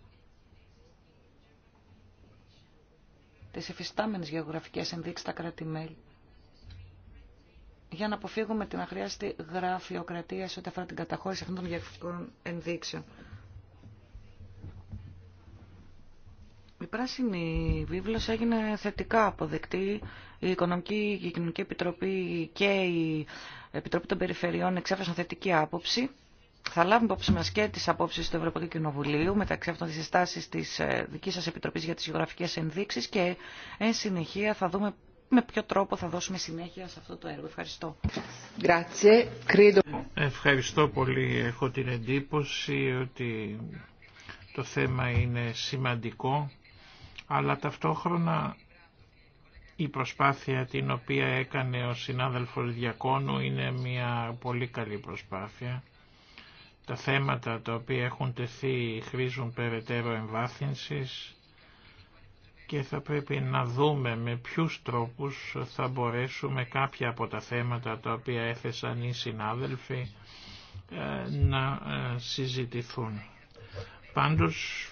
τις εφιστάμενες γεωγραφικές ενδείξεις στα κράτη-μέλη για να αποφύγουμε την αχρίαστη γραφειοκρατία σε ό,τι αφορά την καταχώρηση αυτών των γεωγραφικών ενδείξεων. Η πράσινη βίβλος έγινε θετικά αποδεκτή. Η Οικονομική και η Κοινωνική Επιτροπή και η Επιτροπή των Περιφερειών εξέφρασαν θετική άποψη θα λάβουμε υπόψη μα και τι απόψει του Ευρωπαϊκού Κοινοβουλίου, μεταξύ αυτών τη συστάσει τη ε, δική σα Επιτροπή για τι Γεωγραφικέ Ενδείξει και εν συνεχεία θα δούμε με ποιο τρόπο θα δώσουμε συνέχεια σε αυτό το έργο. Ευχαριστώ. Ευχαριστώ πολύ. Έχω την εντύπωση ότι το θέμα είναι σημαντικό, αλλά ταυτόχρονα η προσπάθεια την οποία έκανε ο συνάδελφος Διακόνου είναι μια πολύ καλή προσπάθεια τα θέματα τα οποία έχουν τεθεί χρήζουν περαιτέρω εμβάθυνσης και θα πρέπει να δούμε με ποιους τρόπους θα μπορέσουμε κάποια από τα θέματα τα οποία έθεσαν οι συνάδελφοι ε, να ε, συζητηθούν. Πάντως,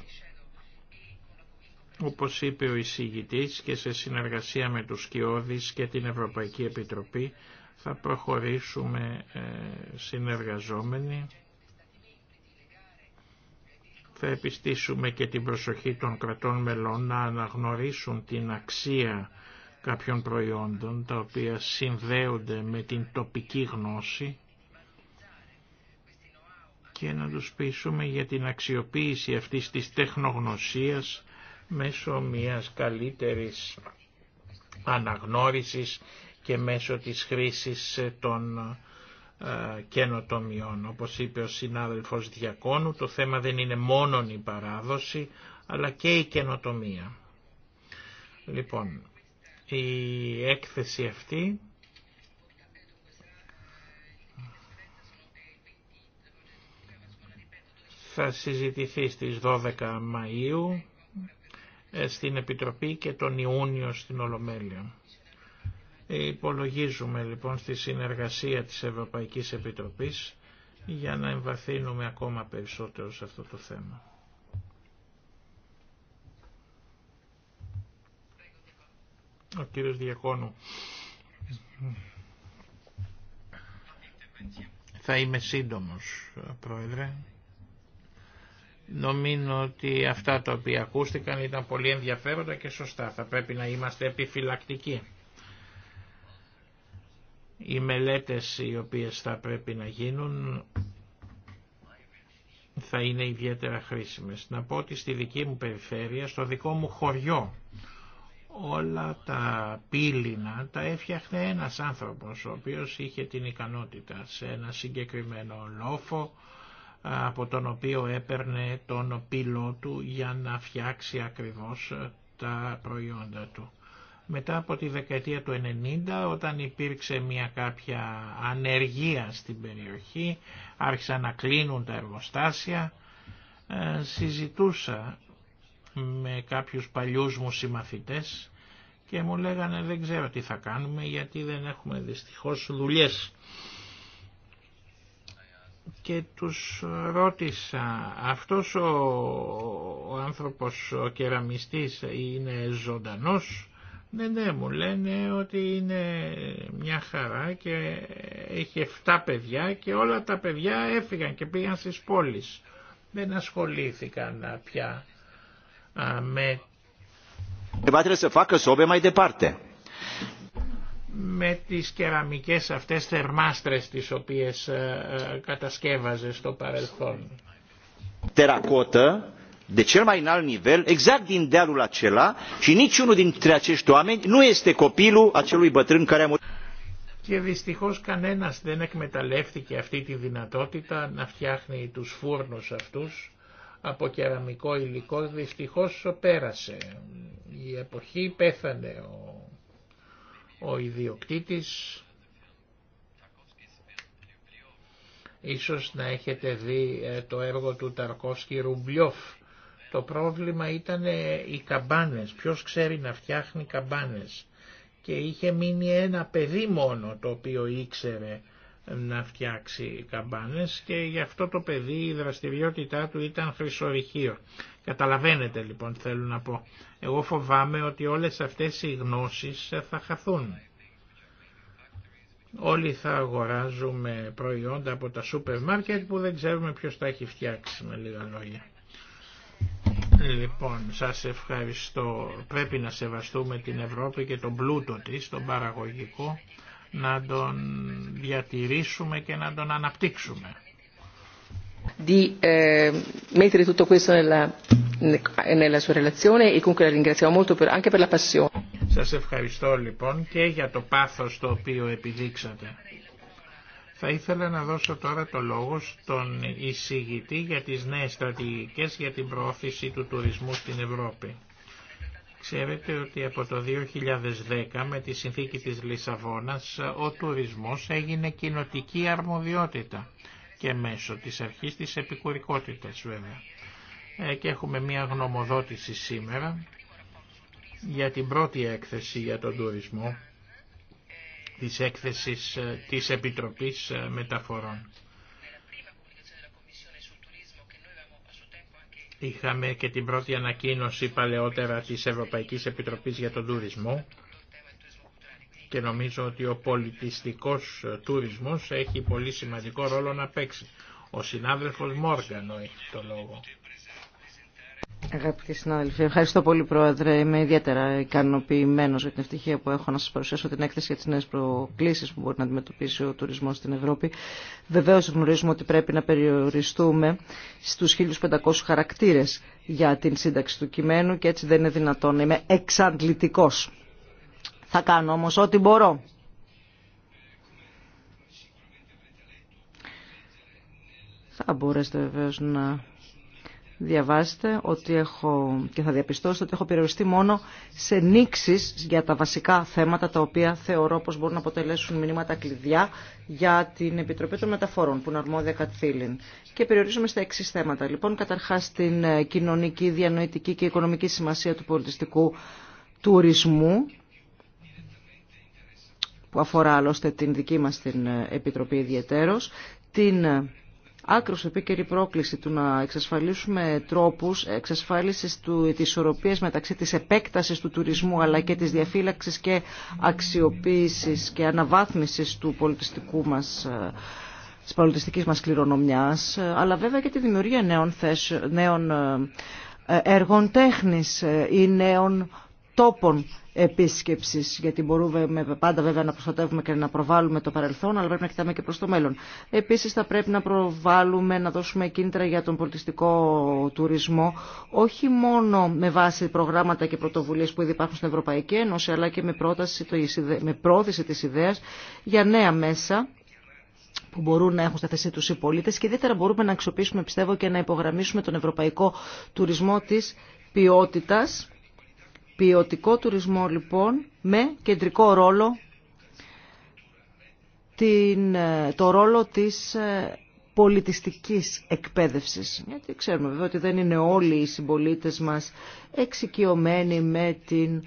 όπως είπε ο εισηγητής και σε συνεργασία με τους Κιώδης και την Ευρωπαϊκή Επιτροπή θα προχωρήσουμε ε, συνεργαζόμενοι θα επιστήσουμε και την προσοχή των κρατών μελών να αναγνωρίσουν την αξία κάποιων προϊόντων τα οποία συνδέονται με την τοπική γνώση και να τους πείσουμε για την αξιοποίηση αυτής της τεχνογνωσίας μέσω μιας καλύτερης αναγνώρισης και μέσω της χρήσης των ε, καινοτομιών. Όπως είπε ο συνάδελφος Διακόνου, το θέμα δεν είναι μόνο η παράδοση, αλλά και η καινοτομία. Λοιπόν, η έκθεση αυτή θα συζητηθεί στις 12 Μαΐου ε, στην Επιτροπή και τον Ιούνιο στην Ολομέλεια. Υπολογίζουμε λοιπόν στη συνεργασία της Ευρωπαϊκής Επιτροπής για να εμβαθύνουμε ακόμα περισσότερο σε αυτό το θέμα. Ο κύριος Διακόνου. Θα είμαι σύντομος, Πρόεδρε. Νομίζω ότι αυτά τα οποία ακούστηκαν ήταν πολύ ενδιαφέροντα και σωστά. Θα πρέπει να είμαστε επιφυλακτικοί. Οι μελέτες οι οποίες θα πρέπει να γίνουν θα είναι ιδιαίτερα χρήσιμες. Να πω ότι στη δική μου περιφέρεια, στο δικό μου χωριό, όλα τα πύληνα τα έφτιαχνε ένας άνθρωπος, ο οποίος είχε την ικανότητα σε ένα συγκεκριμένο λόφο, από τον οποίο έπαιρνε τον πύλο του για να φτιάξει ακριβώς ε, τα προϊόντα του. Μετά από τη δεκαετία του 90 όταν υπήρξε μια κάποια ανεργία στην περιοχή, άρχισαν να κλείνουν τα εργοστάσια, ε, συζητούσα με κάποιους παλιούς μου συμμαθητές και μου λέγανε δεν ξέρω τι θα κάνουμε γιατί δεν έχουμε δυστυχώς δουλειές. Και τους ρώτησα, αυτός ο, ο άνθρωπος ο κεραμιστής είναι ζωντανός ναι, ναι, μου λένε ότι είναι μια χαρά και έχει 7 παιδιά και όλα τα παιδιά έφυγαν και πήγαν στις πόλεις. Δεν ασχολήθηκαν πια α, με... με τις κεραμικές αυτές θερμάστρες τις οποίες ε, ε, κατασκεύαζε στο παρελθόν. Τερακότα de cel mai înalt nivel, exact din dealul acela niciunul dintre oameni nu este copilul acelui bătrân care a murit. Και δυστυχώ κανένας δεν εκμεταλλεύτηκε αυτή τη δυνατότητα να φτιάχνει τους φούρνους αυτούς από κεραμικό υλικό. Δυστυχώ πέρασε. Η εποχή πέθανε ο, ο ιδιοκτήτης. Ίσως να έχετε δει ε, το έργο του Ταρκόφσκι Ρουμπλιόφ το πρόβλημα ήταν οι καμπάνες, ποιος ξέρει να φτιάχνει καμπάνες. Και είχε μείνει ένα παιδί μόνο το οποίο ήξερε να φτιάξει καμπάνες και γι' αυτό το παιδί η δραστηριότητά του ήταν χρυσορυχείο. Καταλαβαίνετε λοιπόν θέλω να πω. Εγώ φοβάμαι ότι όλες αυτές οι γνώσεις θα χαθούν. Όλοι θα αγοράζουμε προϊόντα από τα σούπερ μάρκετ που δεν ξέρουμε ποιος τα έχει φτιάξει με λίγα λόγια. Λοιπόν, σας ευχαριστώ. Πρέπει να σεβαστούμε την Ευρώπη και τον πλούτο της, τον παραγωγικό, να τον διατηρήσουμε και να τον αναπτύξουμε. Di eh, mettere tutto questo nella, nella sua relazione e comunque la ringraziamo molto Σας ευχαριστώ λοιπόν και για το πάθος το οποίο επιδείξατε. Θα ήθελα να δώσω τώρα το λόγο στον εισηγητή για τις νέες στρατηγικές για την προώθηση του τουρισμού στην Ευρώπη. Ξέρετε ότι από το 2010 με τη συνθήκη της Λισαβόνας ο τουρισμός έγινε κοινοτική αρμοδιότητα και μέσω της αρχής της επικουρικότητας βέβαια. Ε, και έχουμε μία γνωμοδότηση σήμερα για την πρώτη έκθεση για τον τουρισμό της έκθεσης ε, της Επιτροπής ε, Μεταφορών. Είχαμε και την πρώτη ανακοίνωση παλαιότερα της Ευρωπαϊκής Επιτροπής για τον τουρισμό και νομίζω ότι ο πολιτιστικός ε, τουρισμός έχει πολύ σημαντικό ρόλο να παίξει. Ο συνάδελφος Μόργανο έχει το λόγο. Αγαπητοί συνάδελφοι, ευχαριστώ πολύ Πρόεδρε. Είμαι ιδιαίτερα ικανοποιημένο για την ευτυχία που έχω να σα παρουσιάσω την έκθεση για τι νέε προκλήσει που μπορεί να αντιμετωπίσει ο τουρισμό στην Ευρώπη. Βεβαίω γνωρίζουμε ότι πρέπει να περιοριστούμε στου 1500 χαρακτήρε για την σύνταξη του κειμένου και έτσι δεν είναι δυνατόν να είμαι εξαντλητικό. Θα κάνω όμω ό,τι μπορώ. Θα μπορέσετε βεβαίω να διαβάσετε ότι έχω, και θα διαπιστώσετε ότι έχω περιοριστεί μόνο σε νήξει για τα βασικά θέματα τα οποία θεωρώ πως μπορούν να αποτελέσουν μηνύματα κλειδιά για την Επιτροπή των Μεταφορών που είναι αρμόδια κατθήλην. Και περιορίζομαι στα εξή θέματα. Λοιπόν, καταρχάς την ε, κοινωνική, διανοητική και οικονομική σημασία του πολιτιστικού τουρισμού που αφορά άλλωστε την δική μας την ε, Επιτροπή ιδιαιτέρως, την ε, άκρο επίκαιρη πρόκληση του να εξασφαλίσουμε τρόπους εξασφάλιση του, της μεταξύ της επέκτασης του τουρισμού αλλά και της διαφύλαξη και αξιοποίηση και αναβάθμισης του πολιτιστικού μας ε, της πολιτιστικής μας κληρονομιάς, ε, αλλά βέβαια και τη δημιουργία νέων, νέων ε, έργων τέχνης ή νέων τόπων επίσκεψης, γιατί μπορούμε πάντα βέβαια να προστατεύουμε και να προβάλλουμε το παρελθόν, αλλά πρέπει να κοιτάμε και προς το μέλλον. Επίσης θα πρέπει να προβάλλουμε, να δώσουμε κίνητρα για τον πολιτιστικό τουρισμό, όχι μόνο με βάση προγράμματα και πρωτοβουλίες που ήδη υπάρχουν στην Ευρωπαϊκή Ένωση, αλλά και με, πρόταση, με πρόθεση της ιδέας για νέα μέσα, που μπορούν να έχουν στα θέση τους οι πολίτες και ιδιαίτερα μπορούμε να αξιοποιήσουμε πιστεύω και να υπογραμμίσουμε τον ευρωπαϊκό τουρισμό της ποιότητας Ποιοτικό τουρισμό λοιπόν με κεντρικό ρόλο την, ε, το ρόλο της ε, πολιτιστικής εκπαίδευσης. Γιατί ξέρουμε βέβαια ότι δεν είναι όλοι οι συμπολίτες μας εξοικειωμένοι με την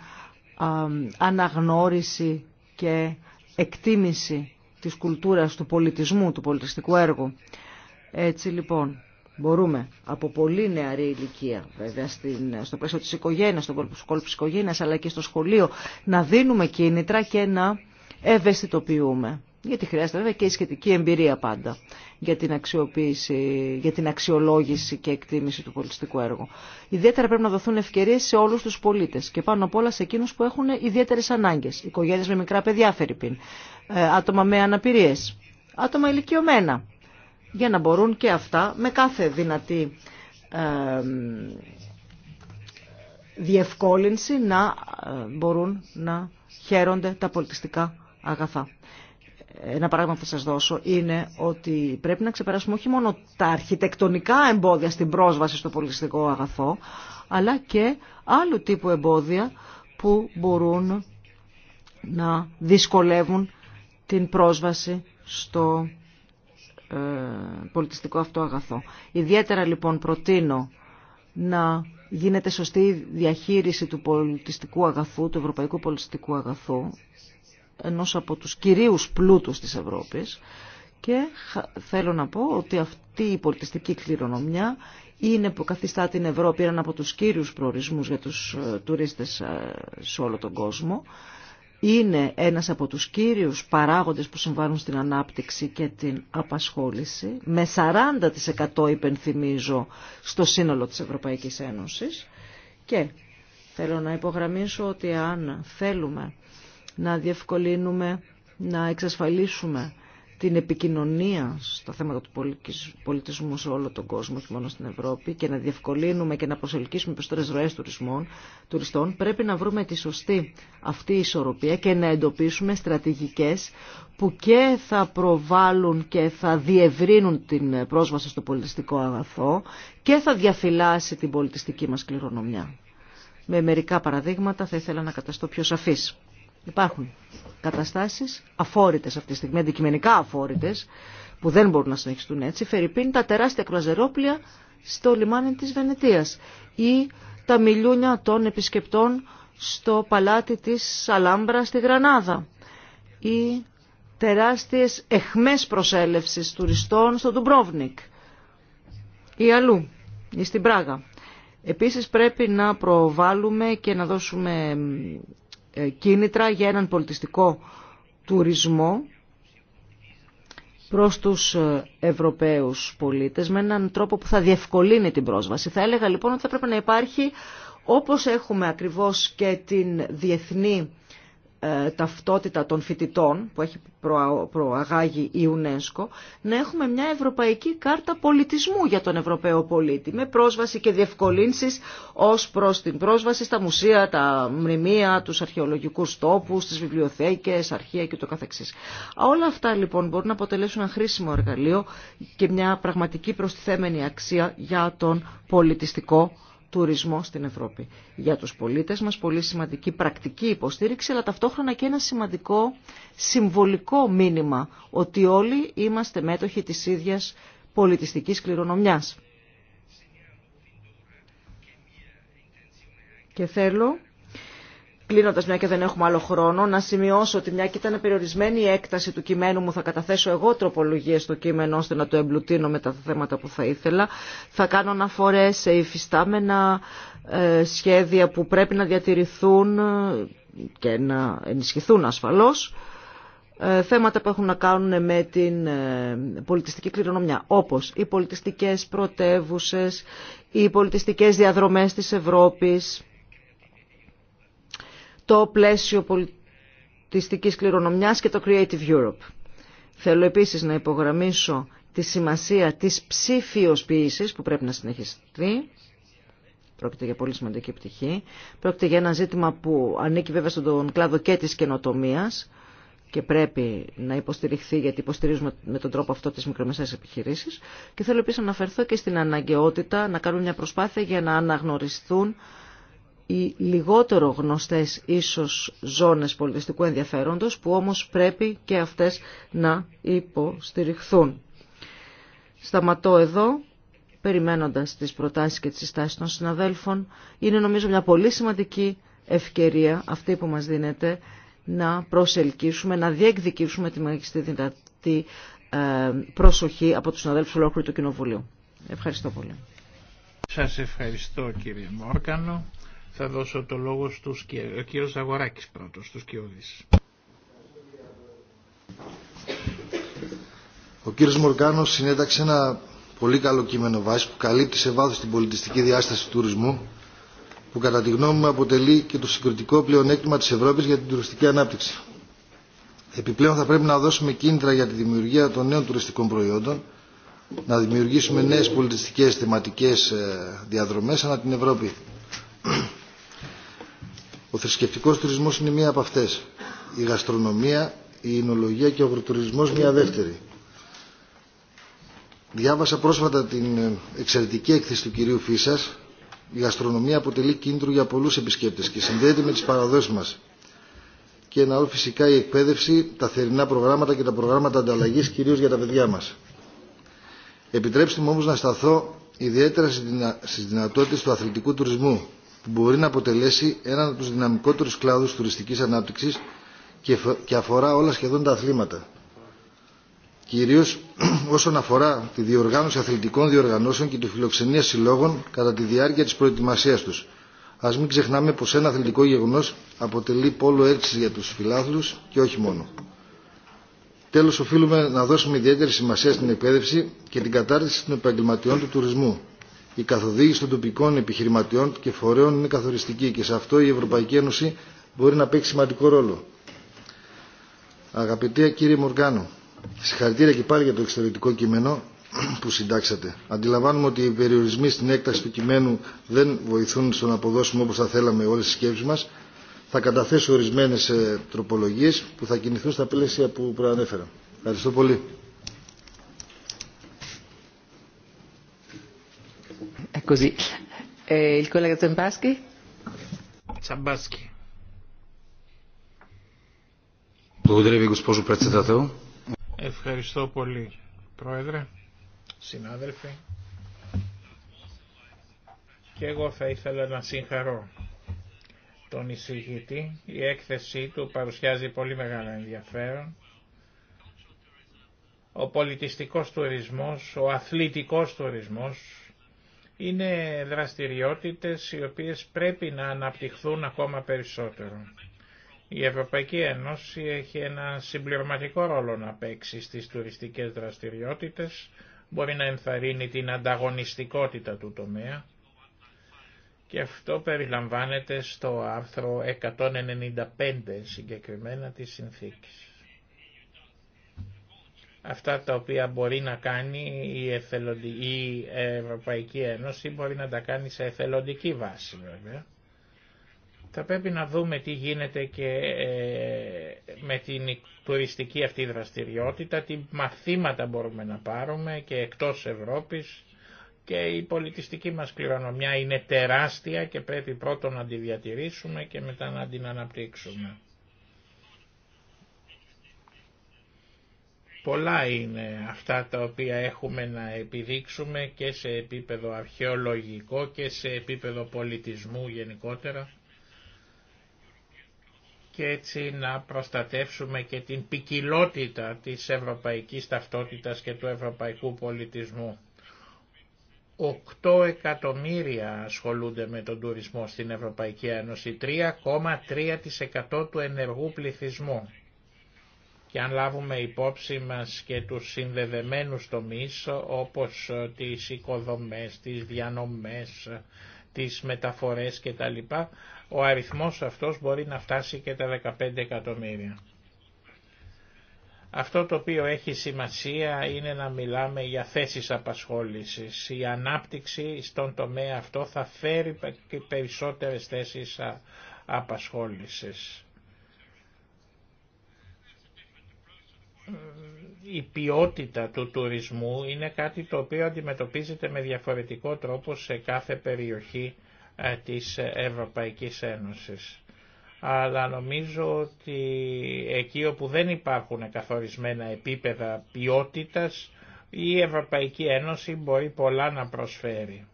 αναγνώριση και εκτίμηση της κουλτούρας, του πολιτισμού, του πολιτιστικού έργου. Έτσι λοιπόν, Μπορούμε από πολύ νεαρή ηλικία, βέβαια στην, στο πλαίσιο τη οικογένεια, στον κόλπο, τη οικογένεια, αλλά και στο σχολείο, να δίνουμε κίνητρα και να ευαισθητοποιούμε. Γιατί χρειάζεται βέβαια και η σχετική εμπειρία πάντα για την, αξιοποίηση, για την αξιολόγηση και εκτίμηση του πολιτιστικού έργου. Ιδιαίτερα πρέπει να δοθούν ευκαιρίε σε όλου του πολίτε και πάνω απ' όλα σε εκείνου που έχουν ιδιαίτερες ανάγκες. οικογένειε με μικρά παιδιά, ε, άτομα με αναπηρίε, άτομα ηλικιωμένα για να μπορούν και αυτά με κάθε δυνατή διευκόλυνση να ε, μπορούν να χαίρονται τα πολιτιστικά αγαθά. Ένα παράδειγμα που θα σας δώσω είναι ότι πρέπει να ξεπεράσουμε όχι μόνο τα αρχιτεκτονικά εμπόδια στην πρόσβαση στο πολιτιστικό αγαθό, αλλά και άλλου τύπου εμπόδια που μπορούν να δυσκολεύουν την πρόσβαση στο ε, πολιτιστικό αυτό αγαθό. Ιδιαίτερα λοιπόν προτείνω να γίνεται σωστή διαχείριση του πολιτιστικού αγαθού, του ευρωπαϊκού πολιτιστικού αγαθού, ενός από τους κυρίους πλούτους της Ευρώπης και θέλω να πω ότι αυτή η πολιτιστική κληρονομιά είναι που καθιστά την Ευρώπη έναν από τους κύριους προορισμούς για τους ε, τουρίστες ε, σε όλο τον κόσμο είναι ένας από τους κύριους παράγοντες που συμβάλλουν στην ανάπτυξη και την απασχόληση, με 40% υπενθυμίζω στο σύνολο της Ευρωπαϊκής Ένωσης. Και θέλω να υπογραμμίσω ότι αν θέλουμε να διευκολύνουμε, να εξασφαλίσουμε την επικοινωνία στα θέματα του πολιτισμού σε όλο τον κόσμο, όχι μόνο στην Ευρώπη, και να διευκολύνουμε και να προσελκύσουμε περισσότερε ροέ τουριστών, πρέπει να βρούμε τη σωστή αυτή ισορροπία και να εντοπίσουμε στρατηγικέ που και θα προβάλλουν και θα διευρύνουν την πρόσβαση στο πολιτιστικό αγαθό και θα διαφυλάσει την πολιτιστική μα κληρονομιά. Με μερικά παραδείγματα θα ήθελα να καταστώ πιο σαφής. Υπάρχουν καταστάσεις αφόρητες αυτή τη στιγμή, αντικειμενικά αφόρητες, που δεν μπορούν να συνεχιστούν έτσι. Φερειπίν τα τεράστια κλαζερόπλια στο λιμάνι της Βενετίας ή τα μιλούνια των επισκεπτών στο παλάτι της Αλάμπρα στη Γρανάδα ή τεράστιες εχμές προσέλευσης τουριστών στο Ντουμπρόβνικ ή αλλού ή στην Πράγα. Επίσης πρέπει να προβάλλουμε και να δώσουμε ε, κίνητρα για έναν πολιτιστικό τουρισμό προς τους ε, Ευρωπαίους πολίτες με έναν τρόπο που θα διευκολύνει την πρόσβαση. Θα έλεγα λοιπόν ότι θα πρέπει να υπάρχει όπως έχουμε ακριβώς και την διεθνή ε, ταυτότητα των φοιτητών που έχει προαγάγει η UNESCO να έχουμε μια ευρωπαϊκή κάρτα πολιτισμού για τον Ευρωπαίο πολίτη με πρόσβαση και διευκολύνσεις ως προς την πρόσβαση στα μουσεία, τα μνημεία, τους αρχαιολογικούς τόπους, τις βιβλιοθήκες, αρχεία και το καθεξής. Όλα αυτά λοιπόν μπορούν να αποτελέσουν ένα χρήσιμο εργαλείο και μια πραγματική προστιθέμενη αξία για τον πολιτιστικό τουρισμό στην Ευρώπη. Για τους πολίτες μας πολύ σημαντική πρακτική υποστήριξη, αλλά ταυτόχρονα και ένα σημαντικό συμβολικό μήνυμα ότι όλοι είμαστε μέτοχοι της ίδιας πολιτιστικής κληρονομιάς. Και θέλω Κλείνοντα, μια και δεν έχουμε άλλο χρόνο, να σημειώσω ότι μια και ήταν περιορισμένη η έκταση του κειμένου μου, θα καταθέσω εγώ τροπολογίε στο κείμενο ώστε να το εμπλουτίνω με τα θέματα που θα ήθελα. Θα κάνω αναφορέ σε υφιστάμενα ε, σχέδια που πρέπει να διατηρηθούν ε, και να ενισχυθούν ασφαλώς ε, θέματα που έχουν να κάνουν με την πολιτιστική κληρονομιά, όπως οι πολιτιστικές πρωτεύουσες, οι πολιτιστικές διαδρομές της Ευρώπης, το πλαίσιο πολιτιστικής κληρονομιάς και το Creative Europe. Θέλω επίσης να υπογραμμίσω τη σημασία της ψήφιος που πρέπει να συνεχιστεί. Πρόκειται για πολύ σημαντική πτυχή. Πρόκειται για ένα ζήτημα που ανήκει βέβαια στον κλάδο και της καινοτομίας και πρέπει να υποστηριχθεί γιατί υποστηρίζουμε με τον τρόπο αυτό τις μικρομεσαίες επιχειρήσεις. Και θέλω επίσης να αναφερθώ και στην αναγκαιότητα να κάνουν μια προσπάθεια για να αναγνωριστούν οι λιγότερο γνωστές ίσως ζώνες πολιτιστικού ενδιαφέροντος που όμως πρέπει και αυτές να υποστηριχθούν. Σταματώ εδώ, περιμένοντας τις προτάσεις και τις συστάσεις των συναδέλφων. Είναι νομίζω μια πολύ σημαντική ευκαιρία αυτή που μας δίνεται να προσελκύσουμε, να διεκδικήσουμε τη μεγιστή δυνατή ε, προσοχή από τους συναδέλφους ολόκληρου του Κοινοβουλίου. Ευχαριστώ πολύ. Σας ευχαριστώ κύριε Μόρκανο. Θα δώσω το λόγο στους ο κύριος πρώτο, πρώτος, στους Κιώδης. Ο κύριος Μοργκάνος συνέταξε ένα πολύ καλό κείμενο βάση που καλύπτει σε βάθος την πολιτιστική διάσταση του τουρισμού που κατά τη γνώμη μου αποτελεί και το συγκριτικό πλεονέκτημα της Ευρώπης για την τουριστική ανάπτυξη. Επιπλέον θα πρέπει να δώσουμε κίνητρα για τη δημιουργία των νέων τουριστικών προϊόντων, να δημιουργήσουμε νέες πολιτιστικές θεματικές ε, διαδρομές ανά την Ευρώπη. Ο θρησκευτικό τουρισμό είναι μία από αυτέ. Η γαστρονομία, η εινολογία και ο αγροτουρισμό μία δεύτερη. Διάβασα πρόσφατα την ε, εξαιρετική έκθεση του κυρίου Φίσα. Η γαστρονομία αποτελεί κίνητρο για πολλού επισκέπτε και συνδέεται με τι παραδόσει μα. Και άλλο φυσικά η εκπαίδευση, τα θερινά προγράμματα και τα προγράμματα ανταλλαγή, κυρίω για τα παιδιά μα. Επιτρέψτε μου όμω να σταθώ ιδιαίτερα στι δυνατότητε του αθλητικού τουρισμού που μπορεί να αποτελέσει έναν από τους δυναμικότερους κλάδους τουριστικής ανάπτυξης και αφορά όλα σχεδόν τα αθλήματα. Κυρίως όσον αφορά τη διοργάνωση αθλητικών διοργανώσεων και τη φιλοξενία συλλόγων κατά τη διάρκεια της προετοιμασίας τους. Ας μην ξεχνάμε πως ένα αθλητικό γεγονός αποτελεί πόλο έξι για τους φιλάθλους και όχι μόνο. Τέλος, οφείλουμε να δώσουμε ιδιαίτερη σημασία στην εκπαίδευση και την κατάρτιση των επαγγελματιών του τουρισμού, η καθοδήγηση των τοπικών επιχειρηματιών και φορέων είναι καθοριστική και σε αυτό η Ευρωπαϊκή Ένωση μπορεί να παίξει σημαντικό ρόλο. Αγαπητέ κύριε Μοργάνο, συγχαρητήρια και πάλι για το εξαιρετικό κείμενο που συντάξατε. Αντιλαμβάνουμε ότι οι περιορισμοί στην έκταση του κειμένου δεν βοηθούν στο να αποδώσουμε όπως θα θέλαμε όλες τις σκέψεις μας. Θα καταθέσω ορισμένες ε, τροπολογίες που θα κινηθούν στα πλαίσια που προανέφερα. Ευχαριστώ πολύ. così. Eh, il collega Zambaschi? Zambaschi. Ευχαριστώ πολύ, Πρόεδρε, συνάδελφοι. Και εγώ θα ήθελα να συγχαρώ τον εισηγητή. Η έκθεσή του παρουσιάζει πολύ μεγάλο ενδιαφέρον. Ο πολιτιστικός τουρισμός, ο αθλητικός τουρισμός, είναι δραστηριότητες οι οποίες πρέπει να αναπτυχθούν ακόμα περισσότερο. Η Ευρωπαϊκή Ένωση έχει ένα συμπληρωματικό ρόλο να παίξει στις τουριστικές δραστηριότητες, μπορεί να ενθαρρύνει την ανταγωνιστικότητα του τομέα και αυτό περιλαμβάνεται στο άρθρο 195 συγκεκριμένα της συνθήκης αυτά τα οποία μπορεί να κάνει η, η Ευρωπαϊκή Ένωση μπορεί να τα κάνει σε εθελοντική βάση βέβαια. Θα πρέπει να δούμε τι γίνεται και ε, με την τουριστική αυτή δραστηριότητα, τι μαθήματα μπορούμε να πάρουμε και εκτός Ευρώπης και η πολιτιστική μας κληρονομιά είναι τεράστια και πρέπει πρώτον να τη διατηρήσουμε και μετά να την αναπτύξουμε. Πολλά είναι αυτά τα οποία έχουμε να επιδείξουμε και σε επίπεδο αρχαιολογικό και σε επίπεδο πολιτισμού γενικότερα και έτσι να προστατεύσουμε και την ποικιλότητα της ευρωπαϊκής ταυτότητας και του ευρωπαϊκού πολιτισμού. Οκτώ εκατομμύρια ασχολούνται με τον τουρισμό στην Ευρωπαϊκή Ένωση, 3,3% του ενεργού πληθυσμού και αν λάβουμε υπόψη μας και τους συνδεδεμένους τομείς όπως ε, τις οικοδομές, τις διανομές, τις μεταφορές κτλ. Ο αριθμός αυτός μπορεί να φτάσει και τα 15 εκατομμύρια. Αυτό το οποίο έχει σημασία είναι να μιλάμε για θέσεις απασχόλησης. Η ανάπτυξη στον τομέα αυτό θα φέρει και περισσότερες θέσεις απασχόλησης. η ποιότητα του τουρισμού είναι κάτι το οποίο αντιμετωπίζεται με διαφορετικό τρόπο σε κάθε περιοχή ε, της Ευρωπαϊκής Ένωσης. Αλλά νομίζω ότι εκεί όπου δεν υπάρχουν καθορισμένα επίπεδα ποιότητας η Ευρωπαϊκή Ένωση μπορεί πολλά να προσφέρει.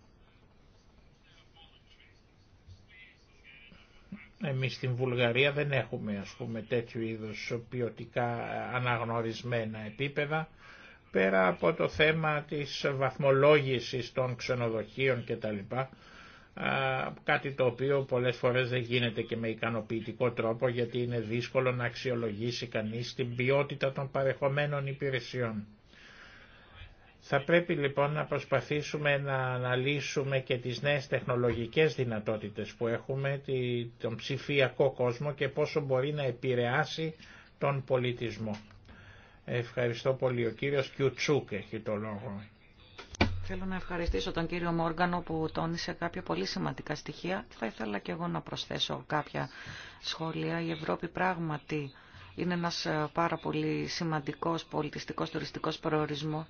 Εμείς στην Βουλγαρία δεν έχουμε ας πούμε τέτοιου είδους ποιοτικά αναγνωρισμένα επίπεδα πέρα από το θέμα της βαθμολόγησης των ξενοδοχείων κτλ. Κάτι το οποίο πολλές φορές δεν γίνεται και με ικανοποιητικό τρόπο γιατί είναι δύσκολο να αξιολογήσει κανείς την ποιότητα των παρεχομένων υπηρεσιών. Θα πρέπει λοιπόν να προσπαθήσουμε να αναλύσουμε και τις νέες τεχνολογικές δυνατότητες που έχουμε, τον ψηφιακό κόσμο και πόσο μπορεί να επηρεάσει τον πολιτισμό. Ευχαριστώ πολύ. Ο κύριος Κιουτσούκ έχει το λόγο. Θέλω να ευχαριστήσω τον κύριο Μόργανο που τόνισε κάποια πολύ σημαντικά στοιχεία. Θα ήθελα και εγώ να προσθέσω κάποια σχόλια. Η Ευρώπη πράγματι είναι ένας ε, πάρα πολύ σημαντικός πολιτιστικός τουριστικός προορισμός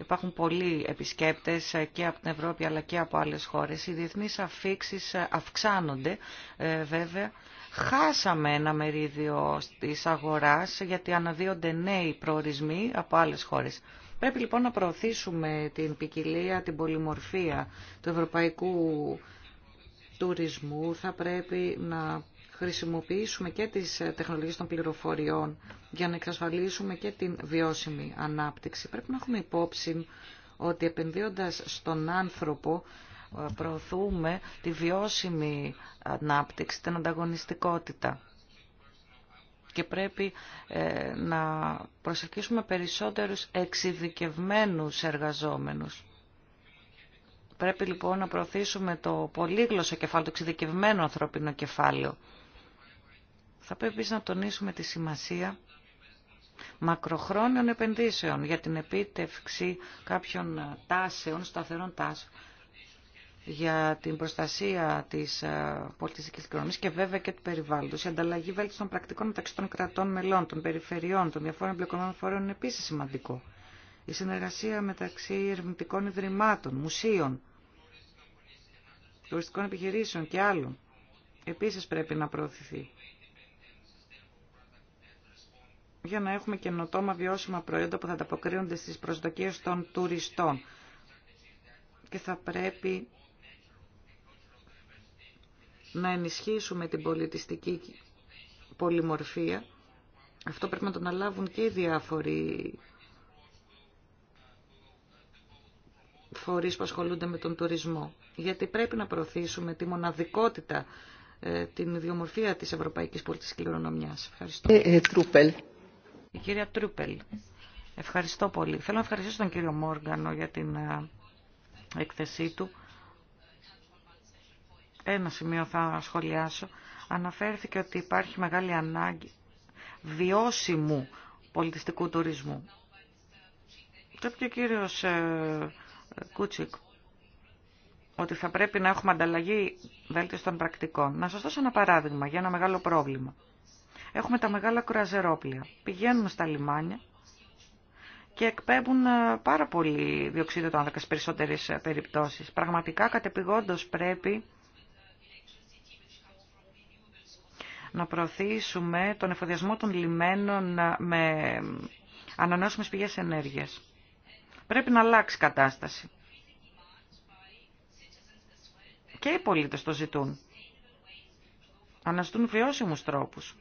Υπάρχουν πολλοί επισκέπτες ε, και από την Ευρώπη αλλά και από άλλες χώρες. Οι διεθνείς αφήξεις ε, αυξάνονται ε, βέβαια. Χάσαμε ένα μερίδιο της αγοράς γιατί αναδύονται νέοι προορισμοί από άλλες χώρες. Πρέπει λοιπόν να προωθήσουμε την ποικιλία, την πολυμορφία του ευρωπαϊκού τουρισμού. Θα πρέπει να χρησιμοποιήσουμε και τις ε, τεχνολογίες των πληροφοριών για να εξασφαλίσουμε και την βιώσιμη ανάπτυξη. Πρέπει να έχουμε υπόψη ότι επενδύοντας στον άνθρωπο ε, προωθούμε τη βιώσιμη ανάπτυξη, την ανταγωνιστικότητα. Και πρέπει ε, να προσελκύσουμε περισσότερους εξειδικευμένους εργαζόμενους. Πρέπει λοιπόν να προωθήσουμε το πολύγλωσσο κεφάλαιο, το εξειδικευμένο ανθρωπίνο κεφάλαιο. Θα πρέπει επίσης να τονίσουμε τη σημασία μακροχρόνιων επενδύσεων για την επίτευξη κάποιων τάσεων, σταθερών τάσεων, για την προστασία της ε, πολιτιστικής οικονομίας και βέβαια και του περιβάλλοντος. Η ανταλλαγή βέλτιστων πρακτικών μεταξύ των κρατών μελών, των περιφερειών, των διαφόρων εμπλεκομένων φορέων είναι επίσης σημαντικό. Η συνεργασία μεταξύ ερευνητικών ιδρυμάτων, μουσείων, τουριστικών επιχειρήσεων και άλλων επίσης πρέπει να προωθηθεί για να έχουμε καινοτόμα βιώσιμα προϊόντα που θα ανταποκρίνονται στις προσδοκίες των τουριστών. Και θα πρέπει να ενισχύσουμε την πολιτιστική πολυμορφία. Αυτό πρέπει να τον λάβουν και οι διάφοροι φορείς που ασχολούνται με τον τουρισμό. Γιατί πρέπει να προωθήσουμε τη μοναδικότητα, ε, την ιδιομορφία της ευρωπαϊκής πολιτικής κληρονομιάς. Ευχαριστώ. Ε, ε, η κυρία Τρούπελ. Ευχαριστώ πολύ. Θέλω να ευχαριστήσω τον κύριο Μόργανο για την έκθεσή του. Ένα σημείο θα σχολιάσω. Αναφέρθηκε ότι υπάρχει μεγάλη ανάγκη βιώσιμου πολιτιστικού τουρισμού. Το και ο κύριος ε, Κούτσικ ότι θα πρέπει να έχουμε ανταλλαγή βέλτιστων πρακτικών. Να σας δώσω ένα παράδειγμα για ένα μεγάλο πρόβλημα. Έχουμε τα μεγάλα κρουαζερόπλια. Πηγαίνουν στα λιμάνια και εκπέμπουν ε, πάρα πολύ διοξείδιο του άνθρακα σε περισσότερες ε, περιπτώσεις. Πραγματικά κατεπηγόντω πρέπει να προωθήσουμε τον εφοδιασμό των λιμένων ε, με ανανεώσιμες πηγές ενέργειας. Πρέπει να αλλάξει η κατάσταση. Και οι πολίτες το ζητούν. Αναστούν βιώσιμους τρόπους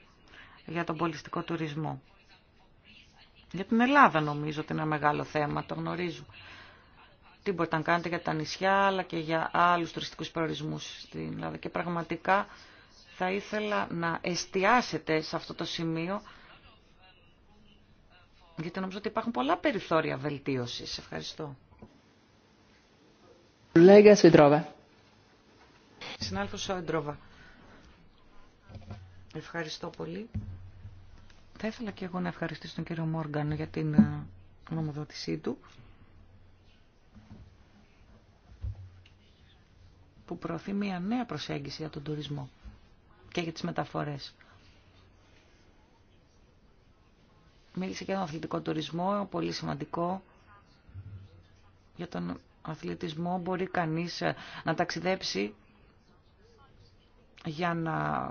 για τον πολιστικό τουρισμό. Για την Ελλάδα νομίζω ότι είναι ένα μεγάλο θέμα, το γνωρίζω. Τι μπορείτε να κάνετε για τα νησιά, αλλά και για άλλους τουριστικούς προορισμούς στην Ελλάδα. Και πραγματικά θα ήθελα να εστιάσετε σε αυτό το σημείο, γιατί νομίζω ότι υπάρχουν πολλά περιθώρια βελτίωσης. Ευχαριστώ. Λέγα Σεντρόβα. Ευχαριστώ πολύ. Θα ήθελα και εγώ να ευχαριστήσω τον κύριο Μόργαν για την ε, νομοδότησή του που προωθεί μια νέα προσέγγιση για τον τουρισμό και για τις μεταφορές. Μίλησε και για τον αθλητικό τουρισμό, πολύ σημαντικό. Για τον αθλητισμό μπορεί κανείς ε, να ταξιδέψει για να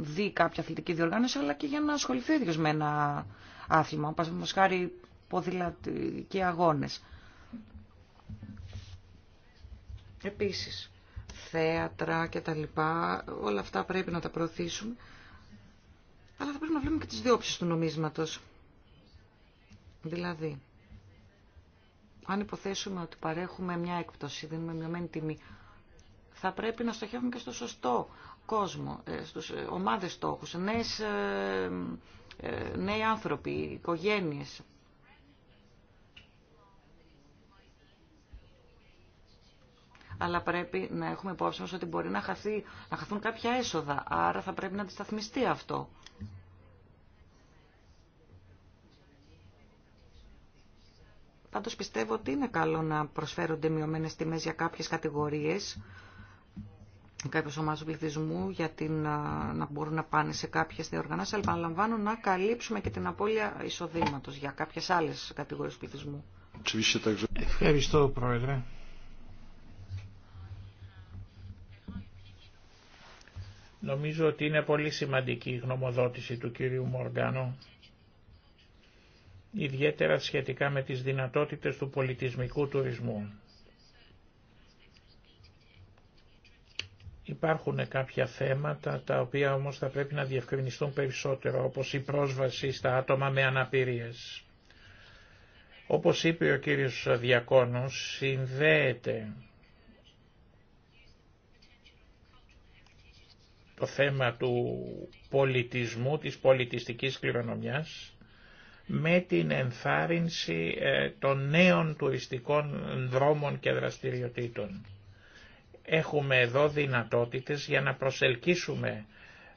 δει κάποια αθλητική διοργάνωση, αλλά και για να ασχοληθεί ο ίδιο με ένα άθλημα, και χάρη ποδηλατικοί αγώνε. Επίση, θέατρα και όλα αυτά πρέπει να τα προωθήσουμε, αλλά θα πρέπει να βλέπουμε και τις διόψεις του νομίσματος. Δηλαδή, αν υποθέσουμε ότι παρέχουμε μια έκπτωση, δίνουμε μειωμένη τιμή, θα πρέπει να στοχεύουμε και στο σωστό κόσμο, ε, στους ε, ομάδες στόχους, νέες, ε, νέοι άνθρωποι, οικογένειες. Αλλά πρέπει να έχουμε υπόψη μας ότι μπορεί να, χαθεί, να χαθούν κάποια έσοδα, άρα θα πρέπει να αντισταθμιστεί αυτό. Πάντως πιστεύω ότι είναι καλό να προσφέρονται μειωμένες τιμές για κάποιες κατηγορίες κάποιες ομάδες πληθυσμού για να μπορούν να πάνε σε κάποιες διοργανώσεις, αλλά επαναλαμβάνω να καλύψουμε και την απώλεια εισοδήματος για κάποιες άλλες κατηγορίες πληθυσμού. Ευχαριστώ Πρόεδρε. Νομίζω ότι είναι πολύ σημαντική η γνωμοδότηση του κυρίου Μοργκάνο ιδιαίτερα σχετικά με τις δυνατότητες του πολιτισμικού τουρισμού. Υπάρχουν κάποια θέματα τα οποία όμως θα πρέπει να διευκρινιστούν περισσότερο, όπως η πρόσβαση στα άτομα με αναπηρίες. Όπως είπε ο κύριος Διακόνος, συνδέεται το θέμα του πολιτισμού, της πολιτιστικής κληρονομιάς, με την ενθάρρυνση ε, των νέων τουριστικών δρόμων και δραστηριοτήτων. Έχουμε εδώ δυνατότητες για να προσελκύσουμε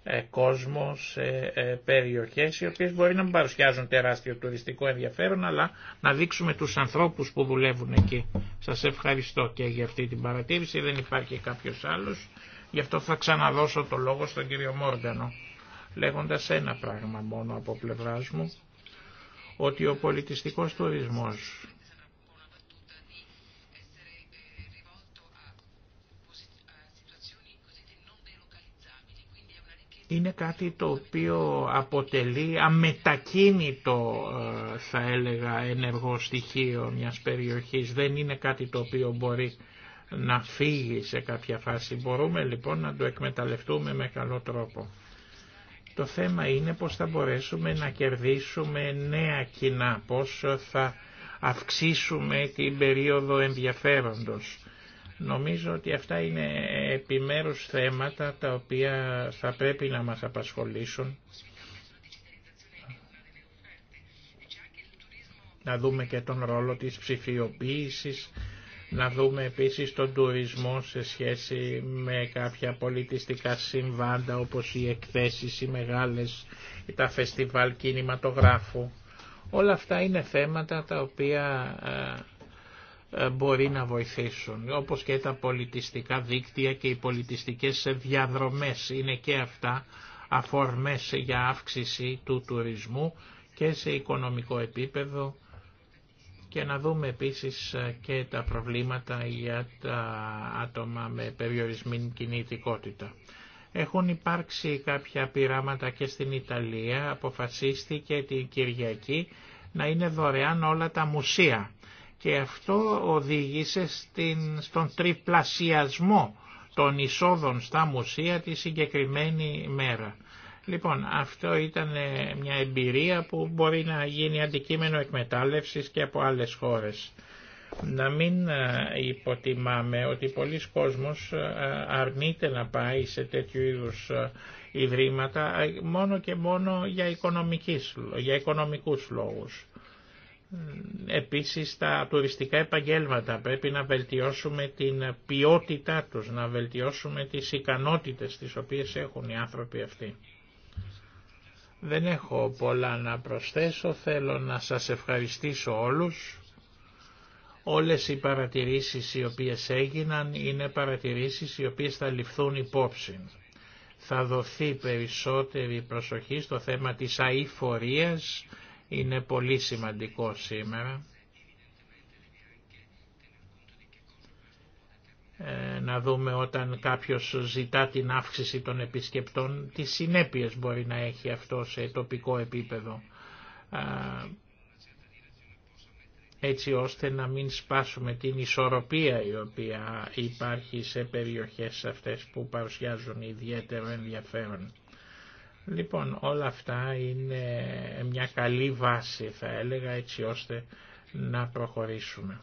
ε, κόσμο σε ε, περιοχές οι οποίες μπορεί να μην παρουσιάζουν τεράστιο τουριστικό ενδιαφέρον αλλά να δείξουμε τους ανθρώπους που δουλεύουν εκεί. Σας ευχαριστώ και για αυτή την παρατήρηση, δεν υπάρχει κάποιος άλλος. Γι' αυτό θα ξαναδώσω το λόγο στον κύριο Μόργανο λέγοντας ένα πράγμα μόνο από πλευράς μου ότι ο πολιτιστικός τουρισμός είναι κάτι το οποίο αποτελεί αμετακίνητο ε, θα έλεγα ενεργό στοιχείο μιας περιοχής. Δεν είναι κάτι το οποίο μπορεί να φύγει σε κάποια φάση. Μπορούμε λοιπόν να το εκμεταλλευτούμε με καλό τρόπο. Το θέμα είναι πως θα μπορέσουμε να κερδίσουμε νέα κοινά, πως θα αυξήσουμε την περίοδο ενδιαφέροντος Νομίζω ότι αυτά είναι επιμέρους θέματα τα οποία θα πρέπει να μας απασχολήσουν. Να δούμε και τον ρόλο της ψηφιοποίησης, να δούμε επίσης τον τουρισμό σε σχέση με κάποια πολιτιστικά συμβάντα όπως οι εκθέσεις, οι μεγάλες, τα φεστιβάλ κινηματογράφου. Όλα αυτά είναι θέματα τα οποία ε, ε, μπορεί να βοηθήσουν, όπως και τα πολιτιστικά δίκτυα και οι πολιτιστικές διαδρομές είναι και αυτά αφορμές για αύξηση του τουρισμού και σε οικονομικό επίπεδο και να δούμε επίσης ε, και τα προβλήματα για τα άτομα με περιορισμένη κινητικότητα. Έχουν υπάρξει κάποια πειράματα και στην Ιταλία, αποφασίστηκε την Κυριακή να είναι δωρεάν όλα τα μουσεία και αυτό οδήγησε στον τριπλασιασμό των εισόδων στα μουσεία τη συγκεκριμένη μέρα. Λοιπόν, αυτό ήταν ε, μια εμπειρία που μπορεί να γίνει αντικείμενο εκμετάλλευσης και από άλλες χώρες. Να μην ε, υποτιμάμε ότι πολλοί κόσμος ε, αρνείται να πάει σε τέτοιου είδους ιδρύματα μόνο και μόνο για, για οικονομικούς λόγους. Επίσης τα τουριστικά επαγγέλματα πρέπει να βελτιώσουμε την ποιότητά τους, να βελτιώσουμε τις ικανότητες τις οποίες έχουν οι άνθρωποι αυτοί. Δεν έχω πολλά να προσθέσω, θέλω να σας ευχαριστήσω όλους. Όλες οι παρατηρήσεις οι οποίες έγιναν είναι παρατηρήσεις οι οποίες θα ληφθούν υπόψη. Θα δοθεί περισσότερη προσοχή στο θέμα της αηφορίας, είναι πολύ σημαντικό σήμερα. Ε, να δούμε όταν κάποιος ζητά την αύξηση των επισκεπτών, τι συνέπειες μπορεί να έχει αυτό σε τοπικό επίπεδο, έτσι ώστε να μην σπάσουμε την ισορροπία η οποία υπάρχει σε περιοχές αυτές που παρουσιάζουν ιδιαίτερο ενδιαφέρον. Λοιπόν, όλα αυτά είναι μια καλή βάση θα έλεγα έτσι ώστε να προχωρήσουμε.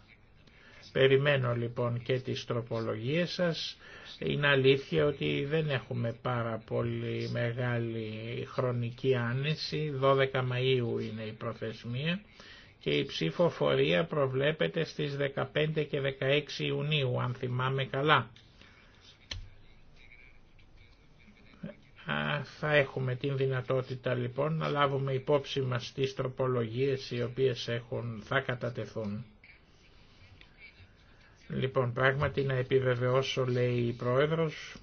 Περιμένω λοιπόν και τις τροπολογίες σας. Είναι αλήθεια ότι δεν έχουμε πάρα πολύ μεγάλη χρονική άνεση. 12 Μαΐου είναι η προθεσμία και η ψηφοφορία προβλέπεται στις 15 και 16 Ιουνίου αν θυμάμαι καλά. θα έχουμε την δυνατότητα λοιπόν να λάβουμε υπόψη μας τις τροπολογίες οι οποίες έχουν, θα κατατεθούν. Λοιπόν, πράγματι να επιβεβαιώσω, λέει η Πρόεδρος,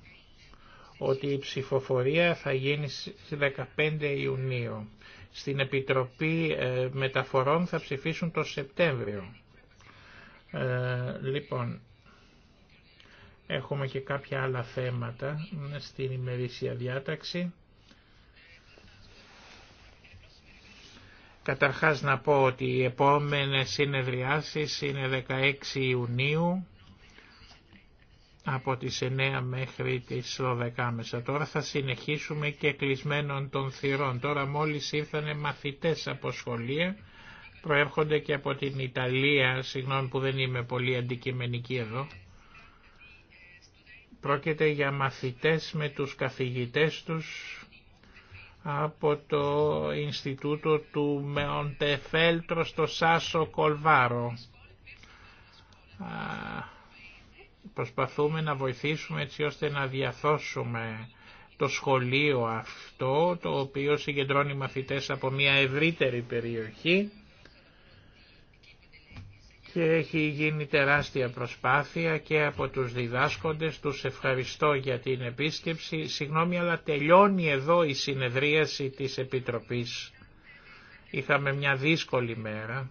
ότι η ψηφοφορία θα γίνει στις 15 Ιουνίου. Στην Επιτροπή ε, Μεταφορών θα ψηφίσουν το Σεπτέμβριο. Ε, λοιπόν, Έχουμε και κάποια άλλα θέματα στην ημερήσια διάταξη. Καταρχάς να πω ότι οι επόμενες συνεδριάσεις είναι 16 Ιουνίου από τις 9 μέχρι τις 12 μέσα. Τώρα θα συνεχίσουμε και κλεισμένων των θυρών. Τώρα μόλις ήρθανε μαθητές από σχολεία, προέρχονται και από την Ιταλία, συγγνώμη που δεν είμαι πολύ αντικειμενική εδώ. Πρόκειται για μαθητές με τους καθηγητές τους από το Ινστιτούτο του Μεοντεφέλτρο στο Σάσο Κολβάρο. Προσπαθούμε να βοηθήσουμε έτσι ώστε να διαθώσουμε το σχολείο αυτό, το οποίο συγκεντρώνει μαθητές από μια ευρύτερη περιοχή και έχει γίνει τεράστια προσπάθεια και από τους διδάσκοντες. Τους ευχαριστώ για την επίσκεψη. Συγγνώμη αλλά τελειώνει εδώ η συνεδρίαση της Επιτροπής. Είχαμε μια δύσκολη μέρα.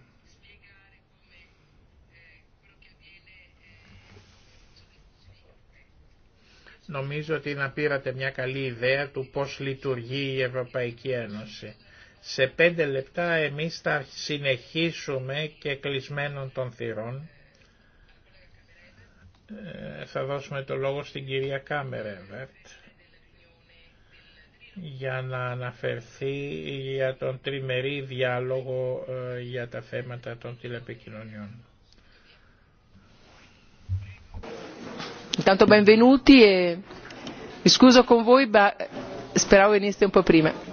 Νομίζω ότι να πήρατε μια καλή ιδέα του πώς λειτουργεί η Ευρωπαϊκή Ένωση. Σε πέντε λεπτά εμείς θα συνεχίσουμε και κλεισμένων των θυρών. Ε, θα δώσουμε το λόγο στην κυρία Κάμερεβερτ για να αναφερθεί για τον τριμερή διάλογο ε, για τα θέματα των τηλεπικοινωνιών. Intanto benvenuti e mi scuso con voi, speravo